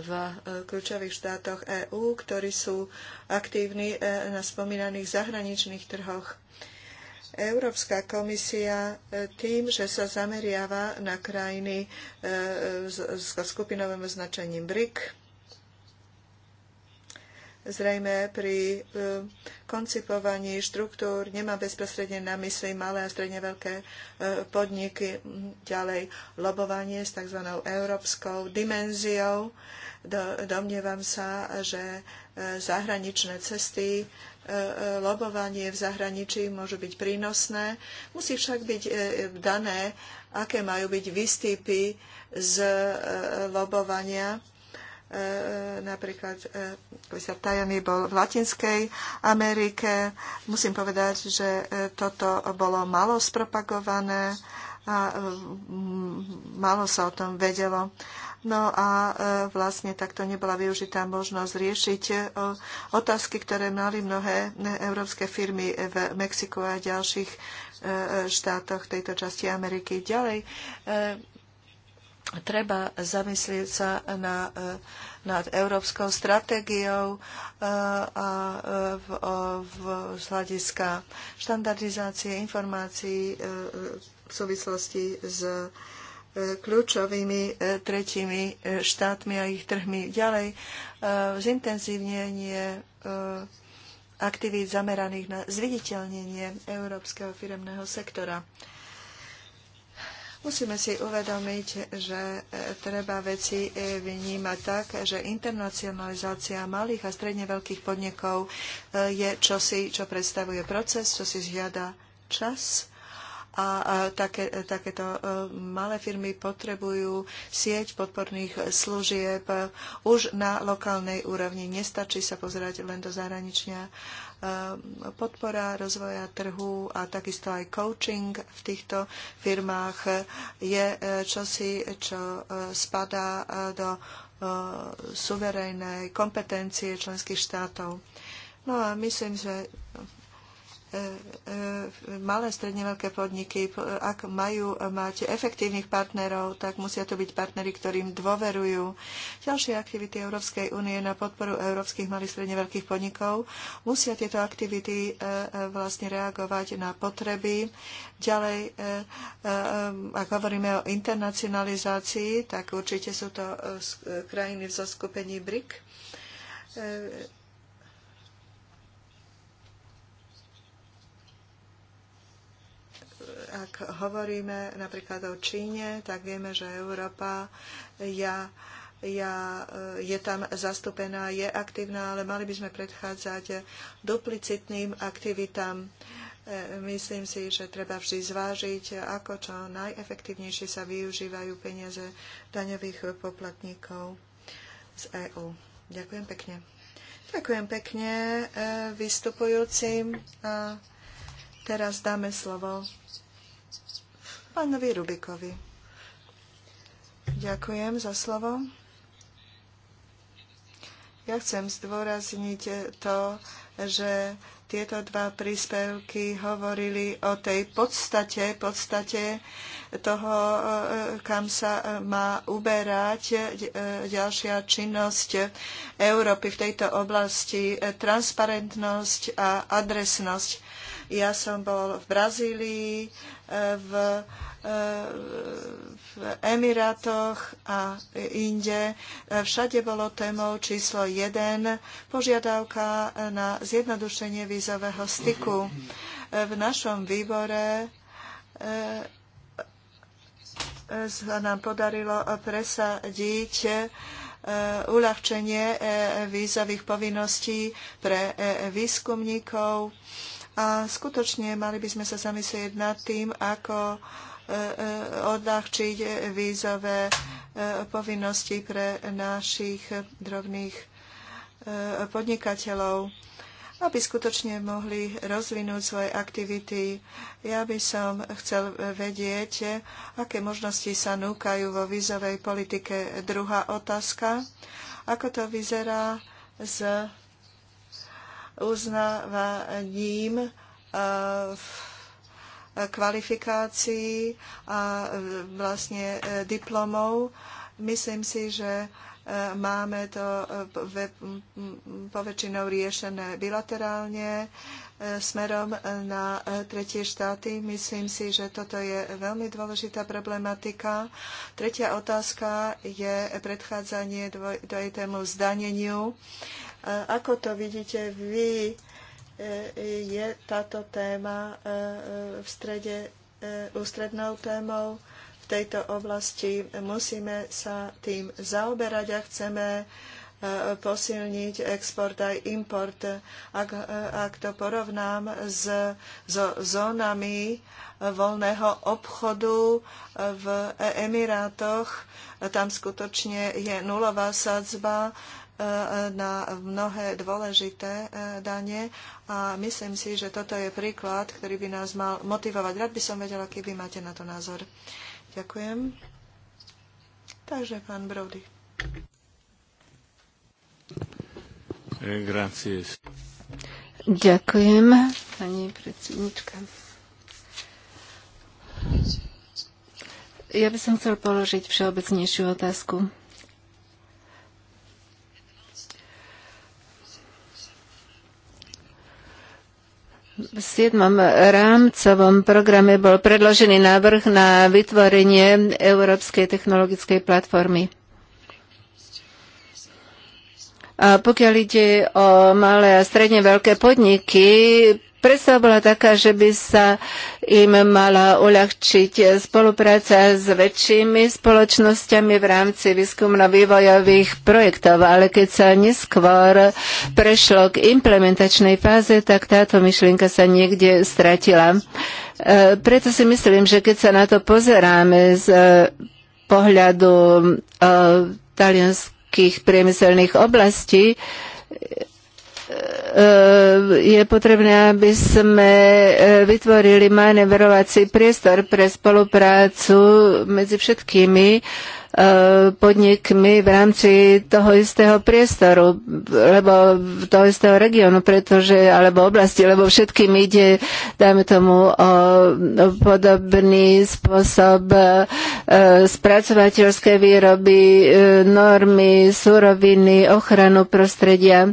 v e, kľúčových štátoch EÚ, ktorí sú aktívni na spomínaných zahraničných trhoch. Európska komisia tým, že sa zameriava na krajiny s skupinovým označením BRIC, Zrejme pri eh, koncipovaní štruktúr nemá bezprostredne na mysli malé a stredne veľké eh, podniky, ďalej lobovanie s tzv. európskou dimenziou. Domnievam sa, že eh, zahraničné cesty lobovanie v zahraničí môže byť prínosné. Musí však byť dané, aké majú byť výstupy z lobovania E, napríklad e, komisár tajami bol v Latinskej Amerike. Musím povedať, že e, toto bolo malo spropagované a malo sa o tom vedelo. No a vlastne takto nebola využitá možnosť riešiť otázky, ktoré mali mnohé európske firmy v Mexiku a ďalších štátoch tejto časti Ameriky. Ďalej treba zamyslieť sa na, eh, nad európskou stratégiou eh, a eh, v, v, z hľadiska štandardizácie informácií v súvislosti s kľúčovými tretími štátmi a ich trhmi. Ďalej zintenzívnenie aktivít zameraných na zviditeľnenie európskeho firemného sektora. Musíme si uvedomiť, že e, treba veci e, vnímať tak, že internacionalizácia malých a stredne veľkých podnikov e, je čosi, čo predstavuje proces, čo si žiada čas a také, takéto malé firmy potrebujú sieť podporných služieb už na lokálnej úrovni. Nestačí sa pozerať len do zahraničia Ehm, podpora rozvoja trhu a takisto aj coaching v týchto firmách je e, čosi, čo e, spadá e, do suverejnej kompetencie členských štátov. No a myslím, že E, e, malé, stredne veľké podniky, ak majú mať efektívnych partnerov, tak musia to byť partnery, ktorým dôverujú. Ďalšie aktivity Európskej únie na podporu európskych malých, stredne veľkých podnikov musia tieto aktivity e, vlastne reagovať na potreby. Ďalej, ak hovoríme o internacionalizácii, tak určite sú to krajiny v zoskupení BRIC ak hovoríme napríklad o Číne, tak vieme, že Európa ja, ja, e, je tam zastúpená, je aktívna, ale mali by sme predchádzať duplicitným aktivitám. E, myslím si, že treba vždy zvážiť, ako čo najefektívnejšie sa využívajú peniaze daňových poplatníkov z EÚ. Ďakujem pekne. Ďakujem pekne e, vystupujúcim. A teraz dáme slovo pánovi Rubikovi. Ďakujem za slovo. Ja chcem zdôrazniť to, že tieto dva príspevky hovorili o tej podstate, podstate toho, e, kam sa e, má uberať e, ďalšia činnosť Európy v tejto oblasti, transparentnosť a adresnosť. Ja som bol v Brazílii, v, e, v Emirátoch a inde. Všade bolo témou číslo 1 požiadavka na zjednodušenie vízového styku. V našom výbore e, e, sa nám podarilo presadiť uľahčenie vízových povinností pre výskumníkov a skutočne mali by sme sa zamyslieť nad tým, ako e, e, odľahčiť vízové e, povinnosti pre našich drobných podnikateľov, aby skutočne mohli rozvinúť svoje aktivity. Ja by som chcel vedieť, aké možnosti sa núkajú vo vízovej politike. Druhá otázka, ako to vyzerá s uznávaním e, kvalifikácií a e, vlastne e, diplomov. Myslím si, že máme to poväčšinou riešené bilaterálne smerom na tretie štáty. Myslím si, že toto je veľmi dôležitá problematika. Tretia otázka je predchádzanie dvojitému zdaneniu. A ako to vidíte vy? E, je táto téma e, e, v strede ústrednou témou v tejto oblasti. Musíme sa tým zaoberať a chceme posilniť export aj import. Ak, ak to porovnám s, so zónami voľného obchodu v Emirátoch, tam skutočne je nulová sadzba Eh, na mnohé dôležité eh, dane a myslím si, že toto je príklad, ktorý by nás mal motivovať. Rád by som vedela, aký vy máte na to názor. Ďakujem. Takže pán Brody. Eh, Ďakujem, pani predsednička. Ja by som chcel položiť všeobecnejšiu otázku. V siedmom rámcovom programe bol predložený návrh na vytvorenie Európskej technologickej platformy. A pokiaľ ide o malé a stredne veľké podniky, predstava bola taká, že by sa im mala uľahčiť spolupráca s väčšími spoločnosťami v rámci výskumno-vývojových projektov, ale keď sa neskôr prešlo k implementačnej fáze, tak táto myšlienka sa niekde stratila. E, preto si myslím, že keď sa na to pozeráme z e, pohľadu e, talianských priemyselných oblastí, Eh, je potrebné, aby sme eh, vytvorili manevrovací priestor pre spoluprácu medzi všetkými eh, podnikmi v rámci toho istého priestoru, lebo toho istého regiónu, pretože, alebo oblasti, lebo všetkým ide, dajme tomu, o, o podobný spôsob e, spracovateľskej výroby, e, normy, suroviny, ochranu prostredia. E,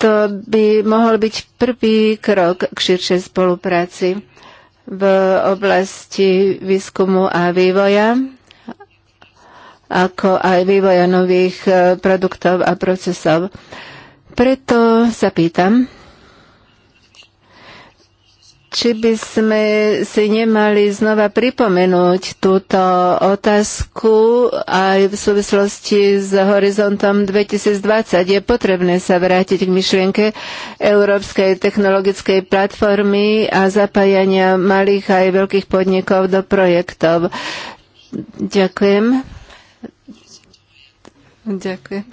to by mohol byť prvý krok k širšej spolupráci v oblasti výskumu a vývoja, ako aj vývoja nových eh, produktov a procesov. Preto sa pýtam, či by sme si nemali znova pripomenúť túto otázku aj v súvislosti s horizontom 2020. Je potrebné sa vrátiť k myšlienke Európskej technologickej platformy a zapájania malých aj veľkých podnikov do projektov. Ďakujem. Ďakujem.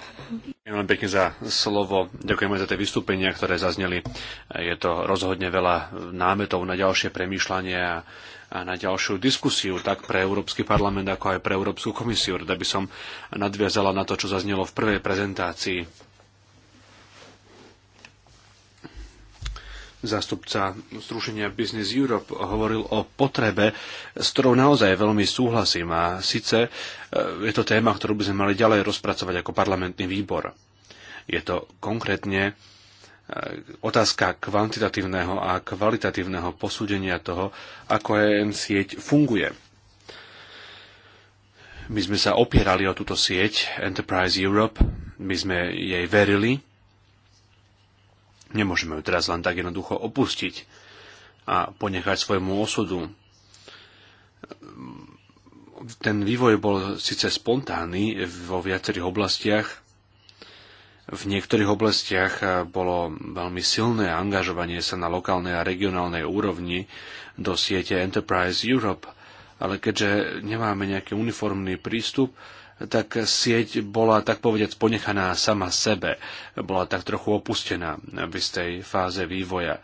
Ďakujem veľmi pekne za slovo. Ďakujeme za tie vystúpenia, ktoré zazneli. Je to rozhodne veľa námetov na ďalšie premýšľanie a, a na ďalšiu diskusiu, tak pre Európsky parlament, ako aj pre Európsku komisiu. Rada by som nadviazala na to, čo zaznelo v prvej prezentácii Zástupca zrušenia Business Europe hovoril o potrebe, s ktorou naozaj veľmi súhlasím a síce e, je to téma, ktorú by sme mali ďalej rozpracovať ako parlamentný výbor. Je to konkrétne e, otázka kvantitatívneho a kvalitatívneho posúdenia toho, ako EN sieť funguje. My sme sa opierali o túto sieť Enterprise Europe, my sme jej verili Nemôžeme ju teraz len tak jednoducho opustiť a ponechať svojmu osudu. Ten vývoj bol síce spontánny vo viacerých oblastiach, v niektorých oblastiach bolo veľmi silné angažovanie sa na lokálnej a regionálnej úrovni do siete Enterprise Europe, ale keďže nemáme nejaký uniformný prístup, tak sieť bola, tak povedať, ponechaná sama sebe. Bola tak trochu opustená v istej fáze vývoja.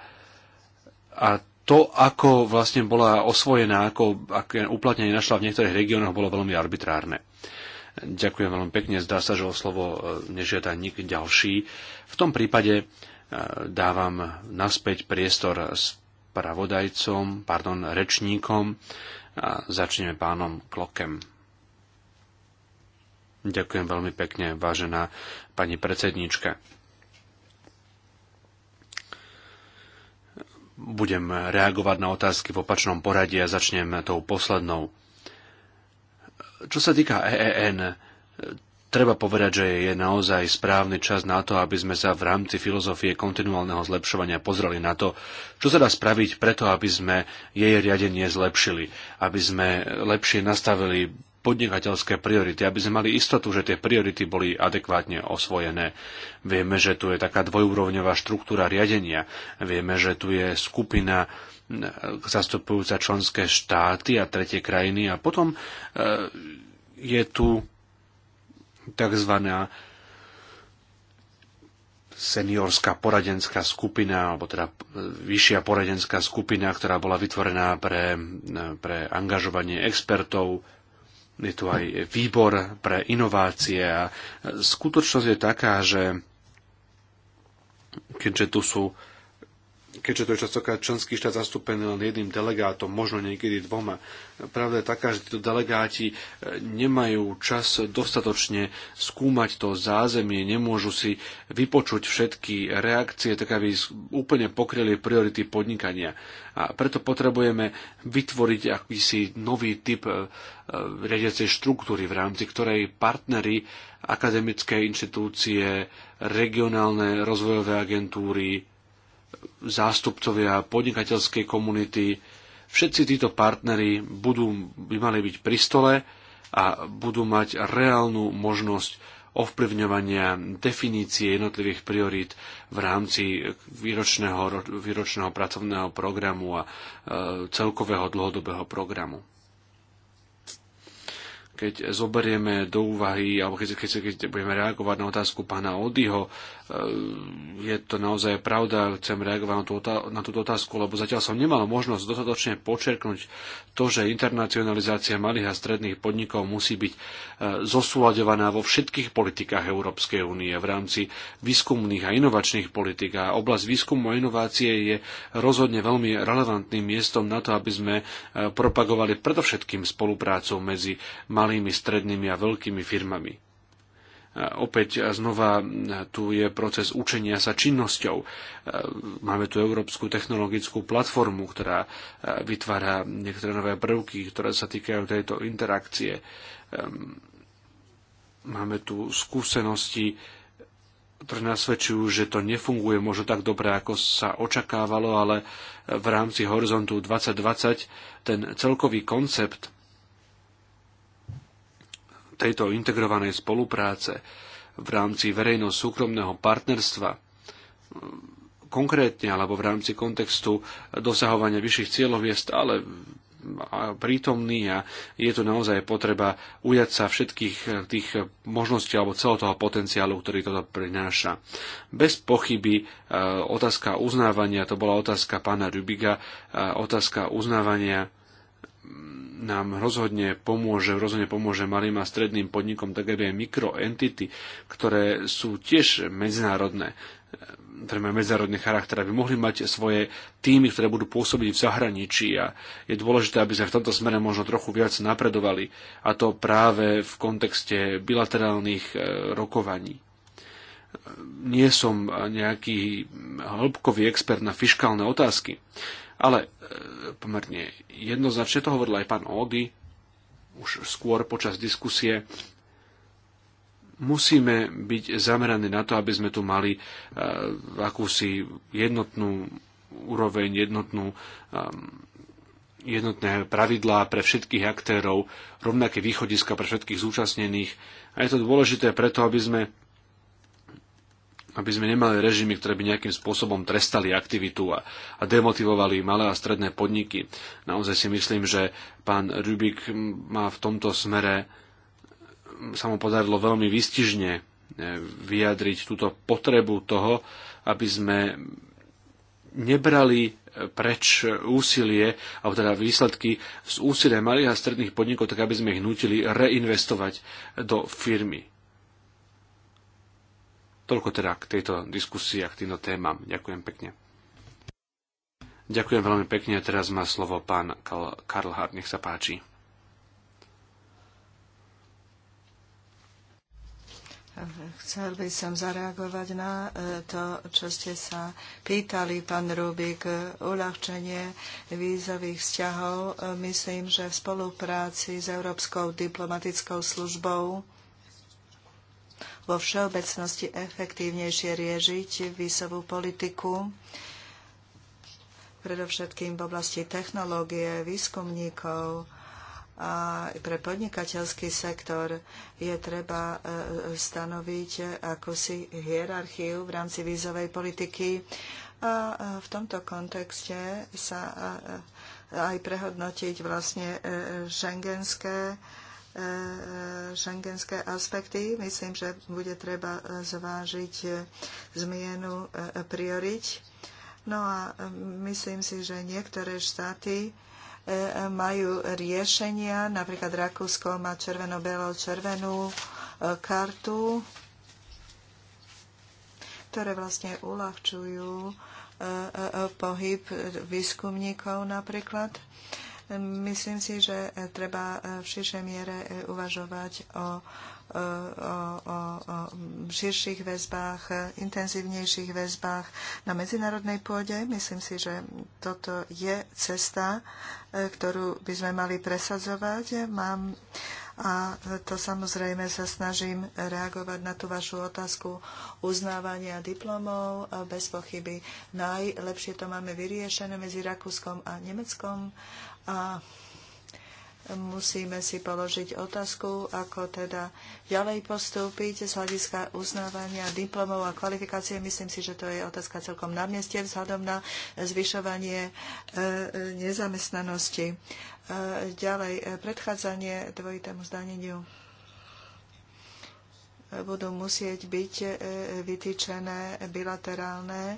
A to, ako vlastne bola osvojená, ako, ako uplatnenie našla v niektorých regiónoch, bolo veľmi arbitrárne. Ďakujem veľmi pekne, zdá sa, že o slovo e, nežiada nik ďalší. V tom prípade e, dávam naspäť priestor spravodajcom, pardon, rečníkom a začneme pánom Klokem. Ďakujem veľmi pekne, vážená pani predsednička. Budem reagovať na otázky v opačnom poradí a začnem tou poslednou. Čo sa týka EEN, Treba povedať, že je naozaj správny čas na to, aby sme sa v rámci filozofie kontinuálneho zlepšovania pozreli na to, čo sa dá spraviť preto, aby sme jej riadenie zlepšili, aby sme lepšie nastavili podnikateľské priority, aby sme mali istotu, že tie priority boli adekvátne osvojené. Vieme, že tu je taká dvojúrovňová štruktúra riadenia. Vieme, že tu je skupina eh, zastupujúca členské štáty a tretie krajiny a potom eh, je tu tzv. seniorská poradenská skupina, alebo teda eh, vyššia poradenská skupina, ktorá bola vytvorená pre, pre angažovanie expertov je tu aj výbor pre inovácie a skutočnosť je taká, že keďže tu sú keďže to je častokrát členský štát zastúpený len jedným delegátom, možno niekedy dvoma. Pravda je taká, že títo delegáti e, nemajú čas dostatočne skúmať to zázemie, nemôžu si vypočuť všetky reakcie, tak aby úplne pokryli priority podnikania. A preto potrebujeme vytvoriť akýsi nový typ e, e, riadiacej štruktúry, v rámci ktorej partnery, akademické inštitúcie, regionálne rozvojové agentúry, zástupcovia podnikateľskej komunity, všetci títo partnery budú, by mali byť pri stole a budú mať reálnu možnosť ovplyvňovania definície jednotlivých priorít v rámci výročného, výročného pracovného programu a e, celkového dlhodobého programu keď zoberieme do úvahy, alebo keď, keď, keď budeme reagovať na otázku pána Odyho je to naozaj pravda, chcem reagovať na, tú, na túto otázku, lebo zatiaľ som nemal možnosť dostatočne počerknúť to, že internacionalizácia malých a stredných podnikov musí byť e, zosúľadovaná vo všetkých politikách Európskej únie v rámci výskumných a inovačných politik. A oblasť výskumu a inovácie je rozhodne veľmi relevantným miestom na to, aby sme e, propagovali predovšetkým spoluprácu medzi malými, strednými a veľkými firmami. Opäť znova tu je proces učenia sa činnosťou. Máme tu Európsku technologickú platformu, ktorá vytvára niektoré nové prvky, ktoré sa týkajú tejto interakcie. Ehm, máme tu skúsenosti, ktoré nasvedčujú, že to nefunguje možno tak dobre, ako sa očakávalo, ale v rámci Horizontu 2020 ten celkový koncept tejto integrovanej spolupráce v rámci verejno-súkromného partnerstva konkrétne alebo v rámci kontextu dosahovania vyšších cieľov je stále prítomný a je tu naozaj potreba ujať sa všetkých tých možností alebo celého toho potenciálu, ktorý toto prináša. Bez pochyby e, otázka uznávania, to bola otázka pána Rubiga, e, otázka uznávania nám rozhodne pomôže, rozhodne pomôže malým a stredným podnikom, tak aj mikroentity, ktoré sú tiež medzinárodné majú medzinárodný charakter, aby mohli mať svoje týmy, ktoré budú pôsobiť v zahraničí a je dôležité, aby sme v tomto smere možno trochu viac napredovali a to práve v kontexte bilaterálnych e, rokovaní. Nie som nejaký hĺbkový expert na fiskálne otázky, ale e, pomerne jednoznačne to hovoril aj pán Ody, už skôr počas diskusie, musíme byť zameraní na to, aby sme tu mali e, akúsi jednotnú úroveň, jednotnú, ehm, jednotné pravidlá pre všetkých aktérov, rovnaké východiska pre všetkých zúčastnených. A je to dôležité preto, aby sme aby sme nemali režimy, ktoré by nejakým spôsobom trestali aktivitu a, a demotivovali malé a stredné podniky. Naozaj si myslím, že pán Rubik má v tomto smere sa mu podarilo veľmi výstižne e, vyjadriť túto potrebu toho, aby sme nebrali preč úsilie, alebo teda výsledky z úsilia malých a stredných podnikov, tak aby sme ich nutili reinvestovať do firmy Toľko teda k tejto diskusii a k týmto témam. Ďakujem pekne. Ďakujem veľmi pekne. Teraz má slovo pán Karl Hart. Nech sa páči. Chcel by som zareagovať na e, to, čo ste sa pýtali, pán Rubik. Uľahčenie vízových vzťahov, e, myslím, že v spolupráci s Európskou diplomatickou službou vo všeobecnosti efektívnejšie riešiť výsovú politiku, predovšetkým v oblasti technológie, výskumníkov, a pre podnikateľský sektor je treba e, stanoviť akúsi hierarchiu v rámci vízovej politiky. A e, v tomto kontexte sa e, aj prehodnotiť vlastne šengenské E, šengenské aspekty. Myslím, že bude treba zvážiť zmienu e, prioriť. No a e, myslím si, že niektoré štáty majú riešenia, napríklad Rakúsko má červeno-belo červenú kartu, ktoré vlastne uľahčujú pohyb výskumníkov napríklad. Myslím si, že treba v širšej miere e, uvažovať o, e, o, o, o širších väzbách, intenzívnejších väzbách na medzinárodnej pôde. Myslím si, že toto je cesta, e, ktorú by sme mali presadzovať. Mám a to samozrejme sa snažím reagovať na tú vašu otázku uznávania diplomov. Bez pochyby najlepšie to máme vyriešené medzi Rakúskom a Nemeckom. Uh, a musíme si položiť otázku, ako teda ďalej postúpiť z hľadiska uznávania diplomov a kvalifikácie. Myslím si, že to je otázka celkom na mieste vzhľadom na zvyšovanie e, nezamestnanosti. E, ďalej, e, predchádzanie dvojitému zdaneniu budú musieť byť vytýčené bilaterálne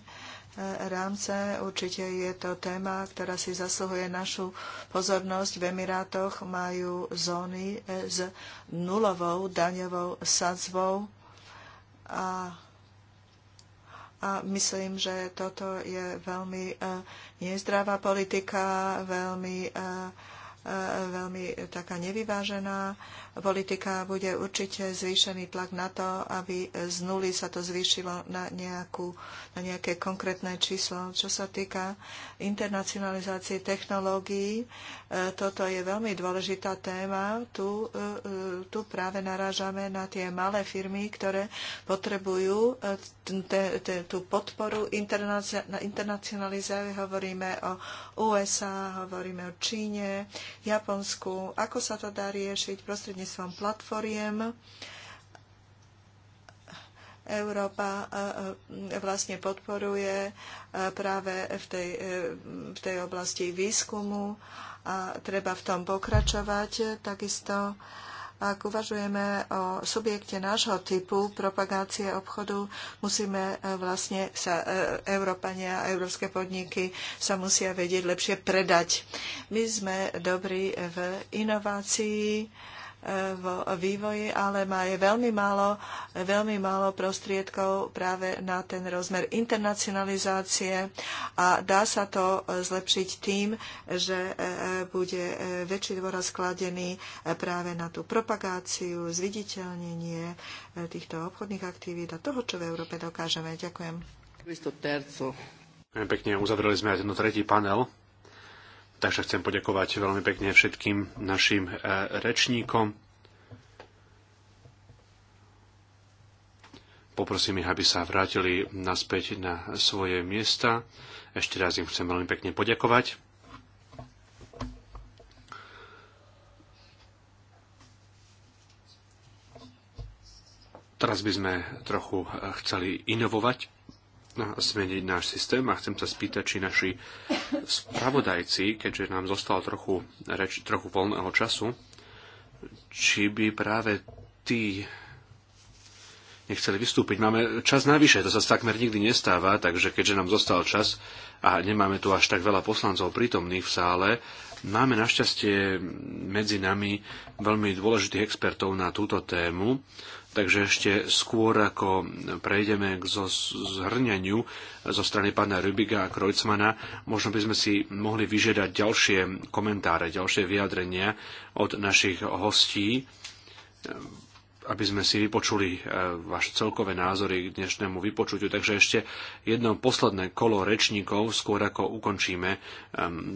rámce. Určite je to téma, ktorá si zasluhuje našu pozornosť. V Emirátoch majú zóny e, s nulovou daňovou sadzbou a a myslím, že toto je veľmi e, nezdravá politika, veľmi e, veľmi taká nevyvážená politika. Bude určite zvýšený tlak na to, aby z nuly sa to zvýšilo na, nejakú, na nejaké konkrétne číslo. Čo sa týka internacionalizácie technológií, e, toto je veľmi dôležitá téma. Tu, e, e, tu práve narážame na tie malé firmy, ktoré potrebujú tú podporu internacionalizácie. Hovoríme o USA, hovoríme o Číne, Japonsku. Ako sa to dá riešiť prostredníctvom platformiem? Európa e, e, vlastne podporuje e, práve v tej, v tej oblasti výskumu a treba v tom pokračovať. Takisto ak uvažujeme o subjekte nášho typu propagácie obchodu, musíme e, vlastne sa e, Európania a európske podniky sa musia vedieť lepšie predať. My sme dobrí v inovácii, vo vývoji, ale má je veľmi málo, veľmi málo prostriedkov práve na ten rozmer internacionalizácie a dá sa to zlepšiť tým, že e, e, bude e, väčší dôraz skladený práve na tú propagáciu, zviditeľnenie týchto obchodných aktivít a toho, čo v Európe dokážeme. Ďakujem. Ďakujem pekne. Uzavreli sme aj ten tretí panel Takže chcem poďakovať veľmi pekne všetkým našim e, rečníkom. Poprosím ich, aby sa vrátili naspäť na svoje miesta. Ešte raz im chcem veľmi pekne poďakovať. Teraz by sme trochu e, chceli inovovať ochotná zmeniť náš systém a chcem sa spýtať, či naši spravodajci, keďže nám zostalo trochu, reč, trochu voľného času, či by práve tí nechceli vystúpiť. Máme čas navyše, to sa takmer nikdy nestáva, takže keďže nám zostal čas a nemáme tu až tak veľa poslancov prítomných v sále, máme našťastie medzi nami veľmi dôležitých expertov na túto tému, Takže ešte skôr, ako prejdeme k zo zhrňaniu zo strany pána Rubiga a Krojcmana, možno by sme si mohli vyžiadať ďalšie komentáre, ďalšie vyjadrenia od našich hostí, aby sme si vypočuli e, vaše celkové názory k dnešnému vypočutiu. Takže ešte jedno posledné kolo rečníkov, skôr ako ukončíme e,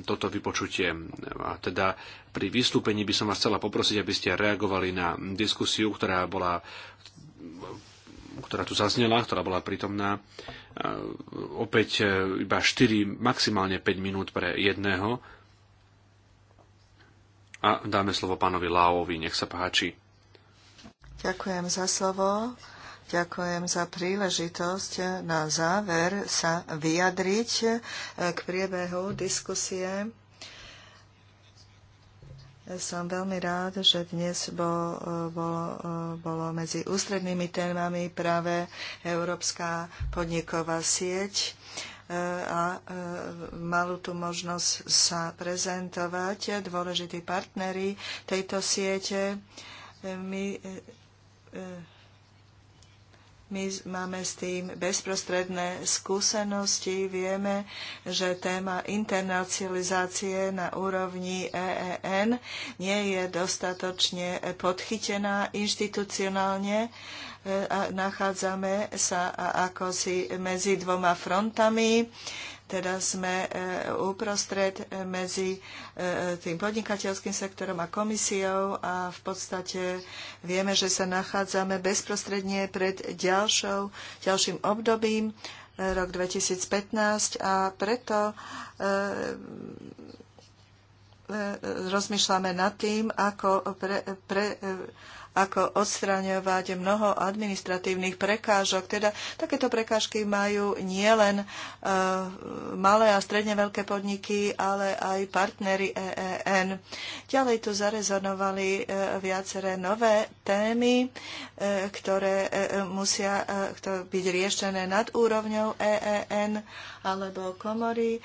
toto vypočutie. A teda pri vystúpení by som vás chcela poprosiť, aby ste reagovali na diskusiu, ktorá bola ktorá tu zaznela, ktorá bola prítomná, e, opäť e, iba 4, maximálne 5 minút pre jedného. A dáme slovo pánovi Láovi, nech sa páči. Ďakujem za slovo. Ďakujem za príležitosť na záver sa vyjadriť e, k priebehu diskusie som veľmi rád, že dnes bol, eh, bolo, eh, bolo medzi ústrednými témami práve Európska podniková sieť eh, a malú tu možnosť sa prezentovať dôležití partnery tejto siete. My my máme s tým bezprostredné skúsenosti. Vieme, že téma internacionalizácie na úrovni EEN nie je dostatočne podchytená inštitucionálne e, nachádzame sa ako si medzi dvoma frontami teda sme e, uprostred e, medzi e, tým podnikateľským sektorom a komisiou a v podstate vieme, že sa nachádzame bezprostredne pred ďalšou, ďalším obdobím, rok 2015 a preto rozmýšľame nad tým, ako pre, pre, ako odstraňovať mnoho administratívnych prekážok. Teda takéto prekážky majú nielen e, malé a stredne veľké podniky, ale aj partnery EEN. Ďalej tu zarezonovali e, viaceré nové témy, e, ktoré musia byť riešené nad úrovňou EEN alebo komory.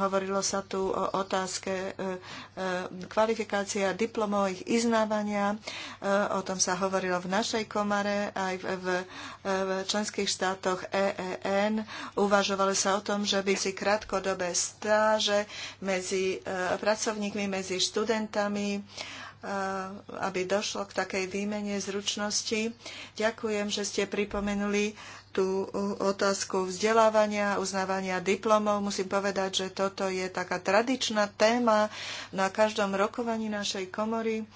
Hovorilo sa tu o otázke kvalifikácia diplomových iznávania O tom sa hovorilo v našej komare aj v, v, v členských štátoch EEN. Uvažovalo sa o tom, že by si krátkodobé stáže medzi e, pracovníkmi, medzi študentami e, aby došlo k takej výmene zručnosti. Ďakujem, že ste pripomenuli tú otázku vzdelávania, uznávania diplomov. Musím povedať, že toto je taká tradičná téma na každom rokovaní našej komory.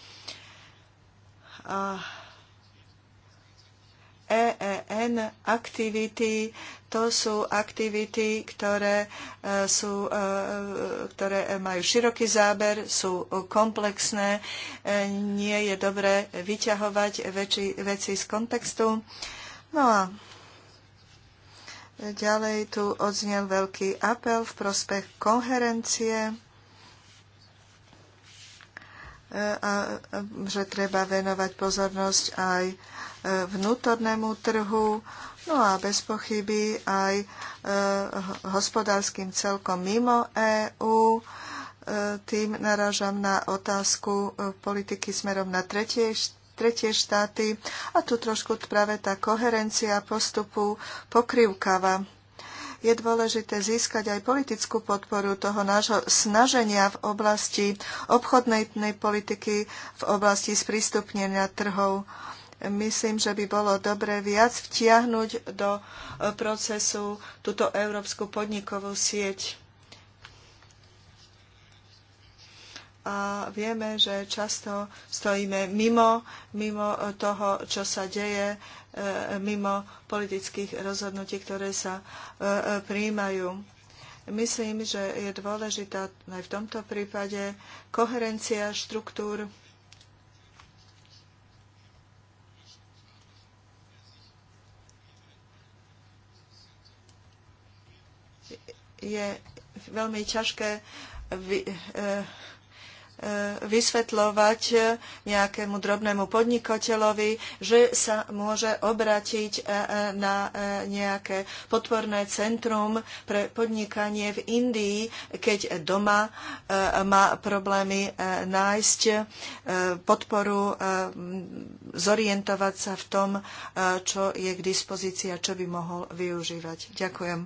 EEN aktivity, to sú aktivity, ktoré, e, sú, e, e, ktoré majú široký záber, sú komplexné, nie je dobré vyťahovať veci, veci z kontextu. No a ďalej tu odznel veľký apel v prospech koherencie a že treba venovať pozornosť aj e, vnútornému trhu, no a bez pochyby aj e, hospodárskym celkom mimo EÚ. E, tým naražam na otázku politiky smerom na tretie tretie štáty a tu trošku práve tá koherencia postupu pokrývkava je dôležité získať aj politickú podporu toho nášho snaženia v oblasti obchodnej politiky, v oblasti sprístupnenia trhov. Myslím, že by bolo dobre viac vtiahnuť do e, procesu túto európsku podnikovú sieť. a vieme, že často stojíme mimo, mimo e, toho, čo sa deje E, mimo politických rozhodnutí, ktoré sa e, e, príjmajú. Myslím, že je dôležitá aj v tomto prípade koherencia štruktúr je veľmi ťažké vy, E, vysvetľovať e, nejakému drobnému podnikateľovi, že sa môže obratiť e, na nejaké podporné centrum pre podnikanie v Indii, keď doma má problémy nájsť podporu, zorientovať sa v tom, čo je k dispozícii a čo by mohol využívať. Ďakujem.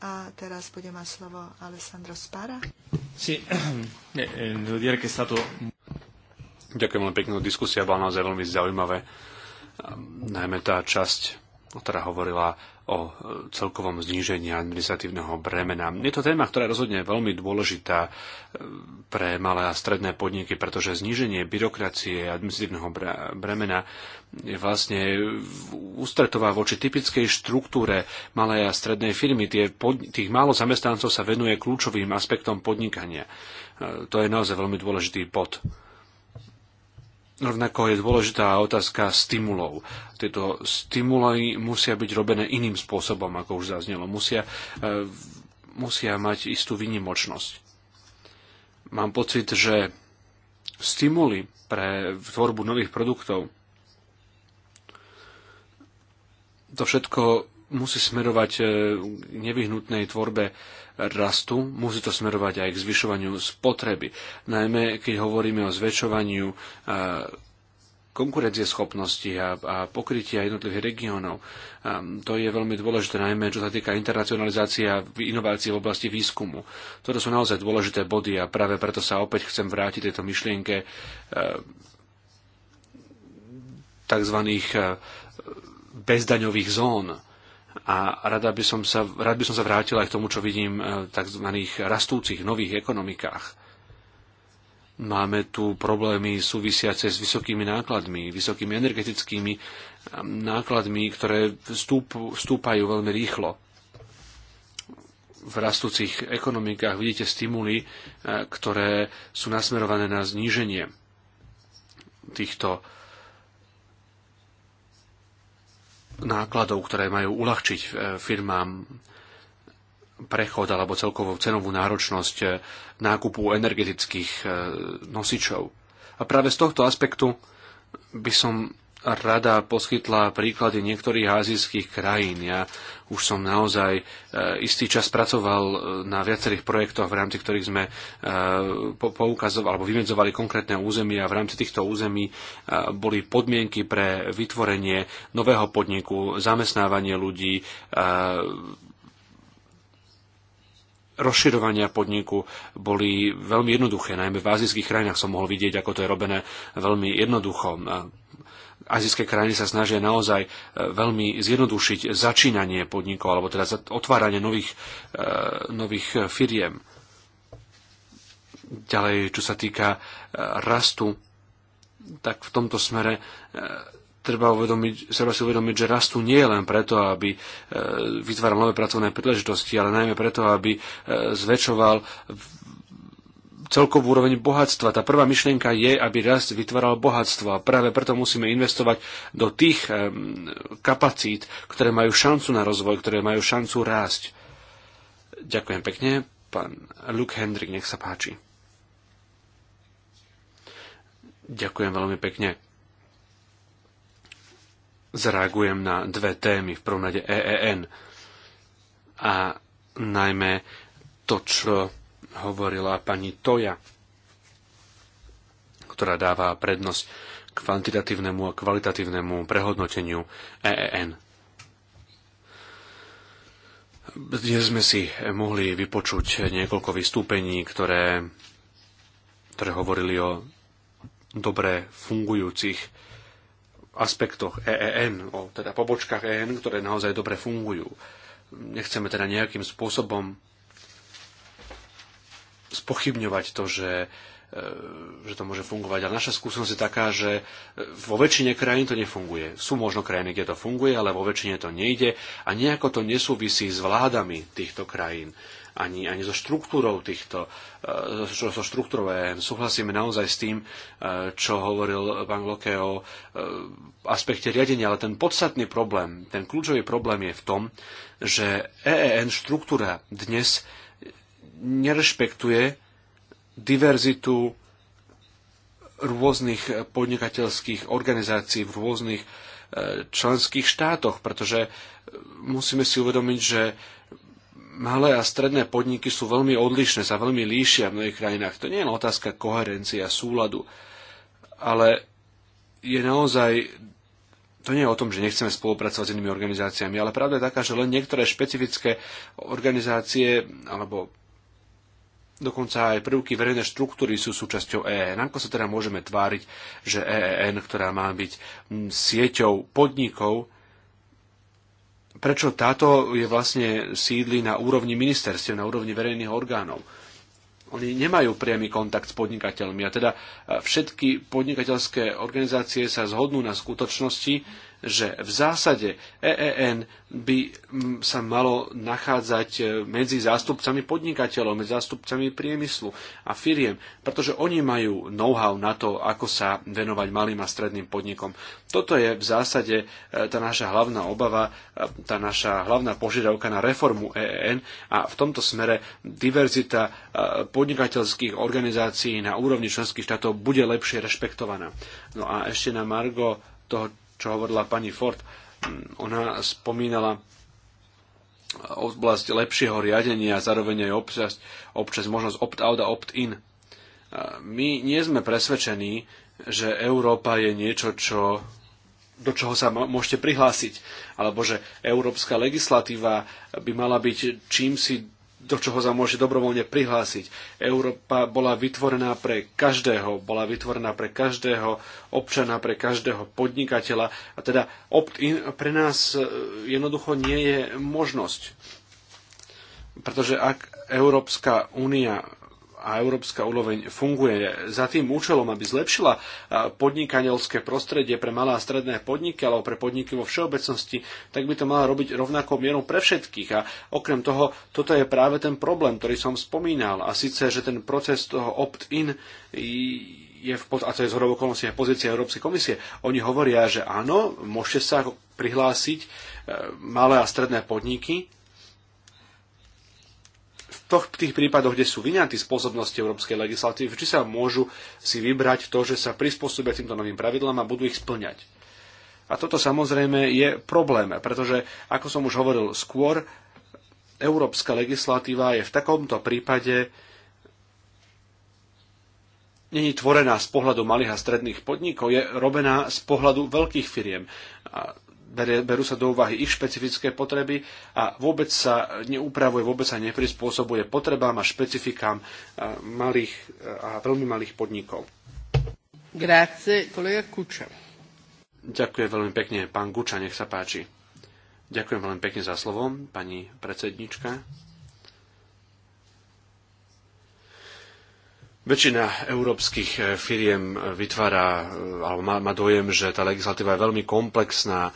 A teraz bude mať slovo Alessandro Spara. Sí. (clears throat) Eh, eh, Ďakujem veľmi peknú diskusia, bola naozaj veľmi zaujímavé. Najmä tá časť, ktorá hovorila o celkovom znížení administratívneho bremena. Je to téma, ktorá je rozhodne veľmi dôležitá eh, pre malé a stredné podniky, pretože zníženie byrokracie a administratívneho bremena je vlastne ústretová voči typickej štruktúre malej a strednej firmy. tých málo zamestnancov sa venuje kľúčovým aspektom podnikania. Eh, to je naozaj veľmi dôležitý Pod Rovnako je dôležitá otázka stimulov. Tieto stimuly musia byť robené iným spôsobom, ako už zaznelo. Musia, e, musia mať istú vynimočnosť. Mám pocit, že stimuly pre tvorbu nových produktov to všetko musí smerovať e, k nevyhnutnej tvorbe rastu, musí to smerovať aj k zvyšovaniu spotreby. Najmä keď hovoríme o zväčšovaniu e, konkurencieschopnosti a, a pokrytia jednotlivých regiónov. E, to je veľmi dôležité, najmä čo sa týka internacionalizácie a inovácií v oblasti výskumu. Toto sú naozaj dôležité body a práve preto sa opäť chcem vrátiť tejto myšlienke e, tzv. bezdaňových zón a rada by som sa, rád by som sa vrátil aj k tomu, čo vidím v e, tzv. rastúcich nových ekonomikách. Máme tu problémy súvisiace s vysokými nákladmi, vysokými energetickými e, nákladmi, ktoré vstúp, vstúpajú veľmi rýchlo. V rastúcich ekonomikách vidíte stimuly, e, ktoré sú nasmerované na zníženie týchto nákladov, ktoré majú uľahčiť e, firmám prechod alebo celkovú cenovú náročnosť e, nákupu energetických e, nosičov. A práve z tohto aspektu by som rada poskytla príklady niektorých azijských krajín. Ja už som naozaj e, istý čas pracoval e, na viacerých projektoch, v rámci ktorých sme e, poukazovali alebo vymedzovali konkrétne územia a v rámci týchto území boli podmienky pre vytvorenie nového podniku, zamestnávanie ľudí, rozširovania podniku boli veľmi jednoduché. Najmä v azijských krajinách som mohol vidieť, ako to je robené veľmi jednoducho azijské krajiny sa snažia naozaj e, veľmi zjednodušiť začínanie podnikov, alebo teda otváranie nových, e, nových firiem. Ďalej, čo sa týka e, rastu, tak v tomto smere treba, uvedomiť, treba si uvedomiť, že rastú nie je len preto, aby vytváral nové pracovné príležitosti, ale najmä preto, aby zväčšoval celkovú úroveň bohatstva. Tá prvá myšlienka je, aby rast vytváral bohatstvo a práve preto musíme investovať do tých kapacít, ktoré majú šancu na rozvoj, ktoré majú šancu rásť. Ďakujem pekne. Pán Luke Hendrik, nech sa páči. Ďakujem veľmi pekne. Zareagujem na dve témy, v prvom rade EEN a najmä to, čo hovorila pani Toja, ktorá dáva prednosť kvantitatívnemu a kvalitatívnemu prehodnoteniu EEN. Dnes sme si mohli vypočuť niekoľko vystúpení, ktoré, ktoré hovorili o dobre fungujúcich aspektoch EEN, o teda pobočkách EEN, ktoré naozaj dobre fungujú. Nechceme teda nejakým spôsobom spochybňovať to, že e, že to môže fungovať. A naša skúsenosť je taká, že e, vo väčšine krajín to nefunguje. Sú možno krajiny, kde to funguje, ale vo väčšine to nejde a nejako to nesúvisí s vládami týchto krajín ani, ani so štruktúrou týchto, e, so, so štruktúrou EN. Súhlasíme naozaj s tým, čo hovoril pán Loke o aspekte riadenia, ale ten podstatný problém, ten kľúčový problém je v tom, že EEN štruktúra dnes nerešpektuje diverzitu rôznych podnikateľských organizácií v rôznych e, členských štátoch, pretože musíme si uvedomiť, že malé a stredné podniky sú veľmi odlišné, sa veľmi líšia v mnohých krajinách. To nie je otázka koherencie a súladu, ale je naozaj to nie je o tom, že nechceme spolupracovať s inými organizáciami, ale pravda je taká, že len niektoré špecifické organizácie alebo Dokonca aj prvky verejnej štruktúry sú súčasťou EEN. Ako sa teda môžeme tváriť, že EEN, ktorá má byť mm, sieťou podnikov, prečo táto je vlastne sídli na úrovni ministerstiev, na úrovni verejných orgánov? Oni nemajú priamy kontakt s podnikateľmi a teda e, všetky podnikateľské organizácie sa zhodnú na skutočnosti, že v zásade EEN by sa malo nachádzať e, medzi zástupcami podnikateľov, medzi zástupcami priemyslu a firiem, pretože oni majú know-how na to, ako sa venovať malým a stredným podnikom. Toto je v zásade e, tá naša hlavná obava, e, tá naša hlavná požiadavka na reformu EEN a v tomto smere diverzita podnikateľských organizácií na úrovni členských štátov bude lepšie rešpektovaná. No a ešte na Margo toho, čo hovorila pani Ford. Mm, ona spomínala oblasť lepšieho riadenia a zároveň aj občas, občas možnosť opt-out a opt-in. My nie sme presvedčení, že Európa je niečo, čo do čoho sa môžete prihlásiť, alebo že európska legislatíva by mala byť čím si do čoho sa môže dobrovoľne prihlásiť. Európa bola vytvorená pre každého, bola vytvorená pre každého občana, pre každého podnikateľa a teda opt-in pre nás e, jednoducho nie je možnosť. Pretože ak Európska únia a európska úroveň funguje za tým účelom, aby zlepšila podnikateľské prostredie pre malé a stredné podniky, alebo pre podniky vo všeobecnosti, tak by to mala robiť rovnakou mierou pre všetkých. A okrem toho, toto je práve ten problém, ktorý som spomínal. A síce, že ten proces toho opt-in je v, a to je zhodou okolností aj pozícia Európskej komisie. Oni hovoria, že áno, môžete sa prihlásiť e, malé a stredné podniky, tých prípadoch, kde sú vyňatí spôsobnosti európskej legislatívy, či sa môžu si vybrať to, že sa prispôsobia týmto novým pravidlám a budú ich splňať. A toto samozrejme je problém, pretože, ako som už hovoril skôr, európska legislatíva je v takomto prípade není tvorená z pohľadu malých a stredných podnikov, je robená z pohľadu veľkých firiem. A berú sa do úvahy ich špecifické potreby a vôbec sa neupravuje, vôbec sa neprispôsobuje potrebám a špecifikám e, malých e, a veľmi malých podnikov. Grazie, kolega Kuča. Ďakujem veľmi pekne, pán Guča, nech sa páči. Ďakujem veľmi pekne za slovo, pani predsednička. Väčšina európskych e, firiem vytvára, alebo má, má dojem, že tá legislatíva je veľmi komplexná,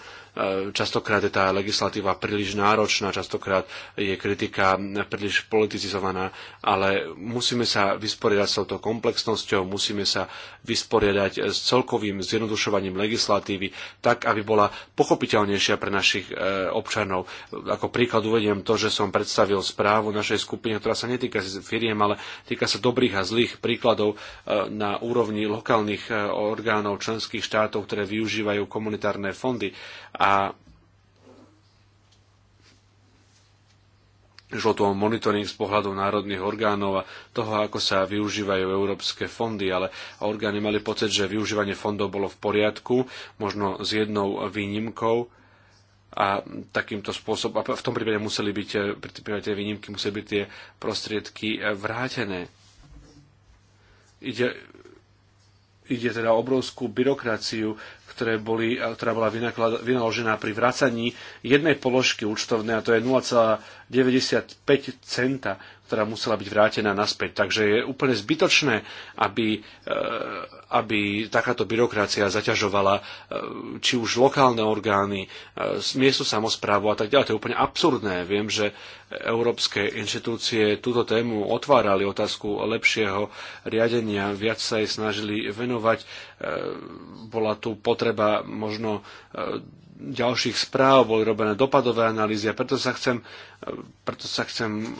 Častokrát je tá legislatíva príliš náročná, častokrát je kritika príliš politizovaná, ale musíme sa vysporiadať s touto komplexnosťou, musíme sa vysporiadať s celkovým zjednodušovaním legislatívy, tak aby bola pochopiteľnejšia pre našich e, občanov. Ako príklad uvediem to, že som predstavil správu našej skupine, ktorá sa netýka firiem, ale týka sa dobrých a zlých príkladov e, na úrovni lokálnych e, orgánov členských štátov, ktoré využívajú komunitárne fondy a Išlo tu o monitoring z pohľadu národných orgánov a toho, ako sa využívajú európske fondy, ale orgány mali pocit, že využívanie fondov bolo v poriadku, možno s jednou výnimkou a takýmto spôsobom, a v tom prípade museli byť, pri tie výnimky museli byť tie prostriedky vrátené. Ide, ide teda obrovskú byrokraciu, ktoré boli, ktorá bola vynaložená pri vracaní jednej položky účtovnej, a to je 0,95 centa ktorá teda musela byť vrátená naspäť. Takže je úplne zbytočné, aby, eh, aby takáto byrokracia zaťažovala eh, či už lokálne orgány, eh, miestu samozprávu a tak ďalej. To je úplne absurdné. Viem, že európske inštitúcie túto tému otvárali, otázku lepšieho riadenia, viac sa jej snažili venovať. Bola tu potreba možno ďalších správ, boli robené dopadové analýzy a preto sa chcem, preto sa chcem,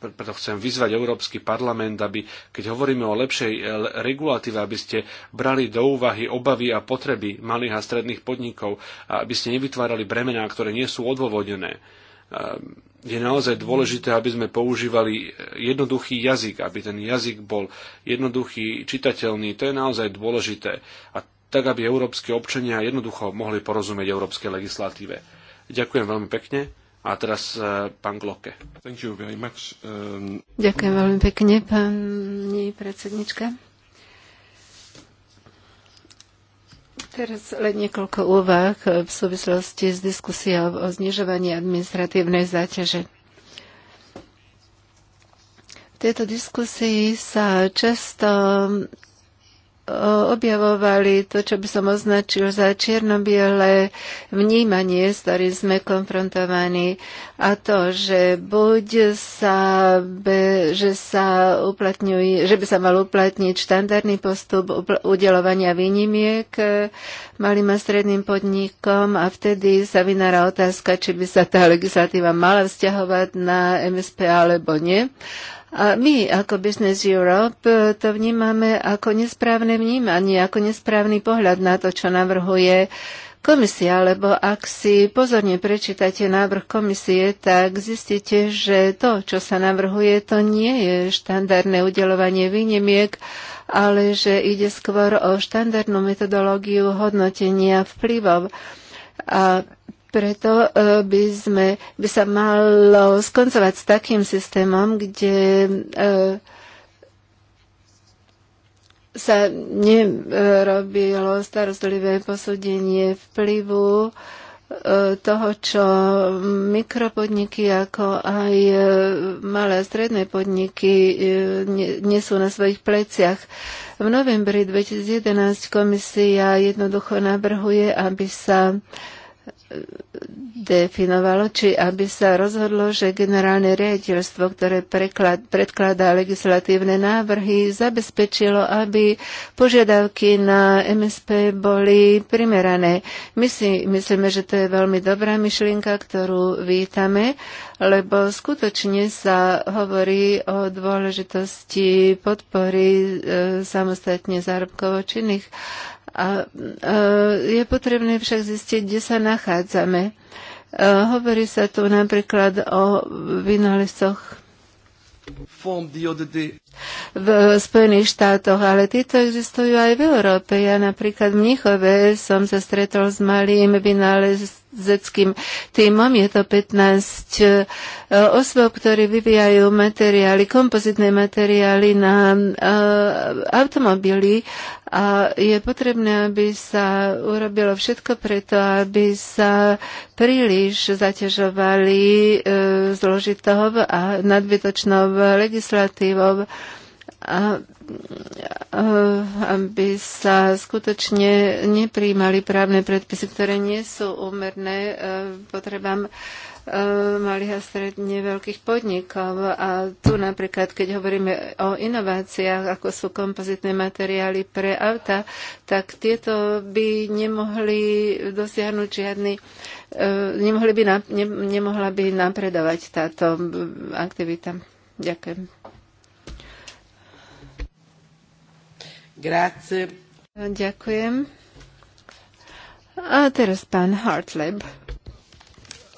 preto chcem vyzvať Európsky parlament, aby keď hovoríme o lepšej e, regulatíve, aby ste brali do úvahy obavy a potreby malých a stredných podnikov a aby ste nevytvárali bremená, ktoré nie sú odôvodnené e, je naozaj dôležité, aby sme používali jednoduchý jazyk, aby ten jazyk bol jednoduchý, čitateľný. To je naozaj dôležité. A tak aby európske občania jednoducho mohli porozumieť európskej legislatíve. Ďakujem veľmi pekne. A teraz eh, pán Glocke. Um... Ďakujem veľmi pekne, pani predsednička. Teraz len niekoľko úvah v súvislosti s diskusiou o znižovaní administratívnej záťaže. V tejto diskusii sa často objavovali to, čo by som označil za čiernobiele vnímanie, s ktorým sme konfrontovaní. A to, že buď sa, be, že sa uplatňuje, že by sa mal uplatniť štandardný postup udelovania výnimiek e, malým a stredným podnikom a vtedy sa vynára otázka, či by sa tá legislatíva mala vzťahovať na MSP alebo nie. A my ako Business Europe e, to vnímame ako nesprávne vnímanie, ako nesprávny pohľad na to, čo navrhuje komisia, lebo ak si pozorne prečítate návrh komisie, tak zistíte, že to, čo sa navrhuje, to nie je štandardné udelovanie výnimiek, ale že ide skôr o štandardnú metodológiu hodnotenia vplyvov. A preto e, by, sme, by sa malo skoncovať s takým systémom, kde e, sa nerobilo starostlivé posúdenie vplyvu e, toho, čo mikropodniky, ako aj malé a stredné podniky nesú na svojich pleciach. V novembri 2011 komisia jednoducho navrhuje, aby sa uh, definovalo, či aby sa rozhodlo, že generálne riaditeľstvo, ktoré preklad, predkladá legislatívne návrhy, zabezpečilo, aby požiadavky na MSP boli primerané. My si myslíme, že to je veľmi dobrá myšlienka, ktorú vítame, lebo skutočne sa hovorí o dôležitosti podpory e, samostatne zárobkovo činných a je potrebné však zistiť, kde sa nachádzame. Hovorí sa tu napríklad o vynálezcoch v Spojených štátoch, ale tieto existujú aj v Európe. Ja napríklad v Mnichove som sa stretol s malým vynález, zeckým týmom. Je to 15 e, osôb, ktorí vyvíjajú materiály, kompozitné materiály na e, automobily a je potrebné, aby sa urobilo všetko preto, aby sa príliš zaťažovali e, zložitou a nadbytočnou legislatívou. A, aby sa skutočne nepríjmali právne predpisy, ktoré nie sú úmerné e, potrebám e, malých a stredne veľkých podnikov. A tu napríklad, keď hovoríme o inováciách, ako sú kompozitné materiály pre auta, tak tieto by nemohli dosiahnuť žiadny e, nemohli by, ne, nemohla by napredovať táto aktivita. Ďakujem. Grazie. Ďakujem. A teraz pán Hartleb.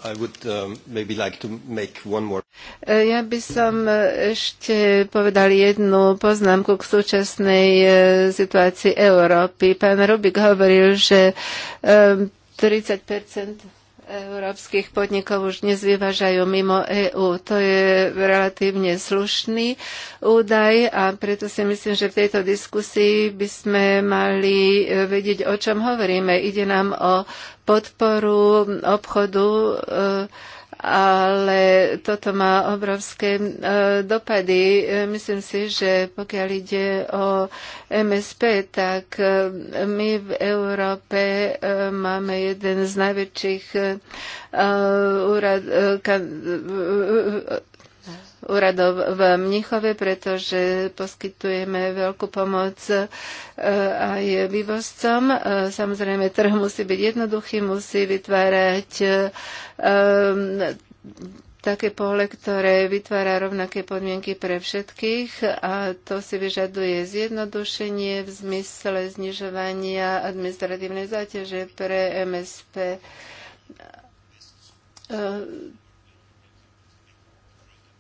I would um, maybe like to make one more. E, ja by som e, ešte povedal jednu poznámku k súčasnej e, situácii Európy. Pán Rubik hovoril, že e, 30 európskych podnikov už dnes vyvážajú mimo EÚ. To je relatívne slušný údaj a preto si myslím, že v tejto diskusii by sme mali vedieť, o čom hovoríme. Ide nám o podporu obchodu e, ale toto má obrovské e, dopady. E, myslím si, že pokiaľ ide o MSP, tak e, my v Európe máme jeden z najväčších úrad, úradov v Mnichove, pretože poskytujeme veľkú pomoc e, aj vývozcom. E, samozrejme, trh musí byť jednoduchý, musí vytvárať e, také pole, ktoré vytvára rovnaké podmienky pre všetkých a to si vyžaduje zjednodušenie v zmysle znižovania administratívnej záťaže pre MSP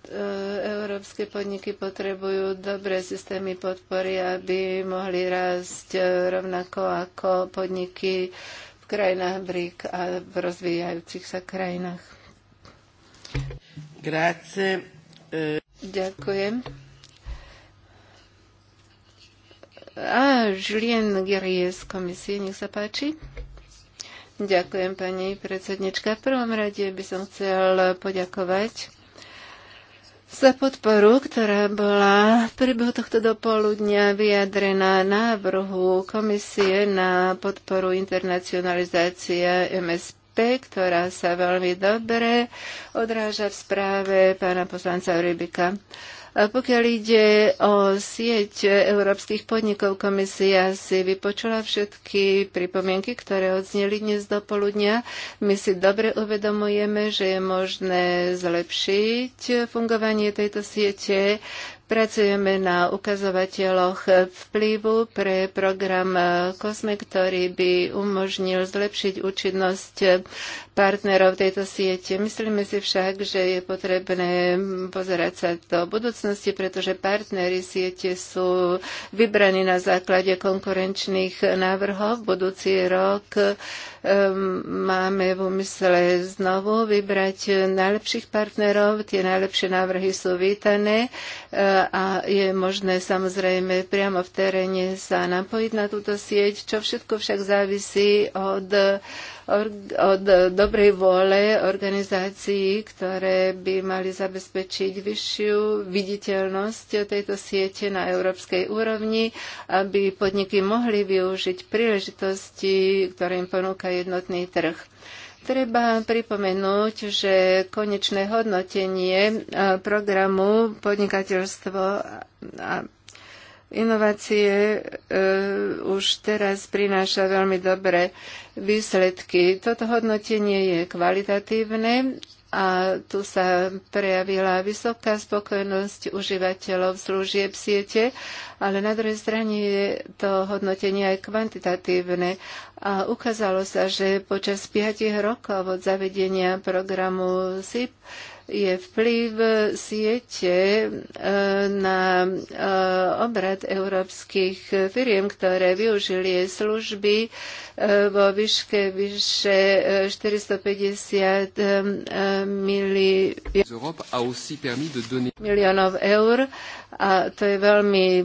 E, európske podniky potrebujú dobré systémy podpory, aby mohli rásť e, rovnako ako podniky v krajinách BRIC a v rozvíjajúcich sa krajinách. Grazie. E, Ďakujem. A Julien Guerrier z komisie, nech sa páči. Ďakujem, pani predsednička. V prvom rade by som chcel poďakovať za podporu, ktorá bola v priebehu tohto dopoludnia vyjadrená návrhu Komisie na podporu internacionalizácie MSP ktorá sa veľmi dobre odráža v správe pána poslanca Rybika. Pokiaľ ide o sieť európskych podnikov, komisia si vypočula všetky pripomienky, ktoré odzneli dnes do poludnia. My si dobre uvedomujeme, že je možné zlepšiť fungovanie tejto siete, Pracujeme na ukazovateľoch vplyvu pre program COSME, ktorý by umožnil zlepšiť účinnosť partnerov tejto siete. Myslíme si však, že je potrebné pozerať sa do budúcnosti, pretože partnery siete sú vybraní na základe konkurenčných návrhov. Budúci rok Ehm, máme v úmysle znovu vybrať najlepších partnerov, tie najlepšie návrhy sú vítané eh, a je možné samozrejme priamo v teréne sa napojiť na túto sieť, čo všetko však závisí od od dobrej vôle organizácií, ktoré by mali zabezpečiť vyššiu viditeľnosť tejto siete na európskej úrovni, aby podniky mohli využiť príležitosti, ktoré im ponúka jednotný trh. Treba pripomenúť, že konečné hodnotenie programu podnikateľstvo a Inovácie e, už teraz prináša veľmi dobré výsledky. Toto hodnotenie je kvalitatívne a tu sa prejavila vysoká spokojnosť užívateľov služieb siete, ale na druhej strane je to hodnotenie aj kvantitatívne a ukázalo sa, že počas 5 rokov od zavedenia programu SIP je vplyv siete e, na e, obrad európskych firiem, ktoré využili služby vo výške vyše 450 e, e, miliónov eur a to je veľmi e,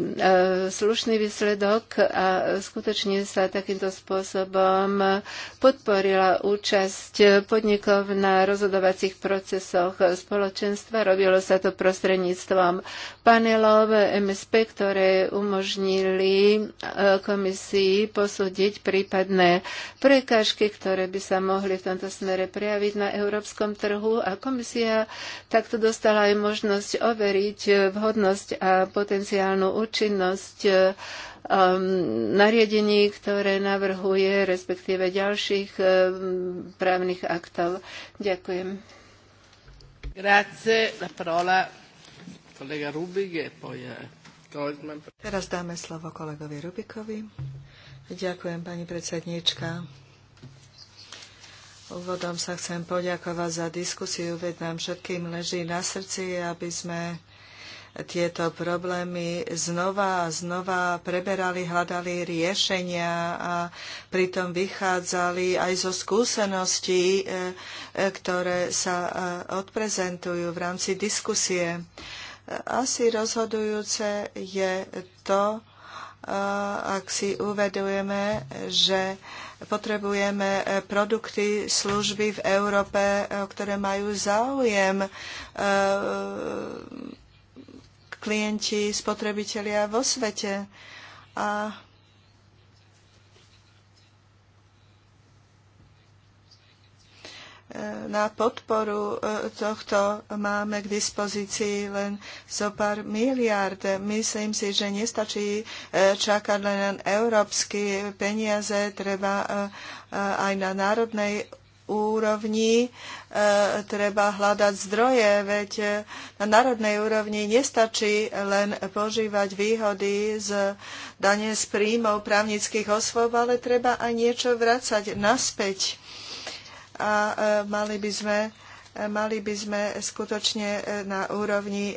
slušný výsledok a skutočne sa takýmto spôsobom podporila účasť podnikov na rozhodovacích procesoch spoločenstva. Robilo sa to prostredníctvom panelov MSP, ktoré umožnili komisii posúdiť prípadné žiadne prekážky, ktoré by sa mohli v tomto smere prejaviť na európskom trhu a komisia takto dostala aj možnosť overiť vhodnosť a potenciálnu účinnosť um, nariadení, ktoré navrhuje, respektíve ďalších um, právnych aktov. Ďakujem. Grazie, la parola kolega Rubik e poi eh, Teraz dáme slovo kolegovi Rubikovi Ďakujem, pani predsednička. Úvodom sa chcem poďakovať za diskusiu, veď nám všetkým leží na srdci, aby sme tieto problémy znova a znova preberali, hľadali riešenia a pritom vychádzali aj zo skúseností, eh, eh, ktoré sa eh, odprezentujú v rámci diskusie. Asi rozhodujúce je to, ak si uvedujeme, že potrebujeme produkty, služby v Európe, e, ktoré majú záujem e, klienti, spotrebitelia vo svete. A na podporu e, tohto máme k dispozícii len zo pár miliard. Myslím si, že nestačí e, čakať len európsky peniaze, treba e, aj na národnej úrovni treba hľadať zdroje, veď na národnej úrovni nestačí len požívať výhody z dane z príjmov právnických osôb, ale treba aj niečo vrácať naspäť a e, mali by sme, e, mali by sme skutočne e, na úrovni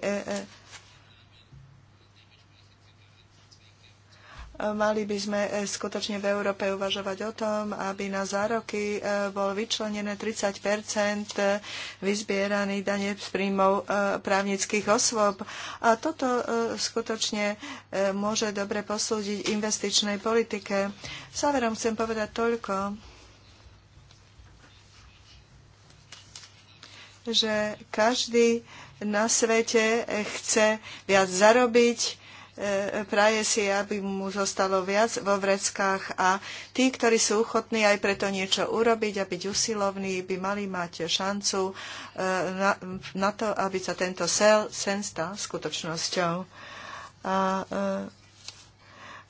mali by sme skutočne v Európe uvažovať o tom, aby na zároky bol vyčlenené 30 vyzbieraných dane z príjmov právnických osôb. A toto skutočne môže dobre posúdiť investičnej politike. Záverom chcem povedať toľko, že každý na svete chce viac zarobiť, e, praje si, aby mu zostalo viac vo vreckách a tí, ktorí sú ochotní aj preto niečo urobiť a byť usilovní, by mali mať šancu e, na, na to, aby sa tento sel, sen stal skutočnosťou. A, e,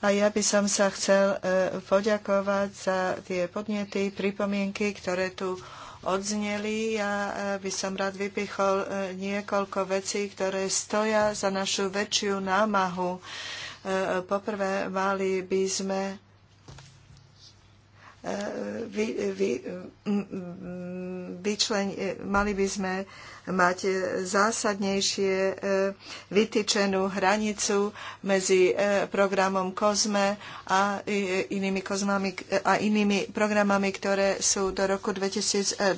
a ja by som sa chcel poďakovať za tie podnety, pripomienky, ktoré tu odzneli. Ja e, by som rád vypichol e, niekoľko vecí, ktoré stoja za našu väčšiu námahu. E, poprvé, mali by sme vy, vy, mali by sme mať zásadnejšie e, vytýčenú hranicu medzi e, programom COSME a e, inými, kozmami, a inými programami, ktoré sú do roku 2020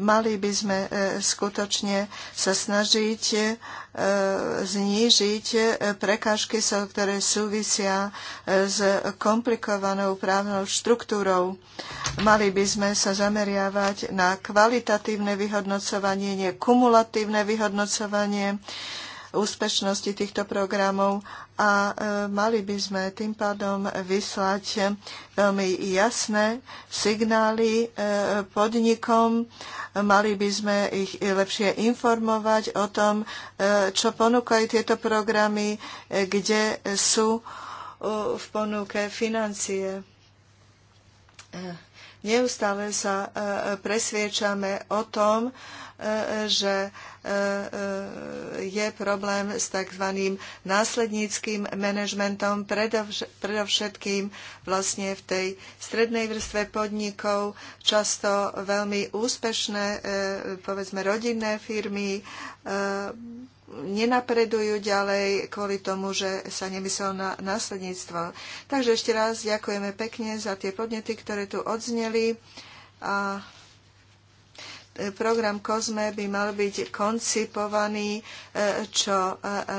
Mali by sme e, skutočne sa snažiť e, znížiť e, prekážky, ktoré súvisia s komplikovanou právnou štruktúrou. Mali by sme sa zameriavať na kvalitatívne vyhodnocovanie, nie kumulatívne vyhodnocovanie úspešnosti týchto programov a e, mali by sme tým pádom vyslať veľmi jasné signály e, podnikom, mali by sme ich lepšie informovať o tom, e, čo ponúkajú tieto programy, kde sú v ponuke financie. Yeah Neustále sa e, e, presviečame o tom, e, že je problém s tzv. následníckým manažmentom, predovšetkým vlastne v tej strednej vrstve podnikov, často veľmi úspešné, povedzme, rodinné firmy, nenapredujú ďalej kvôli tomu, že sa nemyslel na následníctvo. Takže ešte raz ďakujeme pekne za tie podnety, ktoré tu odzneli. A program COSME by mal byť koncipovaný e, čo e,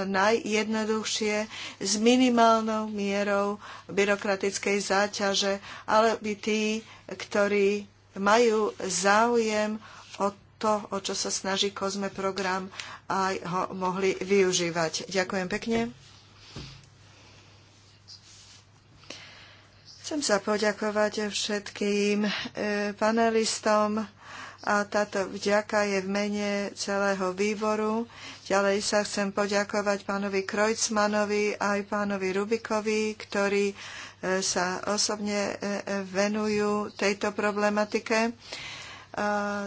najjednoduchšie s minimálnou mierou byrokratickej záťaže, ale by tí, ktorí majú záujem to, o čo sa snaží Kozme program, aj ho mohli využívať. Ďakujem pekne. Chcem sa poďakovať všetkým e, panelistom a táto vďaka je v mene celého výboru. Ďalej sa chcem poďakovať pánovi Krojcmanovi aj pánovi Rubikovi, ktorí e, sa osobne e, venujú tejto problematike.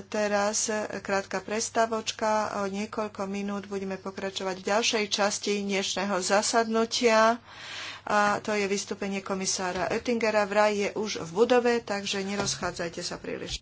Teraz krátka prestavočka. O niekoľko minút budeme pokračovať v ďalšej časti dnešného zasadnutia. A to je vystúpenie komisára Oettingera. Vraj je už v budove, takže nerozchádzajte sa príliš.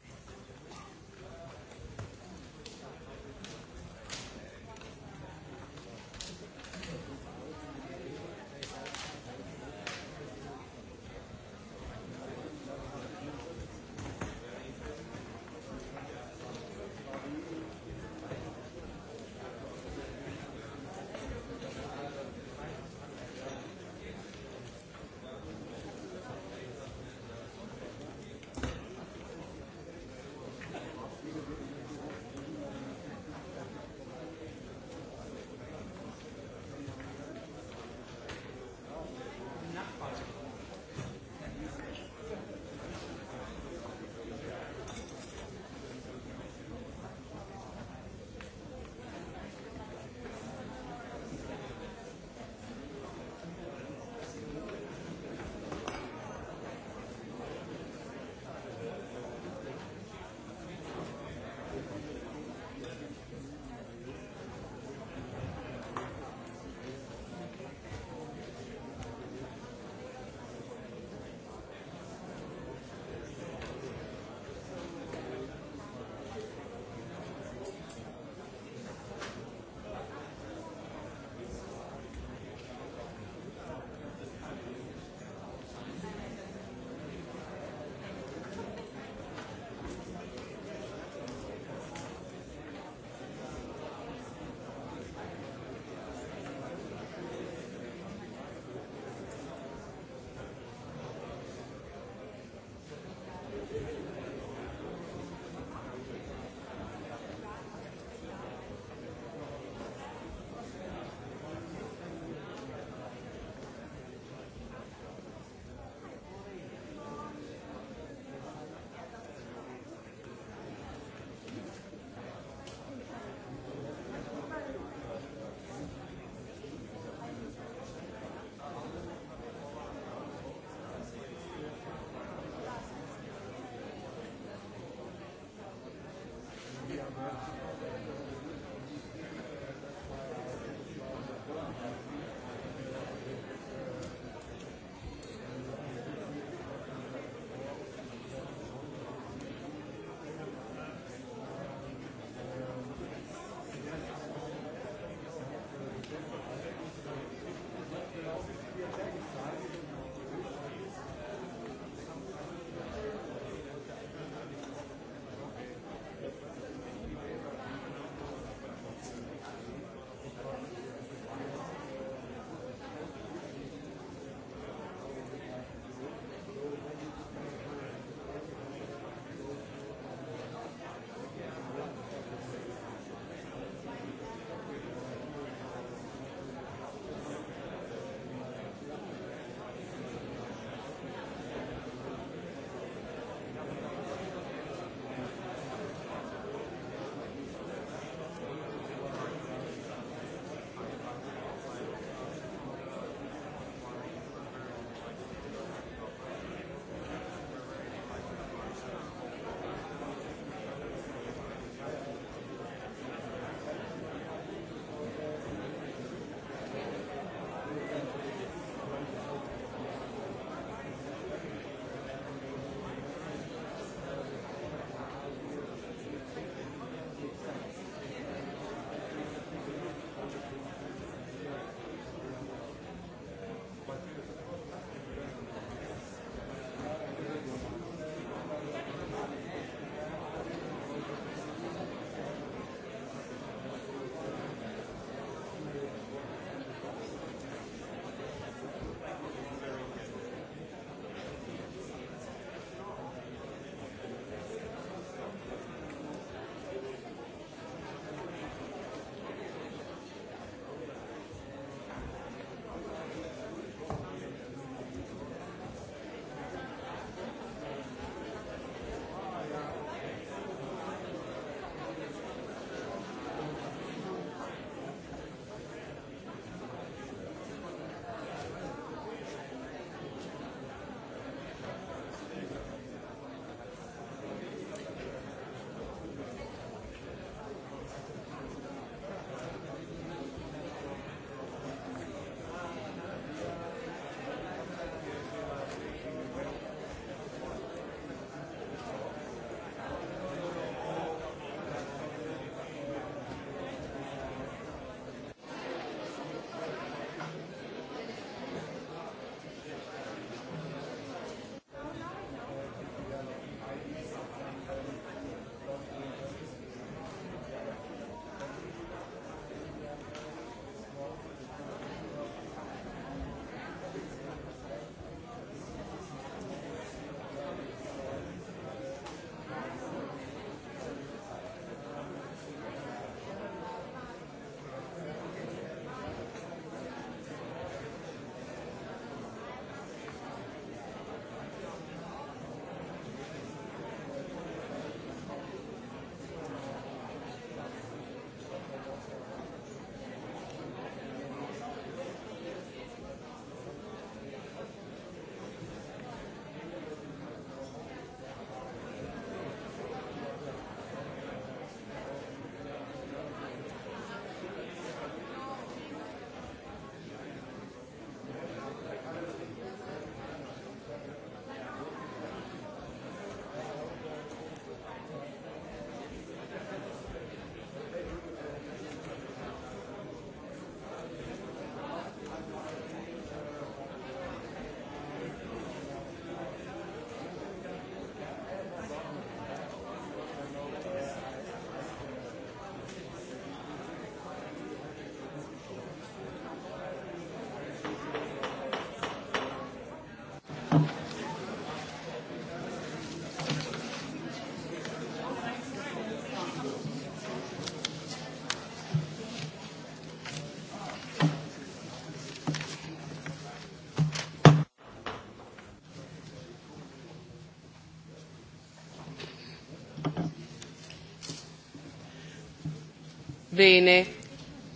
Bene,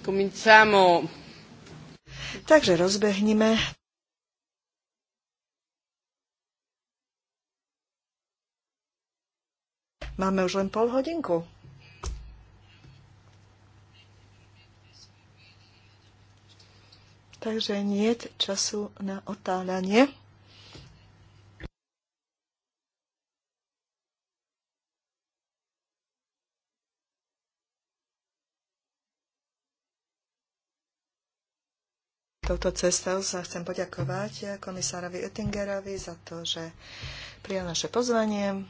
cominciamo. Takže rozbehnime Máme už len pol hodinku. Takže nie je času na otáľanie. touto cestou sa chcem poďakovať komisárovi Oettingerovi za to, že prijal naše pozvanie.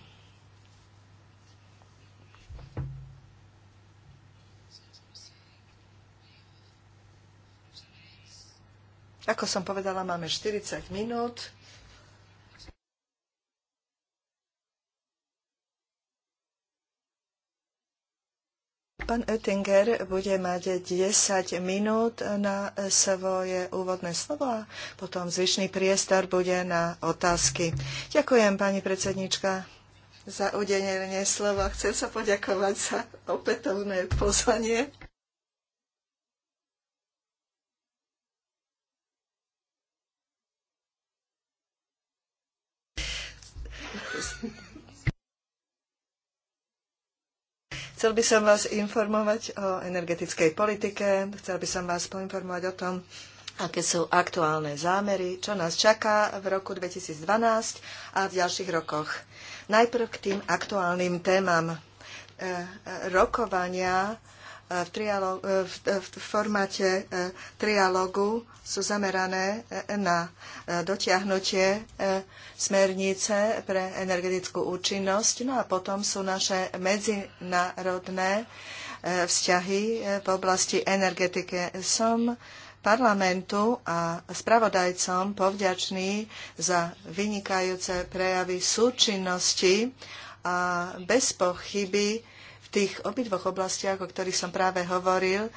Ako som povedala, máme 40 minút Pán Oettinger bude mať 10 minút na svoje úvodné slovo a potom zvyšný priestor bude na otázky. Ďakujem, pani predsednička, za udenenie slova. Chcem sa poďakovať za opätovné pozvanie. Chcel by som vás informovať o energetickej politike, chcel by som vás poinformovať o tom, aké sú aktuálne zámery, čo nás čaká v roku 2012 a v ďalších rokoch. Najprv k tým aktuálnym témam. E, e, rokovania E, v, trialog, e, v, e, v formáte trialogu sú zamerané na dotiahnutie smernice pre energetickú účinnosť. No a potom sú naše medzinárodné vzťahy v oblasti energetike. Som parlamentu a spravodajcom povďačný za vynikajúce prejavy súčinnosti a bez pochyby tých obidvoch oblastiach, o ktorých som práve hovoril, e,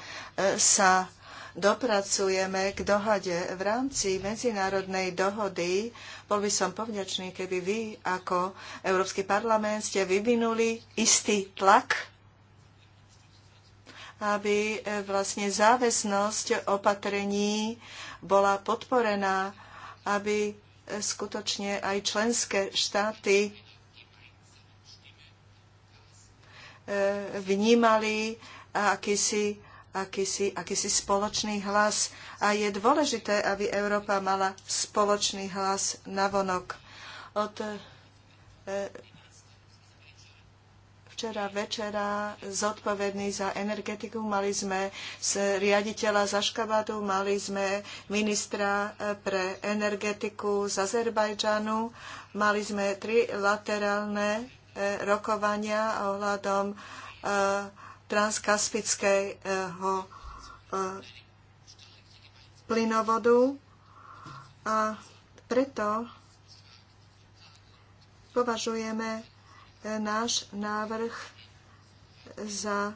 sa dopracujeme k dohode v rámci medzinárodnej dohody. Bol by som povďačný, keby vy ako Európsky parlament ste vyvinuli istý tlak aby e, vlastne záväznosť opatrení bola podporená, aby e, skutočne aj členské štáty E, vnímali akýsi, akýsi, akýsi spoločný hlas. A je dôležité, aby Európa mala spoločný hlas navonok. Od e, včera večera zodpovedný za energetiku, mali sme z riaditeľa za Škabadu, mali sme ministra e, pre energetiku z Azerbajdžanu, mali sme tri laterálne E, rokovania ohľadom e, transkaspického e, plynovodu a preto považujeme náš návrh za,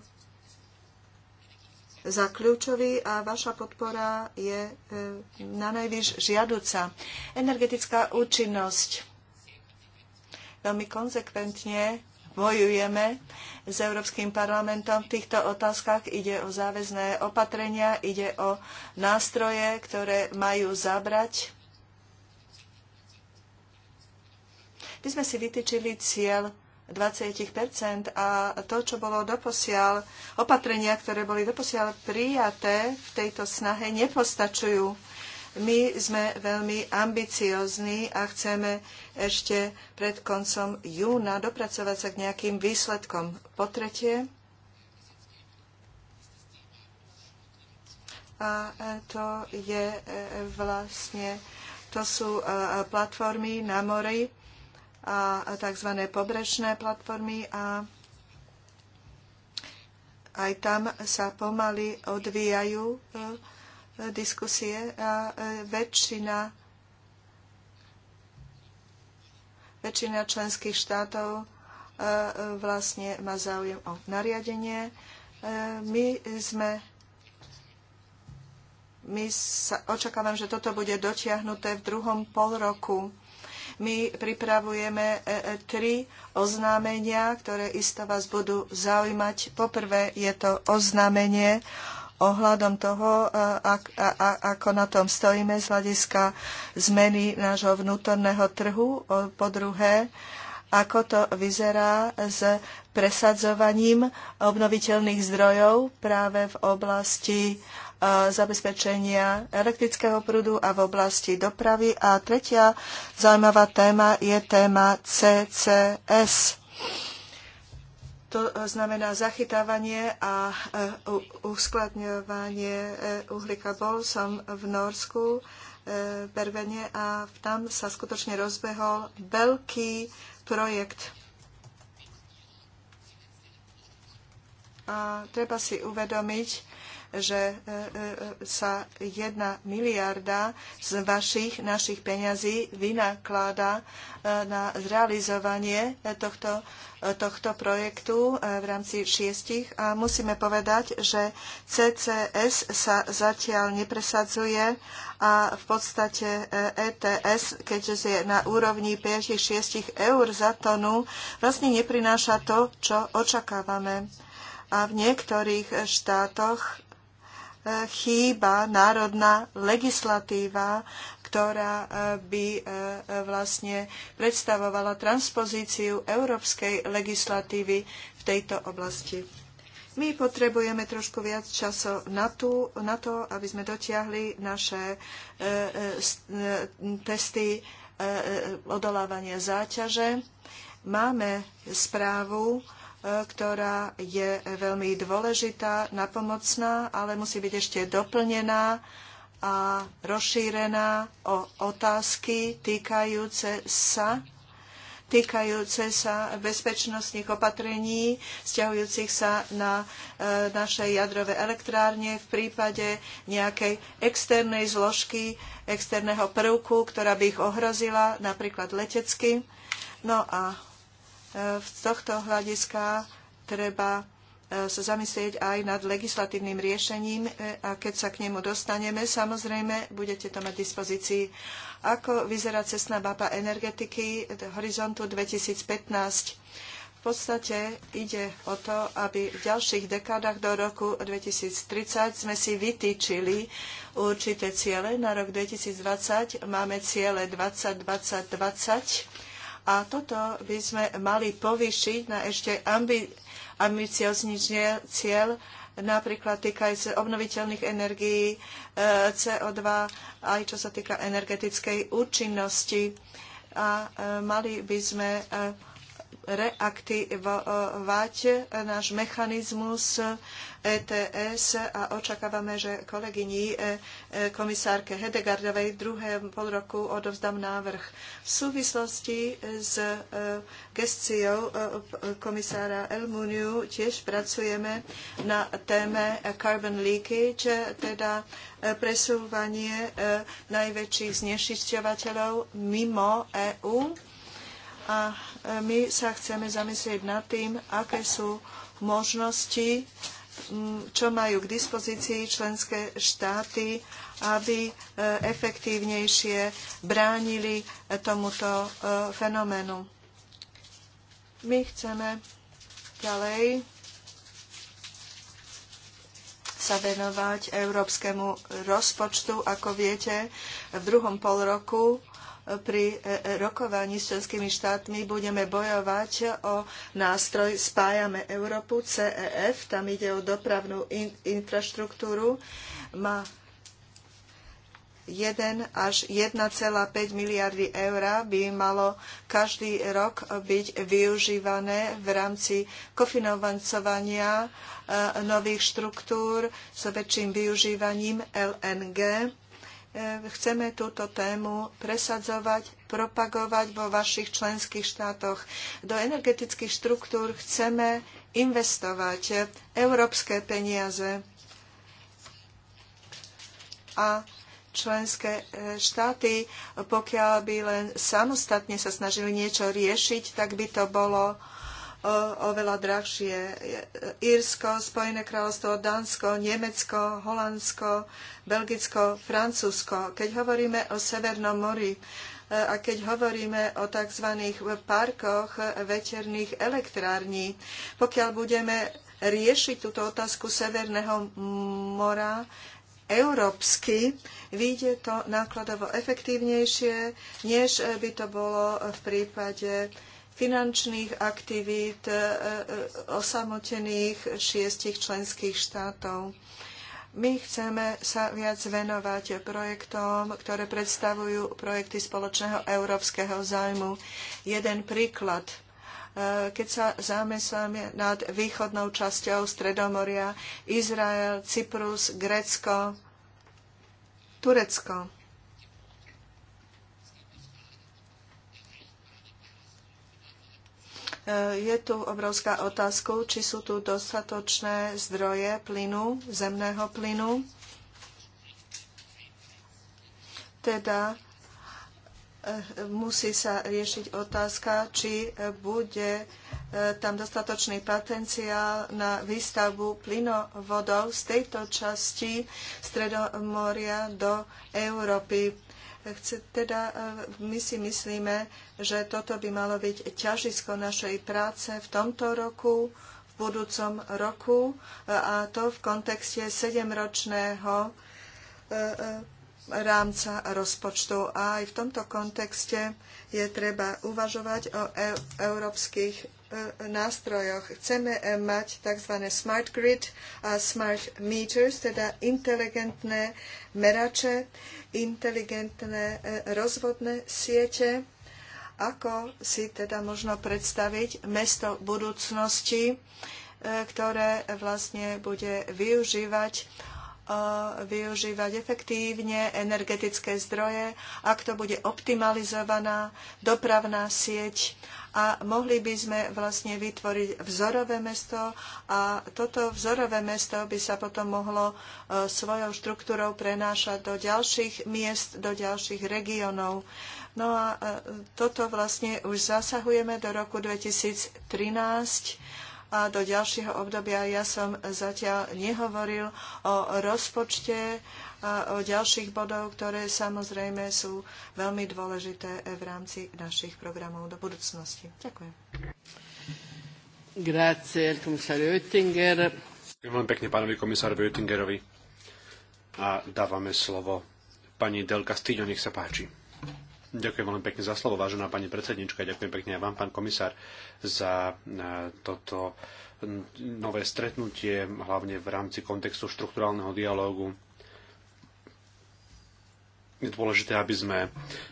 za kľúčový a vaša podpora je na najvyššie žiaduca. Energetická účinnosť veľmi konzekventne bojujeme s Európskym parlamentom. V týchto otázkach ide o záväzné opatrenia, ide o nástroje, ktoré majú zabrať. My sme si vytýčili cieľ 20 a to, čo bolo doposiaľ, opatrenia, ktoré boli doposiaľ prijaté v tejto snahe, nepostačujú my sme veľmi ambiciozní a chceme ešte pred koncom júna dopracovať sa k nejakým výsledkom. Po tretie, a e, to je e, vlastne, to sú e, platformy na mori a tzv. pobrežné platformy a aj tam sa pomaly odvíjajú diskusie a e, väčšina, väčšina členských štátov e, vlastne má záujem o nariadenie. E, my sme my sa, očakávam, že toto bude dotiahnuté v druhom pol roku. My pripravujeme tri oznámenia, ktoré isto vás budú zaujímať. Poprvé je to oznámenie ohľadom toho, ako na tom stojíme z hľadiska zmeny nášho vnútorného trhu. Po druhé, ako to vyzerá s presadzovaním obnoviteľných zdrojov práve v oblasti zabezpečenia elektrického prúdu a v oblasti dopravy. A tretia zaujímavá téma je téma CCS. To znamená zachytávanie a e, uskladňovanie e, uhlíka. Bol som v Norsku, e, Bergene a tam sa skutočne rozbehol veľký projekt. A treba si uvedomiť, že e, e, sa jedna miliarda z vašich, našich peňazí vynakláda e, na zrealizovanie tohto, tohto projektu v rámci šiestich. A musíme povedať, že CCS sa zatiaľ nepresadzuje a v podstate ETS, keďže je na úrovni 5-6 eur za tonu, vlastne neprináša to, čo očakávame. A v niektorých štátoch chýba národná legislatíva, ktorá eh, by eh, vlastne predstavovala transpozíciu európskej legislatívy v tejto oblasti. My potrebujeme trošku viac času na, tú, na to, aby sme dotiahli naše eh, testy odolávania záťaže. Máme správu, ktorá je veľmi dôležitá, napomocná, ale musí byť ešte doplnená a rozšírená o otázky týkajúce sa týkajúce sa bezpečnostných opatrení, vzťahujúcich sa na e, naše jadrové elektrárne v prípade nejakej externej zložky, externého prvku, ktorá by ich ohrozila, napríklad letecky. No a z tohto hľadiska treba e, sa zamyslieť aj nad legislatívnym riešením e, a keď sa k nemu dostaneme, samozrejme, budete to mať dispozícii. Ako vyzerá cestná mapa energetiky horizontu 2015? V podstate ide o to, aby v ďalších dekádach do roku 2030 sme si vytýčili určité ciele. Na rok 2020 máme ciele 20, 20, 20 a toto by sme mali povýšiť na ešte ambi- ambiciozný cieľ, napríklad týkajúce obnoviteľných energií, e, CO2, aj čo sa týka energetickej účinnosti. A e, mali by sme e, reaktivovať náš mechanizmus ETS a očakávame, že kolegyni e, e, komisárke Hedegardovej v druhém polroku odovzdám návrh. V súvislosti s e, gestiou komisára Elmuniu tiež pracujeme na téme carbon leakage, teda presúvanie najväčších znešisťovateľov mimo EÚ a e, my sa chceme zamyslieť nad tým, aké sú možnosti, čo majú k dispozícii členské štáty, aby e, efektívnejšie bránili e, tomuto fenoménu. My chceme ďalej sa venovať európskemu rozpočtu. Ako viete, v druhom pol roku pri e, e, rokovaní s členskými štátmi budeme bojovať o nástroj Spájame Európu, CEF, tam ide o dopravnú in- infraštruktúru, má 1 až 1,5 miliardy eur by malo každý rok byť využívané v rámci kofinovancovania e, nových štruktúr s väčším využívaním LNG E, chceme túto tému presadzovať, propagovať vo vašich členských štátoch. Do energetických štruktúr chceme investovať európske peniaze a členské e, štáty, pokiaľ by len samostatne sa snažili niečo riešiť, tak by to bolo oveľa drahšie. E, Írsko, Spojené kráľovstvo, Dánsko, Nemecko, Holandsko, Belgicko, Francúzsko. Keď hovoríme o Severnom mori, e, a keď hovoríme o tzv. parkoch veterných elektrární, pokiaľ budeme riešiť túto otázku Severného mora európsky, vyjde to nákladovo efektívnejšie, než by to bolo v prípade finančných aktivít e, e, osamotených šiestich členských štátov. My chceme sa viac venovať projektom, ktoré predstavujú projekty spoločného európskeho zájmu. Jeden príklad e, keď sa zamyslíme nad východnou časťou Stredomoria, Izrael, Cyprus, Grécko, Turecko. Eh, je tu obrovská otázka, či sú tu dostatočné zdroje plynu, zemného plynu. Teda eh, musí sa riešiť otázka, či eh, bude tam dostatočný potenciál na výstavbu plynovodov z tejto časti Stredomoria do Európy. Chce, teda e, my si myslíme, že toto by malo byť ťažisko našej práce v tomto roku, v budúcom roku e, a to v kontexte sedemročného e, rámca rozpočtu. A aj v tomto kontexte je treba uvažovať o e európskych nástrojoch. Chceme mať tzv. smart grid a smart meters, teda inteligentné merače, inteligentné e, rozvodné siete. Ako si teda možno predstaviť mesto budúcnosti, e, ktoré vlastne bude využívať e, využívať efektívne energetické zdroje, ak to bude optimalizovaná dopravná sieť, a mohli by sme vlastne vytvoriť vzorové mesto a toto vzorové mesto by sa potom mohlo e, svojou štruktúrou prenášať do ďalších miest, do ďalších regiónov. No a e, toto vlastne už zasahujeme do roku 2013 a do ďalšieho obdobia ja som zatiaľ nehovoril o rozpočte a o ďalších bodov, ktoré samozrejme sú veľmi dôležité v rámci našich programov do budúcnosti. Ďakujem. Grazie, komisár Oettinger. pekne pánovi komisárovi Oettingerovi a dávame slovo pani Delka Stýňo, nech sa páči. Ďakujem veľmi pekne za slovo, vážená pani predsednička, ďakujem pekne aj vám, pán komisár, za e, toto nové stretnutie, hlavne v rámci kontextu štrukturálneho dialógu je dôležité, aby sme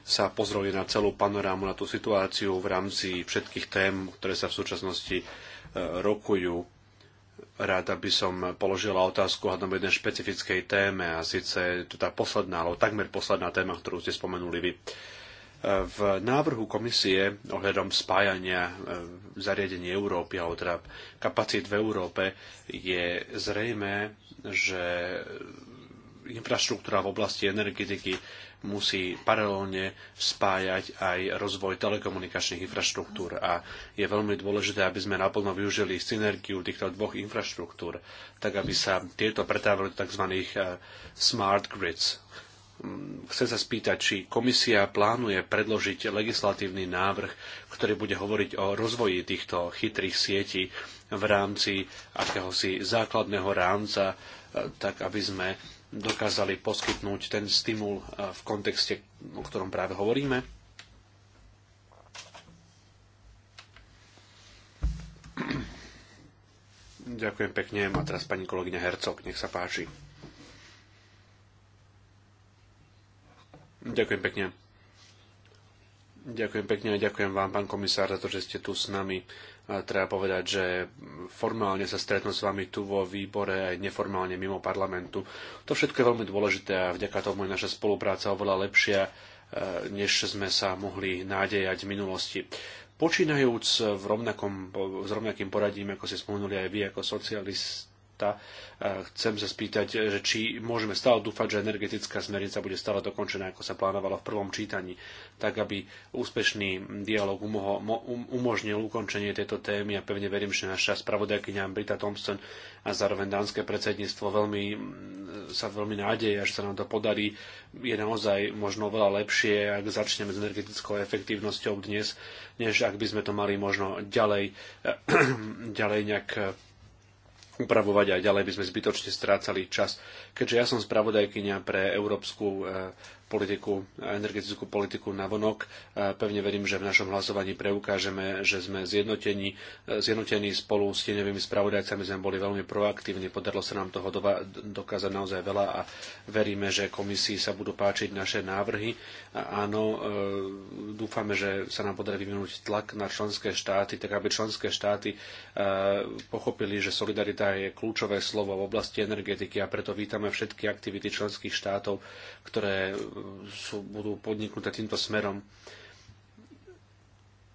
sa pozreli na celú panorámu, na tú situáciu v rámci všetkých tém, ktoré sa v súčasnosti e, rokujú. Rád, aby som položila otázku o jednej špecifickej téme, a síce to tá posledná, alebo takmer posledná téma, ktorú ste spomenuli vy. E, v návrhu komisie ohľadom spájania e, zariadení Európy, alebo teda kapacít v Európe, je zrejme, že infraštruktúra v oblasti energetiky musí paralelne spájať aj rozvoj telekomunikačných infraštruktúr a je veľmi dôležité, aby sme naplno využili synergiu týchto dvoch infraštruktúr, tak aby sa tieto pretávali do tzv. Eh, smart grids. Mm, chcem sa spýtať, či komisia plánuje predložiť legislatívny návrh, ktorý bude hovoriť o rozvoji týchto chytrých sietí v rámci akéhosi základného rámca, eh, tak aby sme dokázali poskytnúť ten stimul e, v kontexte, o ktorom práve hovoríme. Ďakujem pekne. A teraz pani kolegyňa Hercog, nech sa páči. Ďakujem pekne. Ďakujem pekne a ďakujem vám, pán komisár, za to, že ste tu s nami treba povedať, že formálne sa stretnú s vami tu vo výbore aj neformálne mimo parlamentu. To všetko je veľmi dôležité a vďaka tomu je naša spolupráca oveľa lepšia, e, než sme sa mohli nádejať v minulosti. Počínajúc v rovnakom, s rovnakým poradím, ako ste spomenuli aj vy ako socialista, e, chcem sa spýtať, že či môžeme stále dúfať, že energetická smernica bude stále dokončená, ako sa plánovalo v prvom čítaní tak aby úspešný dialog umoho, um-, umožnil ukončenie tejto témy a pevne verím, že naša spravodajkyňa Brita Thompson a zároveň dánske predsedníctvo veľmi, mm, sa veľmi nádeje, že sa nám to podarí. Je naozaj možno veľa lepšie, ak začneme s energetickou efektívnosťou dnes, než ak by sme to mali možno ďalej, (clears throat) ďalej nejak eh, upravovať a ďalej by sme zbytočne strácali čas. Keďže ja som spravodajkynia pre Európsku eh, politiku, energetickú politiku na vonok. E, pevne verím, že v našom hlasovaní preukážeme, že sme zjednotení, e, zjednotení spolu s tieňovými spravodajcami, sme boli veľmi proaktívni, podarilo sa nám toho dokázať naozaj veľa a veríme, že komisii sa budú páčiť naše návrhy. A áno, e, dúfame, že sa nám podarí vyvinúť tlak na členské štáty, tak aby členské štáty pochopili, že solidarita je kľúčové slovo v oblasti energetiky a preto vítame všetky aktivity členských štátov, ktoré sú, budú podniknuté týmto smerom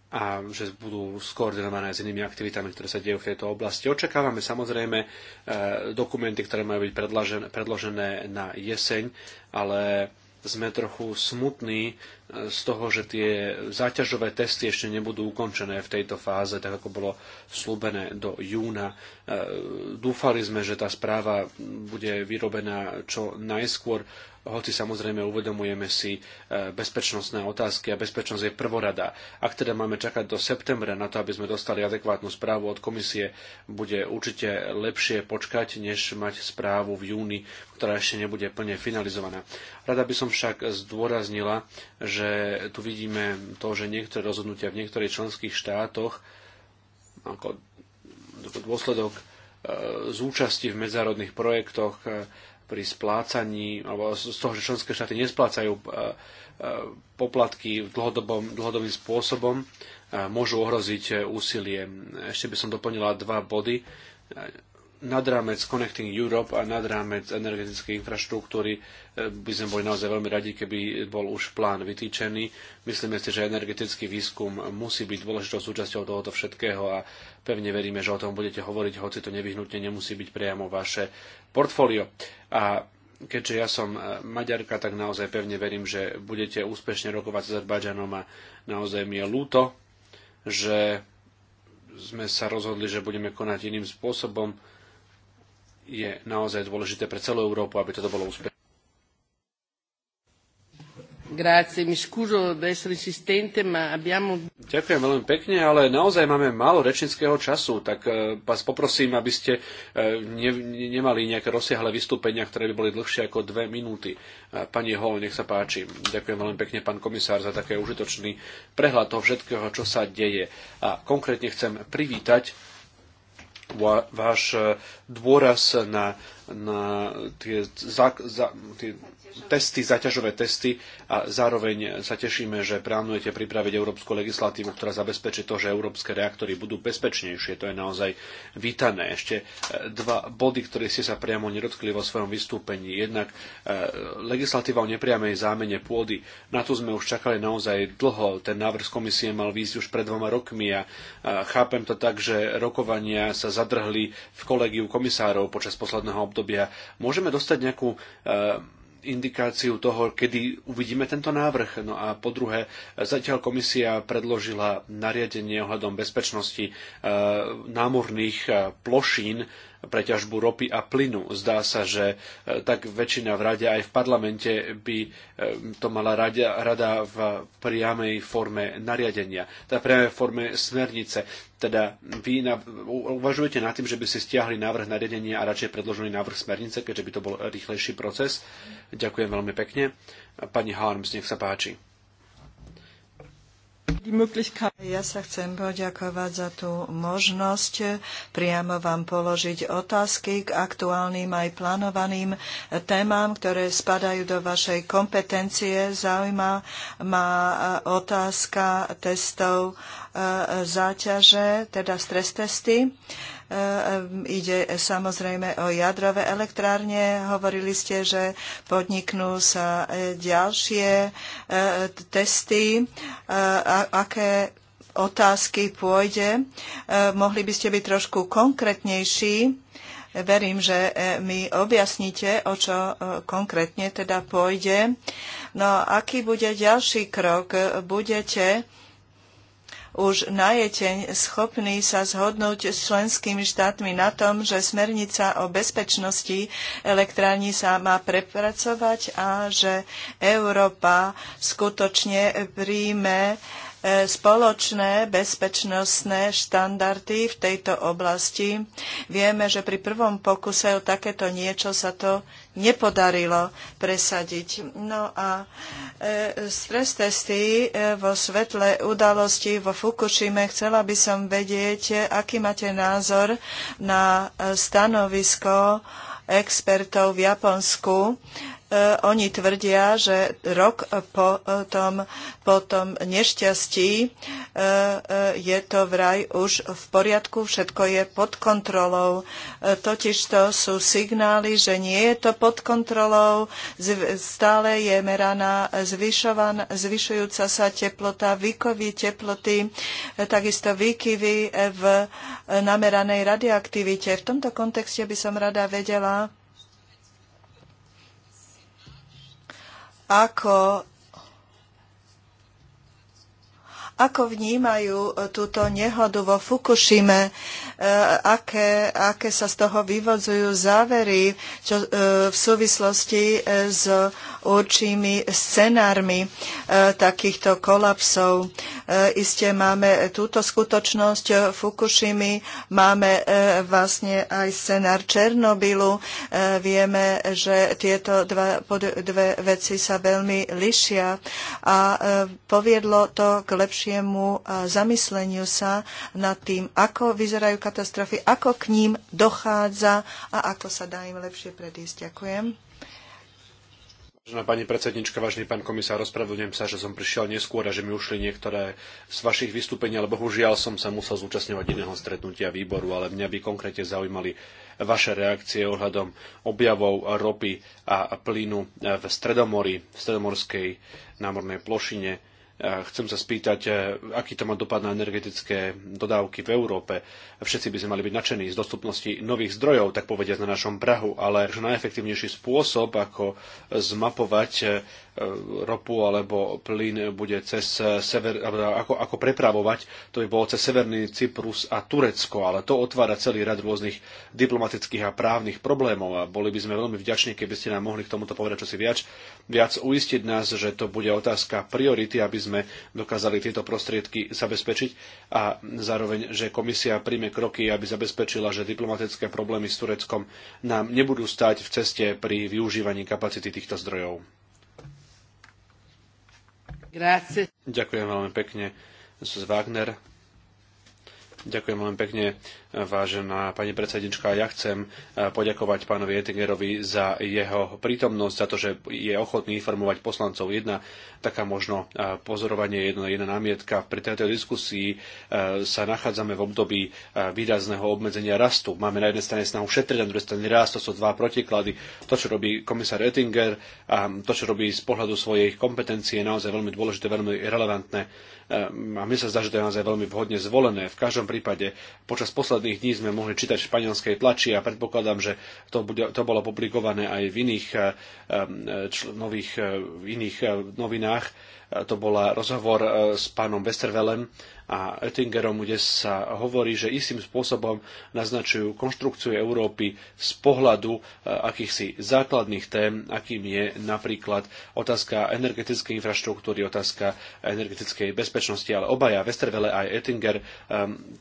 a že budú skoordinované s inými aktivitami, ktoré sa dejú v tejto oblasti. Očakávame samozrejme eh, dokumenty, ktoré majú byť predložené na jeseň, ale sme trochu smutní z toho, že tie záťažové testy ešte nebudú ukončené v tejto fáze, tak ako bolo slúbené do júna. E, dúfali sme, že tá správa bude vyrobená čo najskôr, hoci samozrejme uvedomujeme si e, bezpečnostné otázky a bezpečnosť je prvorada. Ak teda máme čakať do septembra na to, aby sme dostali adekvátnu správu od komisie, bude určite lepšie počkať, než mať správu v júni, ktorá ešte nebude plne finalizovaná. Rada by som však zdôraznila, že že tu vidíme to, že niektoré rozhodnutia v niektorých členských štátoch ako dôsledok e, zúčasti v medzárodných projektoch e, pri splácaní, alebo z toho, že členské štáty nesplácajú e, poplatky dlhodobom, dlhodobým spôsobom, môžu ohroziť úsilie. Ešte by som doplnila dva body nad rámec Connecting Europe a nad rámec energetickej infraštruktúry e, by sme boli naozaj veľmi radi, keby bol už plán vytýčený. Myslíme si, že energetický výskum musí byť dôležitou súčasťou tohoto všetkého a pevne veríme, že o tom budete hovoriť, hoci to nevyhnutne nemusí byť priamo vaše portfólio. A keďže ja som e, Maďarka, tak naozaj pevne verím, že budete úspešne rokovať s Azerbajdžanom a naozaj mi je ľúto, že sme sa rozhodli, že budeme konať iným spôsobom je naozaj dôležité pre celú Európu, aby toto bolo úspešné. Abbiamo... Ďakujem veľmi pekne, ale naozaj máme málo rečnického času, tak eh, vás poprosím, aby ste eh, ne, nemali nejaké rozsiahle vystúpenia, ktoré by boli dlhšie ako dve minúty. Eh, pani Hol, nech sa páči. Ďakujem veľmi pekne, pán komisár, za také užitočný prehľad toho všetkého, čo sa deje. A konkrétne chcem privítať váš eh, dôraz na na tie, za, za, tie testy, zaťažové testy a zároveň sa tešíme, že plánujete pripraviť európsku legislatívu, ktorá zabezpečí to, že európske reaktory budú bezpečnejšie. To je naozaj vítané. Ešte e, dva body, ktoré ste sa priamo nedotkli vo svojom vystúpení. Jednak e, legislatíva o nepriamej zámene pôdy. Na to sme už čakali naozaj dlho. Ten návrh z komisie mal výsť už pred dvoma rokmi a chápem to tak, že rokovania sa zadrhli v kolegiu komisárov počas posledného obdobia obdobia. Môžeme dostať nejakú eh, indikáciu toho, kedy uvidíme tento návrh. No a po druhé, zatiaľ komisia predložila nariadenie ohľadom bezpečnosti eh, námorných eh, plošín pre ťažbu ropy a plynu. Zdá sa, že e, tak väčšina v rade aj v parlamente by e, to mala rada, rada v priamej forme nariadenia, teda priamej forme smernice. Teda vy na, uvažujete nad tým, že by ste stiahli návrh nariadenia a radšej predložili návrh smernice, keďže by to bol rýchlejší proces. Ďakujem veľmi pekne. Pani Harms, nech sa páči. Ja sa chcem poďakovať za tú možnosť priamo vám položiť otázky k aktuálnym aj plánovaným témam, ktoré spadajú do vašej kompetencie. Zaujíma má e, otázka testov záťaže, teda stres testy. E, ide samozrejme o jadrové elektrárne. Hovorili ste, že podniknú sa e, ďalšie e, testy. Aké otázky pôjde? Mohli by ste byť trošku konkrétnejší? Verím, že mi objasnite, o čo konkrétne teda pôjde. No aký bude ďalší krok? Budete už na jeteň schopní sa zhodnúť s členskými štátmi na tom, že smernica o bezpečnosti elektrární sa má prepracovať a že Európa skutočne príjme e, spoločné bezpečnostné štandardy v tejto oblasti. Vieme, že pri prvom pokuse o takéto niečo sa to nepodarilo presadiť. No a e, stres testy e, vo svetle udalosti vo Fukushime. Chcela by som vedieť, e, aký máte názor na stanovisko expertov v Japonsku E, oni tvrdia, že rok po e, tom, po tom nešťastí e, je to vraj už v poriadku, všetko je pod kontrolou. Totiž to sú signály, že nie je to pod kontrolou, stále je meraná zvyšovan, zvyšujúca sa teplota, výkovy teploty, takisto výkyvy v nameranej radioaktivite. V tomto kontexte by som rada vedela, ako ako vnímajú e, túto nehodu vo Fukushime? E, aké, aké sa z toho vyvodzujú závery čo, e, v súvislosti s určitými scenármi takýchto kolapsov? Isté máme túto skutočnosť Fukushimi, máme vlastne aj scenár Černobylu. Vieme, že tieto dva, dve veci sa veľmi lišia a poviedlo to k lepšie hlbšiemu e, zamysleniu sa nad tým, ako vyzerajú katastrofy, ako k ním dochádza a ako sa dá im lepšie predísť. Ďakujem. Vážená pani predsednička, vážený pán komisár, ospravedlňujem sa, že som prišiel neskôr a že mi ušli niektoré z vašich vystúpení, ale bohužiaľ som sa musel zúčastňovať iného stretnutia výboru, ale mňa by konkrétne zaujímali vaše reakcie ohľadom objavov ropy a plynu v Stredomori, v stredomorskej námornej plošine Chcem sa spýtať, e, aký to má dopad na energetické dodávky v Európe. Všetci by sme mali byť nadšení z dostupnosti nových zdrojov, tak povediať na našom Prahu, ale najefektívnejší spôsob, ako zmapovať e, ropu alebo plyn bude cez sever, ako, ako prepravovať, to by bolo cez Severný Cyprus a Turecko, ale to otvára celý rad rôznych diplomatických a právnych problémov a boli by sme veľmi vďační, keby ste nám mohli k tomuto povedať čosi viac, viac uistiť nás, že to bude otázka priority, aby sme dokázali tieto prostriedky zabezpečiť a zároveň, že komisia príjme kroky, aby zabezpečila, že diplomatické problémy s Tureckom nám nebudú stať v ceste pri využívaní kapacity týchto zdrojov. Grazie. Ďakujem veľmi pekne. Sus Wagner. Ďakujem veľmi pekne Vážená pani predsednička, ja chcem e, poďakovať pánovi Ettingerovi za jeho prítomnosť, za to, že je ochotný informovať poslancov. Jedna taká možno e, pozorovanie, jedna, jedna námietka. Pri tejto diskusii e, sa nachádzame v období výrazného obmedzenia rastu. Máme na jednej strane snahu šetriť, na druhej strane rast, to sú dva protiklady. To, čo robí komisár Ettinger a to, čo robí z pohľadu svojej kompetencie, je naozaj veľmi dôležité, veľmi relevantné. A my sa zdá, že to je naozaj veľmi vhodne zvolené. V každom prípade počas posledných posledných dní sme mohli čítať v španielskej tlači a predpokladám, že to, bude, to bolo publikované aj v iných, eh, eh, čl, nových, eh, v iných novinách. To bol rozhovor s pánom Westervelem a Oettingerom, kde sa hovorí, že istým spôsobom naznačujú konštrukciu Európy z pohľadu akýchsi základných tém, akým je napríklad otázka energetickej infraštruktúry, otázka energetickej bezpečnosti, ale obaja Westervele aj Oettinger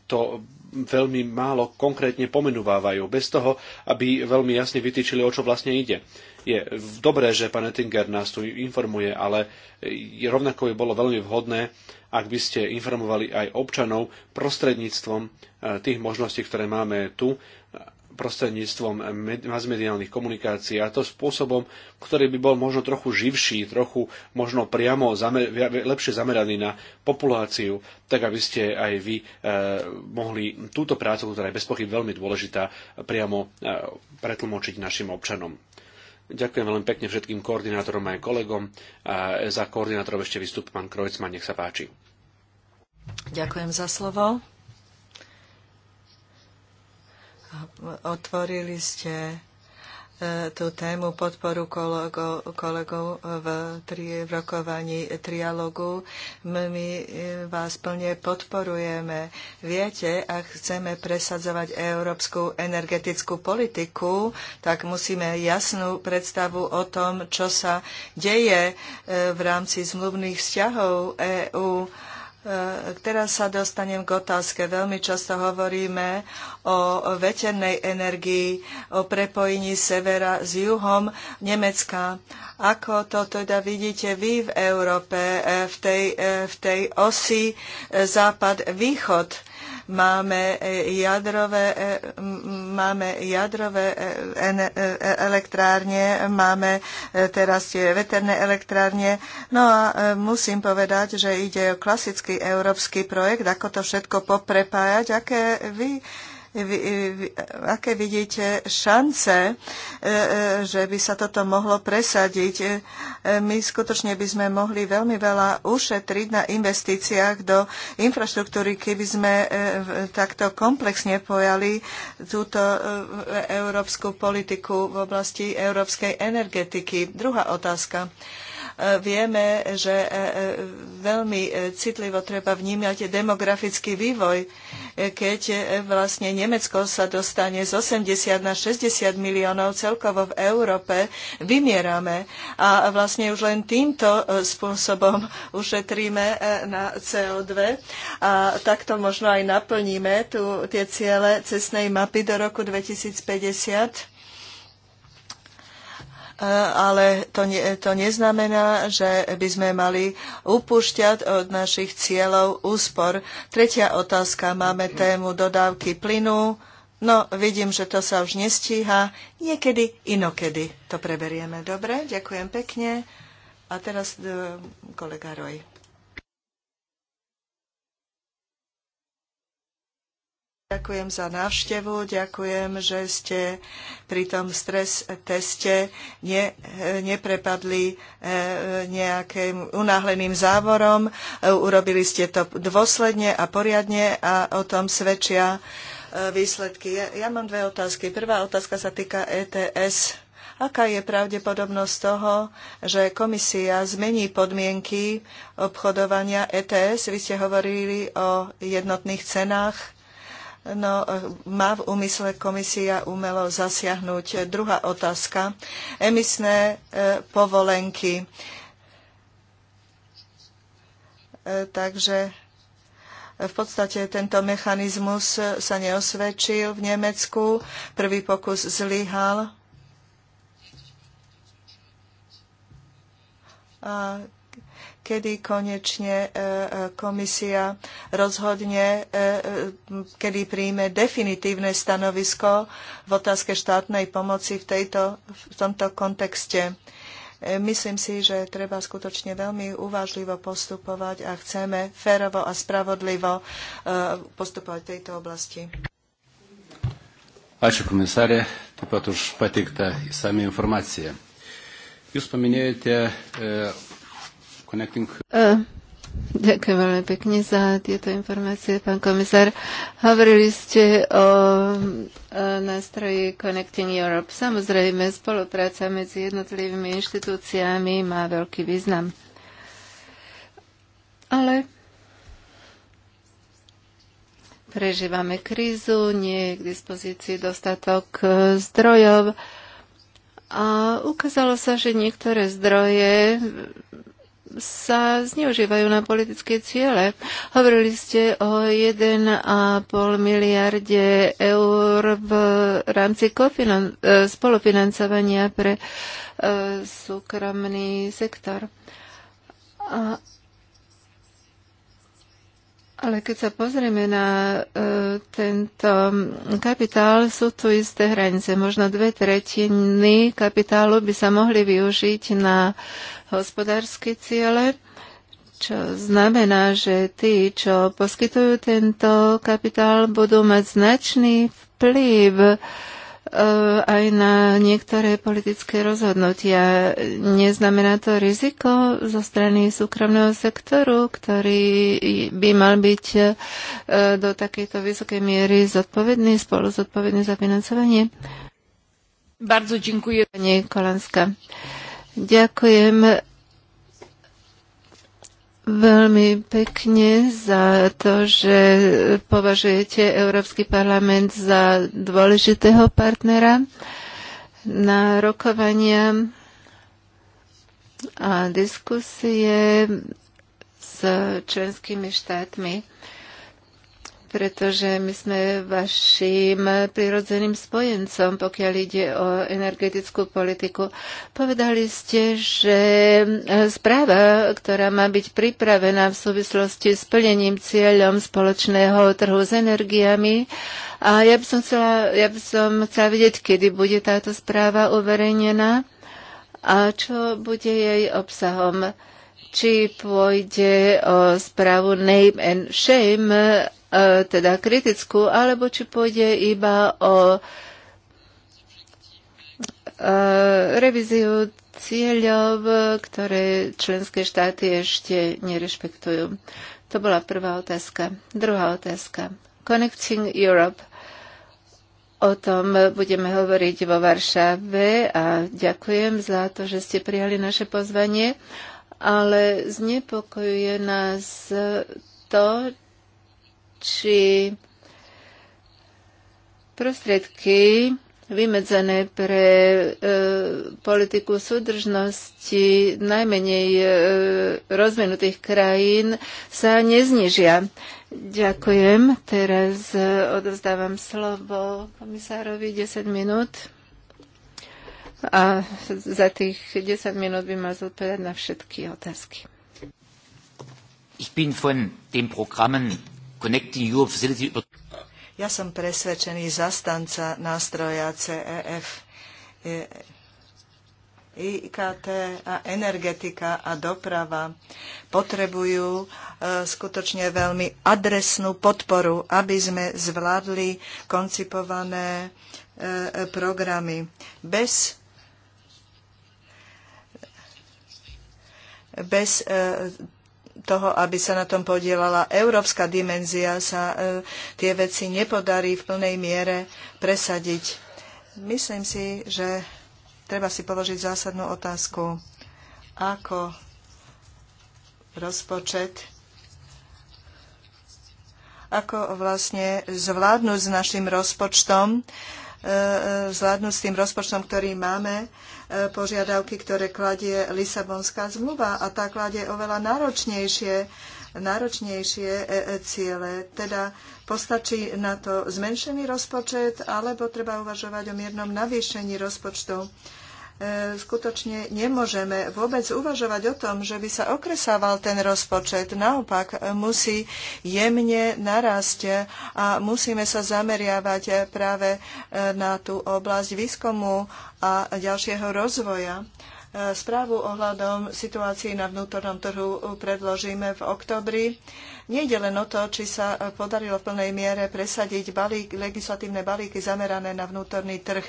to veľmi málo konkrétne pomenúvajú, bez toho, aby veľmi jasne vytýčili, o čo vlastne ide. Je dobré, že pán Ettinger nás tu informuje, ale rovnako by bolo veľmi vhodné, ak by ste informovali aj občanov prostredníctvom eh, tých možností, ktoré máme tu, prostredníctvom masmediálnych komunikácií a to spôsobom, ktorý by bol možno trochu živší, trochu možno priamo zamer- lepšie zameraný na populáciu, tak aby ste aj vy e, mohli túto prácu, ktorá je bez pochyb veľmi dôležitá, priamo e, pretlmočiť našim občanom. Ďakujem veľmi pekne všetkým koordinátorom aj kolegom. E, za koordinátorov ešte vystup pán Krojcman, nech sa páči. Ďakujem za slovo. Otvorili ste e, tú tému podporu kolegov v, tri, v rokovaní trialogu. My e, vás plne podporujeme. Viete, ak chceme presadzovať európsku energetickú politiku, tak musíme jasnú predstavu o tom, čo sa deje e, v rámci zmluvných vzťahov EÚ. EU E, teraz sa dostanem k otázke. Veľmi často hovoríme o veternej energii, o prepojení severa s juhom Nemecka. Ako to teda vidíte vy v Európe, e, v tej, e, v tej osi západ-východ? E, e, máme jadrové, máme jadrové e, elektrárne, máme teraz tie veterné elektrárne. No a musím povedať, že ide o klasický európsky projekt, ako to všetko poprepájať, aké vy aké vidíte šance, e, e, že by sa toto mohlo presadiť. E, my skutočne by sme mohli veľmi veľa ušetriť na investíciách do infraštruktúry, keby sme takto komplexne pojali túto európsku politiku v oblasti európskej energetiky. Druhá otázka. Vieme, že e, e, veľmi e, citlivo treba vnímať demografický vývoj, keď vlastne Nemecko sa dostane z 80 na 60 miliónov celkovo v Európe, vymierame a vlastne už len týmto spôsobom ušetríme na CO2 a takto možno aj naplníme tu tie ciele cestnej mapy do roku 2050 E, ale to, ne, to neznamená, že by sme mali upúšťať od našich cieľov úspor. Tretia otázka. Máme tému dodávky plynu. No, vidím, že to sa už nestíha. Niekedy, inokedy to preberieme. Dobre, ďakujem pekne. A teraz e, kolega Roj. Ďakujem za návštevu, ďakujem, že ste pri tom stres teste ne, neprepadli e, nejakým unáhleným závorom. E, urobili ste to dôsledne a poriadne a o tom svedčia e, výsledky. Ja, ja mám dve otázky. Prvá otázka sa týka ETS. Aká je pravdepodobnosť toho, že komisia zmení podmienky obchodovania ETS? Vy ste hovorili o jednotných cenách No, má v úmysle komisia umelo zasiahnuť. Druhá otázka. Emisné e, povolenky. E, takže e, v podstate tento mechanizmus sa neosvedčil v Nemecku. Prvý pokus zlyhal. A kedy konečne e, e, komisia rozhodne, e, kedy príjme definitívne stanovisko v otázke štátnej pomoci v, tejto, v tomto kontexte. Myslím si, že treba skutočne veľmi uvážlivo postupovať a chceme férovo a spravodlivo postupovať v tejto oblasti. Ačiū komisarė, taip pat už pateiktą įsami informaciją. Jūs paminėjote connecting... Uh, ďakujem veľmi pekne za tieto informácie, pán komisár. Hovorili ste o, o nástroji Connecting Europe. Samozrejme, spolupráca medzi jednotlivými inštitúciami má veľký význam. Ale prežívame krízu, nie je k dispozícii dostatok zdrojov a ukázalo sa, že niektoré zdroje sa zneužívajú na politické ciele. Hovorili ste o 1,5 miliarde eur v rámci e, spolufinancovania pre e, súkromný sektor. A ale keď sa pozrieme na uh, tento kapitál, sú tu isté hranice. Možno dve tretiny kapitálu by sa mohli využiť na hospodárske ciele, čo znamená, že tí, čo poskytujú tento kapitál, budú mať značný vplyv e, aj na niektoré politické rozhodnutia. Neznamená to riziko zo strany súkromného sektoru, ktorý by mal byť e, do takejto vysokej miery zodpovedný, spolu zodpovedný za financovanie? Bardzo dziękuję. Pani Kolanska. Ďakujem veľmi pekne za to, že považujete Európsky parlament za dôležitého partnera na rokovania a diskusie s členskými štátmi pretože my sme vašim prirodzeným spojencom, pokiaľ ide o energetickú politiku. Povedali ste, že e, správa, ktorá má byť pripravená v súvislosti s plnením cieľom spoločného trhu s energiami, a ja by som chcela, ja by som chcela vidieť, kedy bude táto správa uverejnená a čo bude jej obsahom či pôjde o správu Name and Shame, E, teda kritickú, alebo či pôjde iba o e, revíziu cieľov, ktoré členské štáty ešte nerešpektujú. To bola prvá otázka. Druhá otázka. Connecting Europe. O tom budeme hovoriť vo Varšave a ďakujem za to, že ste prijali naše pozvanie, ale znepokojuje nás to, či prostriedky vymedzené pre e, politiku súdržnosti najmenej e, rozvinutých krajín sa neznižia. Ďakujem. Teraz e, odozdávam slovo komisárovi 10 minút. A za tých 10 minút by ma zodpovedať na všetky otázky. Ich bin von den Programmen Connecting Facility. Ja som presvedčený zastanca nástroja CEF. E, IKT a energetika a doprava potrebujú e, skutočne veľmi adresnú podporu, aby sme zvládli koncipované e, programy. Bez bez toho, aby sa na tom podielala európska dimenzia, sa e, tie veci nepodarí v plnej miere presadiť. Myslím si, že treba si položiť zásadnú otázku, ako rozpočet ako vlastne zvládnuť s našim rozpočtom, e, e, zvládnuť s tým rozpočtom, ktorý máme, požiadavky, ktoré kladie Lisabonská zmluva a tá kladie oveľa náročnejšie, náročnejšie e, e, ciele. Teda postačí na to zmenšený rozpočet alebo treba uvažovať o miernom navýšení rozpočtu. E, skutočne nemôžeme vôbec uvažovať o tom, že by sa okresával ten rozpočet. Naopak, e, musí jemne narásť a musíme sa zameriavať práve e, na tú oblasť výskumu a ďalšieho rozvoja. Správu ohľadom situácií na vnútornom trhu predložíme v oktobri. Nejde len o to, či sa e, podarilo v plnej miere presadiť balík, legislatívne balíky zamerané na vnútorný trh.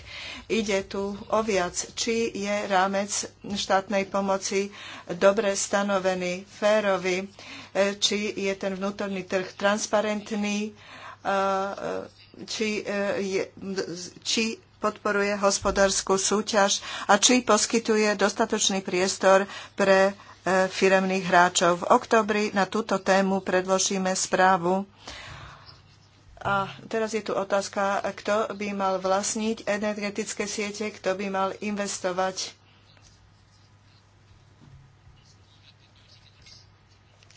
Ide tu o viac, či je rámec štátnej pomoci dobre stanovený, férový, e, či je ten vnútorný trh transparentný, e, či, je, či podporuje hospodárskú súťaž a či poskytuje dostatočný priestor pre firemných hráčov. V oktobri na túto tému predložíme správu. A teraz je tu otázka, kto by mal vlastniť energetické siete, kto by mal investovať.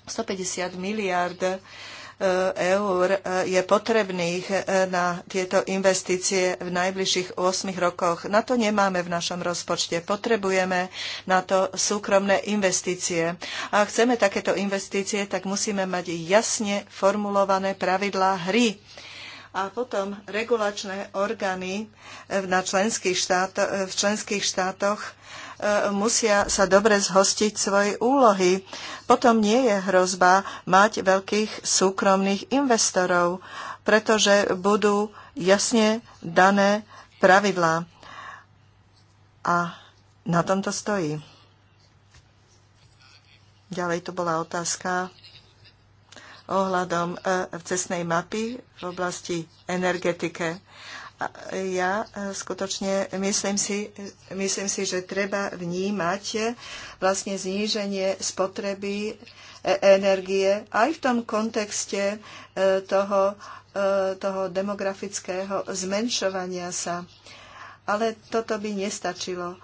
150 miliard Eh, eur eh, je potrebných eh, na tieto investície v najbližších 8 rokoch. Na to nemáme v našom rozpočte. Potrebujeme na to súkromné investície. A chceme takéto investície, tak musíme mať jasne formulované pravidlá hry a potom regulačné orgány na členských štáto, v členských štátoch E, musia sa dobre zhostiť svojej úlohy. Potom nie je hrozba mať veľkých súkromných investorov, pretože budú jasne dané pravidlá. A na tom to stojí. Ďalej tu bola otázka ohľadom e, cestnej mapy v oblasti energetike ja e, skutočne myslím si, myslím si, že treba vnímať e, vlastne zníženie spotreby e, energie aj v tom kontexte toho, toho demografického zmenšovania sa. Ale toto by nestačilo.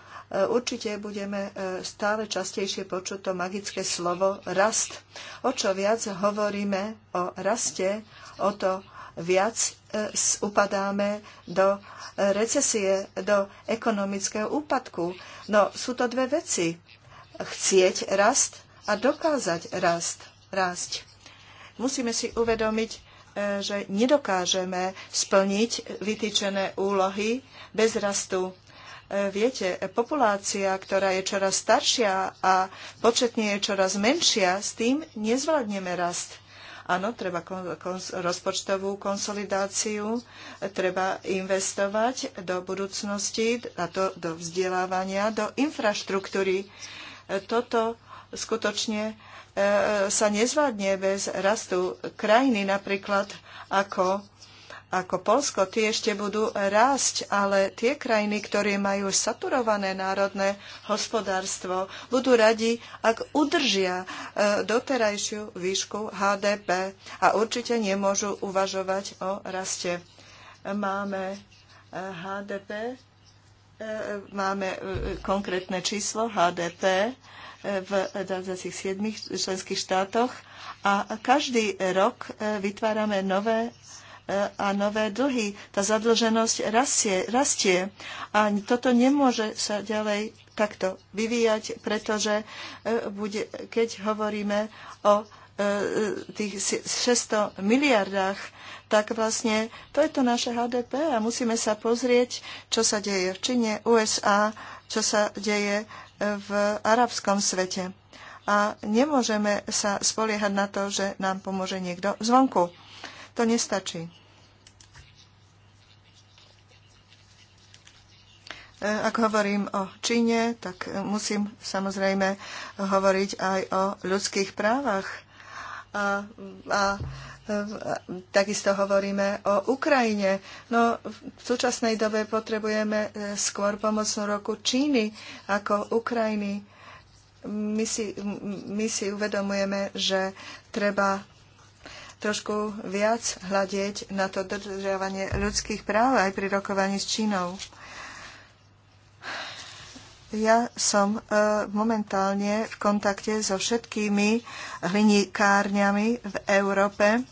Určite budeme stále častejšie počuť to magické slovo rast. O čo viac hovoríme o raste, o to viac e, upadáme do recesie, do ekonomického úpadku. No sú to dve veci. Chcieť rast a dokázať rast, rásť. Musíme si uvedomiť, e, že nedokážeme splniť vytýčené úlohy bez rastu e, viete, populácia, ktorá je čoraz staršia a početne je čoraz menšia, s tým nezvládneme rast. Áno, treba kon, kon, rozpočtovú konsolidáciu, treba investovať do budúcnosti, a to do vzdelávania, do infraštruktúry. Toto skutočne e, sa nezvládne bez rastu krajiny, napríklad ako ako Polsko, tie ešte budú rásť, ale tie krajiny, ktoré majú saturované národné hospodárstvo, budú radi, ak udržia e, doterajšiu výšku HDP a určite nemôžu uvažovať o raste. Máme e, HDP, e, máme konkrétne číslo HDP v 27 členských štátoch a každý rok vytvárame nové a nové dlhy. Tá zadlženosť rastie, rastie a toto nemôže sa ďalej takto vyvíjať, pretože e, bude, keď hovoríme o e, tých 600 miliardách, tak vlastne to je to naše HDP a musíme sa pozrieť, čo sa deje v Číne, USA, čo sa deje e, v arabskom svete. A nemôžeme sa spoliehať na to, že nám pomôže niekto zvonku. To nestačí. E, ak hovorím o Číne, tak musím samozrejme hovoriť aj o ľudských právach. A, a e, Takisto hovoríme o Ukrajine. No, v súčasnej dobe potrebujeme e, skôr pomocnú roku Číny ako Ukrajiny. My si, my si uvedomujeme, že treba trošku viac hľadieť na to dodržiavanie ľudských práv aj pri rokovaní s Čínou. Ja som e, momentálne v kontakte so všetkými hlinikárňami v Európe.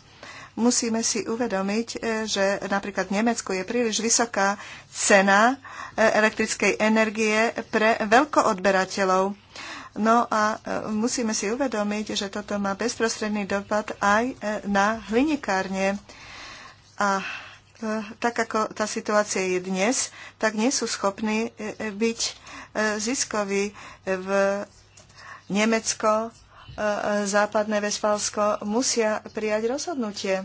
Musíme si uvedomiť, e, že napríklad v Nemecku je príliš vysoká cena e, elektrickej energie pre veľkoodberateľov No a e, musíme si uvedomiť, že toto má bezprostredný dopad aj e, na hlinikárne. A e, tak ako tá situácia je dnes, tak nie sú schopní byť ziskoví v Nemecko, západné Vesfalsko musia prijať rozhodnutie.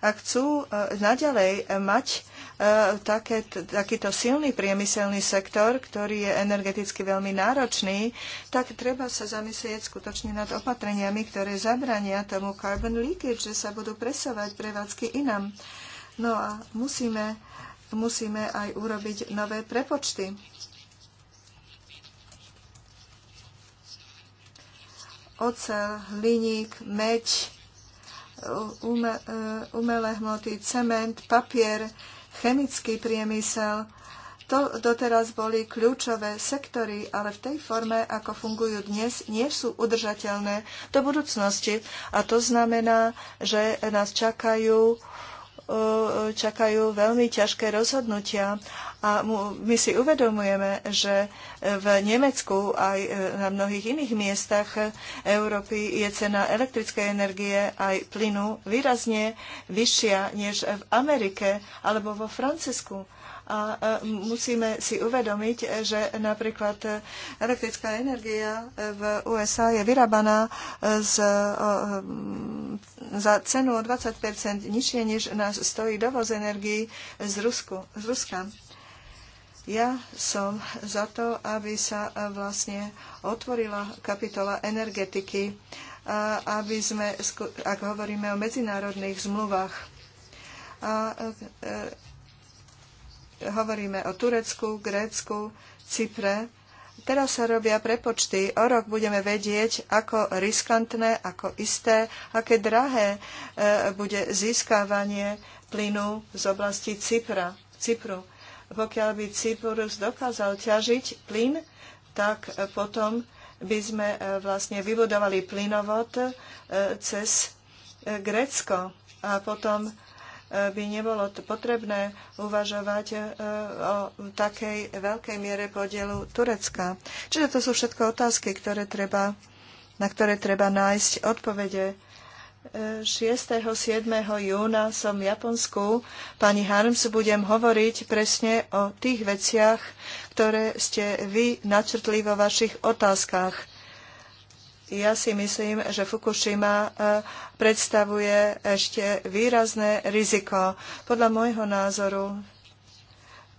Ak chcú naďalej mať E, také, takýto silný priemyselný sektor, ktorý je energeticky veľmi náročný, tak treba sa zamyslieť skutočne nad opatreniami, ktoré zabrania tomu carbon leakage, že sa budú presovať prevádzky inam. No a musíme, musíme aj urobiť nové prepočty. Ocel, hliník, meď, e, e, umelé hmoty, cement, papier, chemický priemysel. To doteraz boli kľúčové sektory, ale v tej forme, ako fungujú dnes, nie sú udržateľné do budúcnosti. A to znamená, že nás čakajú uh, E, čakajú veľmi ťažké rozhodnutia. A my si uvedomujeme, že v Nemecku aj e, na mnohých iných miestach Európy je cena elektrickej energie aj plynu výrazne vyššia než v Amerike alebo vo Francúzsku a e, musíme si uvedomiť, že napríklad elektrická energia v USA je vyrábaná e, z, e, za cenu o 20 nižšie, než nás stojí dovoz energii z, Rusku, z Ruska. Ja som za to, aby sa vlastne otvorila kapitola energetiky, aby sme, ak hovoríme o medzinárodných zmluvách, a hovoríme o Turecku, Grécku, Cypre. Teraz sa robia prepočty. O rok budeme vedieť, ako riskantné, ako isté, aké drahé e, bude získávanie plynu z oblasti Cypra, Cypru. Pokiaľ by Cyprus dokázal ťažiť plyn, tak potom by sme e, vlastne vybudovali plynovod e, cez Grécko a potom by nebolo potrebné uvažovať e, o takej veľkej miere podielu Turecka. Čiže to sú všetko otázky, ktoré treba, na ktoré treba nájsť odpovede. 6. E, 7. júna som v Japonsku. Pani Harms, budem hovoriť presne o tých veciach, ktoré ste vy načrtli vo vašich otázkach ja si myslím, že Fukushima e, predstavuje ešte výrazné riziko. Podľa môjho názoru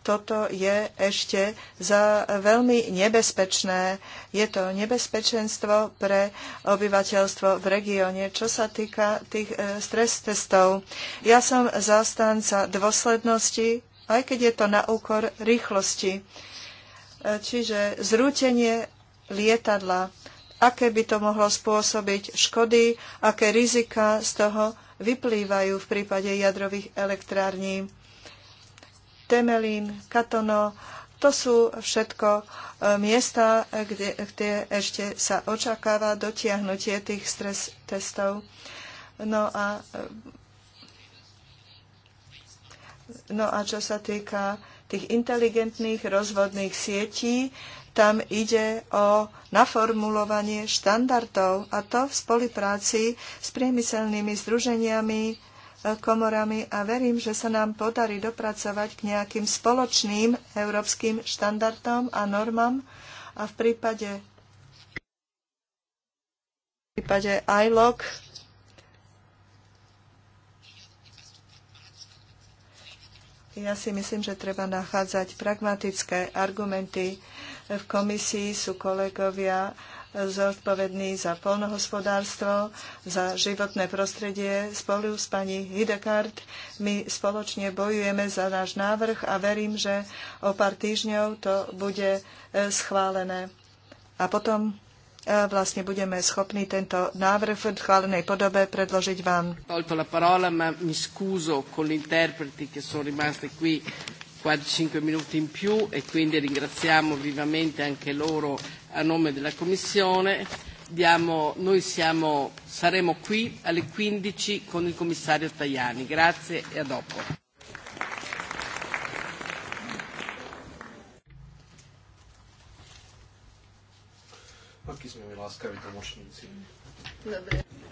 toto je ešte za veľmi nebezpečné. Je to nebezpečenstvo pre obyvateľstvo v regióne. Čo sa týka tých e, stres testov, ja som zástanca dôslednosti, aj keď je to na úkor rýchlosti. E, čiže zrútenie lietadla aké by to mohlo spôsobiť škody, aké rizika z toho vyplývajú v prípade jadrových elektrární. Temelín, Katono, to sú všetko e, miesta, kde, kde ešte sa očakáva dotiahnutie tých stres testov. No a, e, no a čo sa týka tých inteligentných rozvodných sietí, tam ide o naformulovanie štandardov a to v spolupráci s priemyselnými združeniami, e, komorami a verím, že sa nám podarí dopracovať k nejakým spoločným európskym štandardom a normám a v prípade, v prípade ILOC ja si myslím, že treba nachádzať pragmatické argumenty v komisii sú kolegovia zodpovední za polnohospodárstvo, za životné prostredie. Spolu s pani Hidekart my spoločne bojujeme za náš návrh a verím, že o pár týždňov to bude e, schválené. A potom e, vlastne budeme schopní tento návrh v chválenej podobe predložiť vám quasi 5 minuti in più e quindi ringraziamo vivamente anche loro a nome della Commissione. Diamo, noi siamo, saremo qui alle 15 con il commissario Tajani. Grazie e a dopo. Aký sme my Dobre.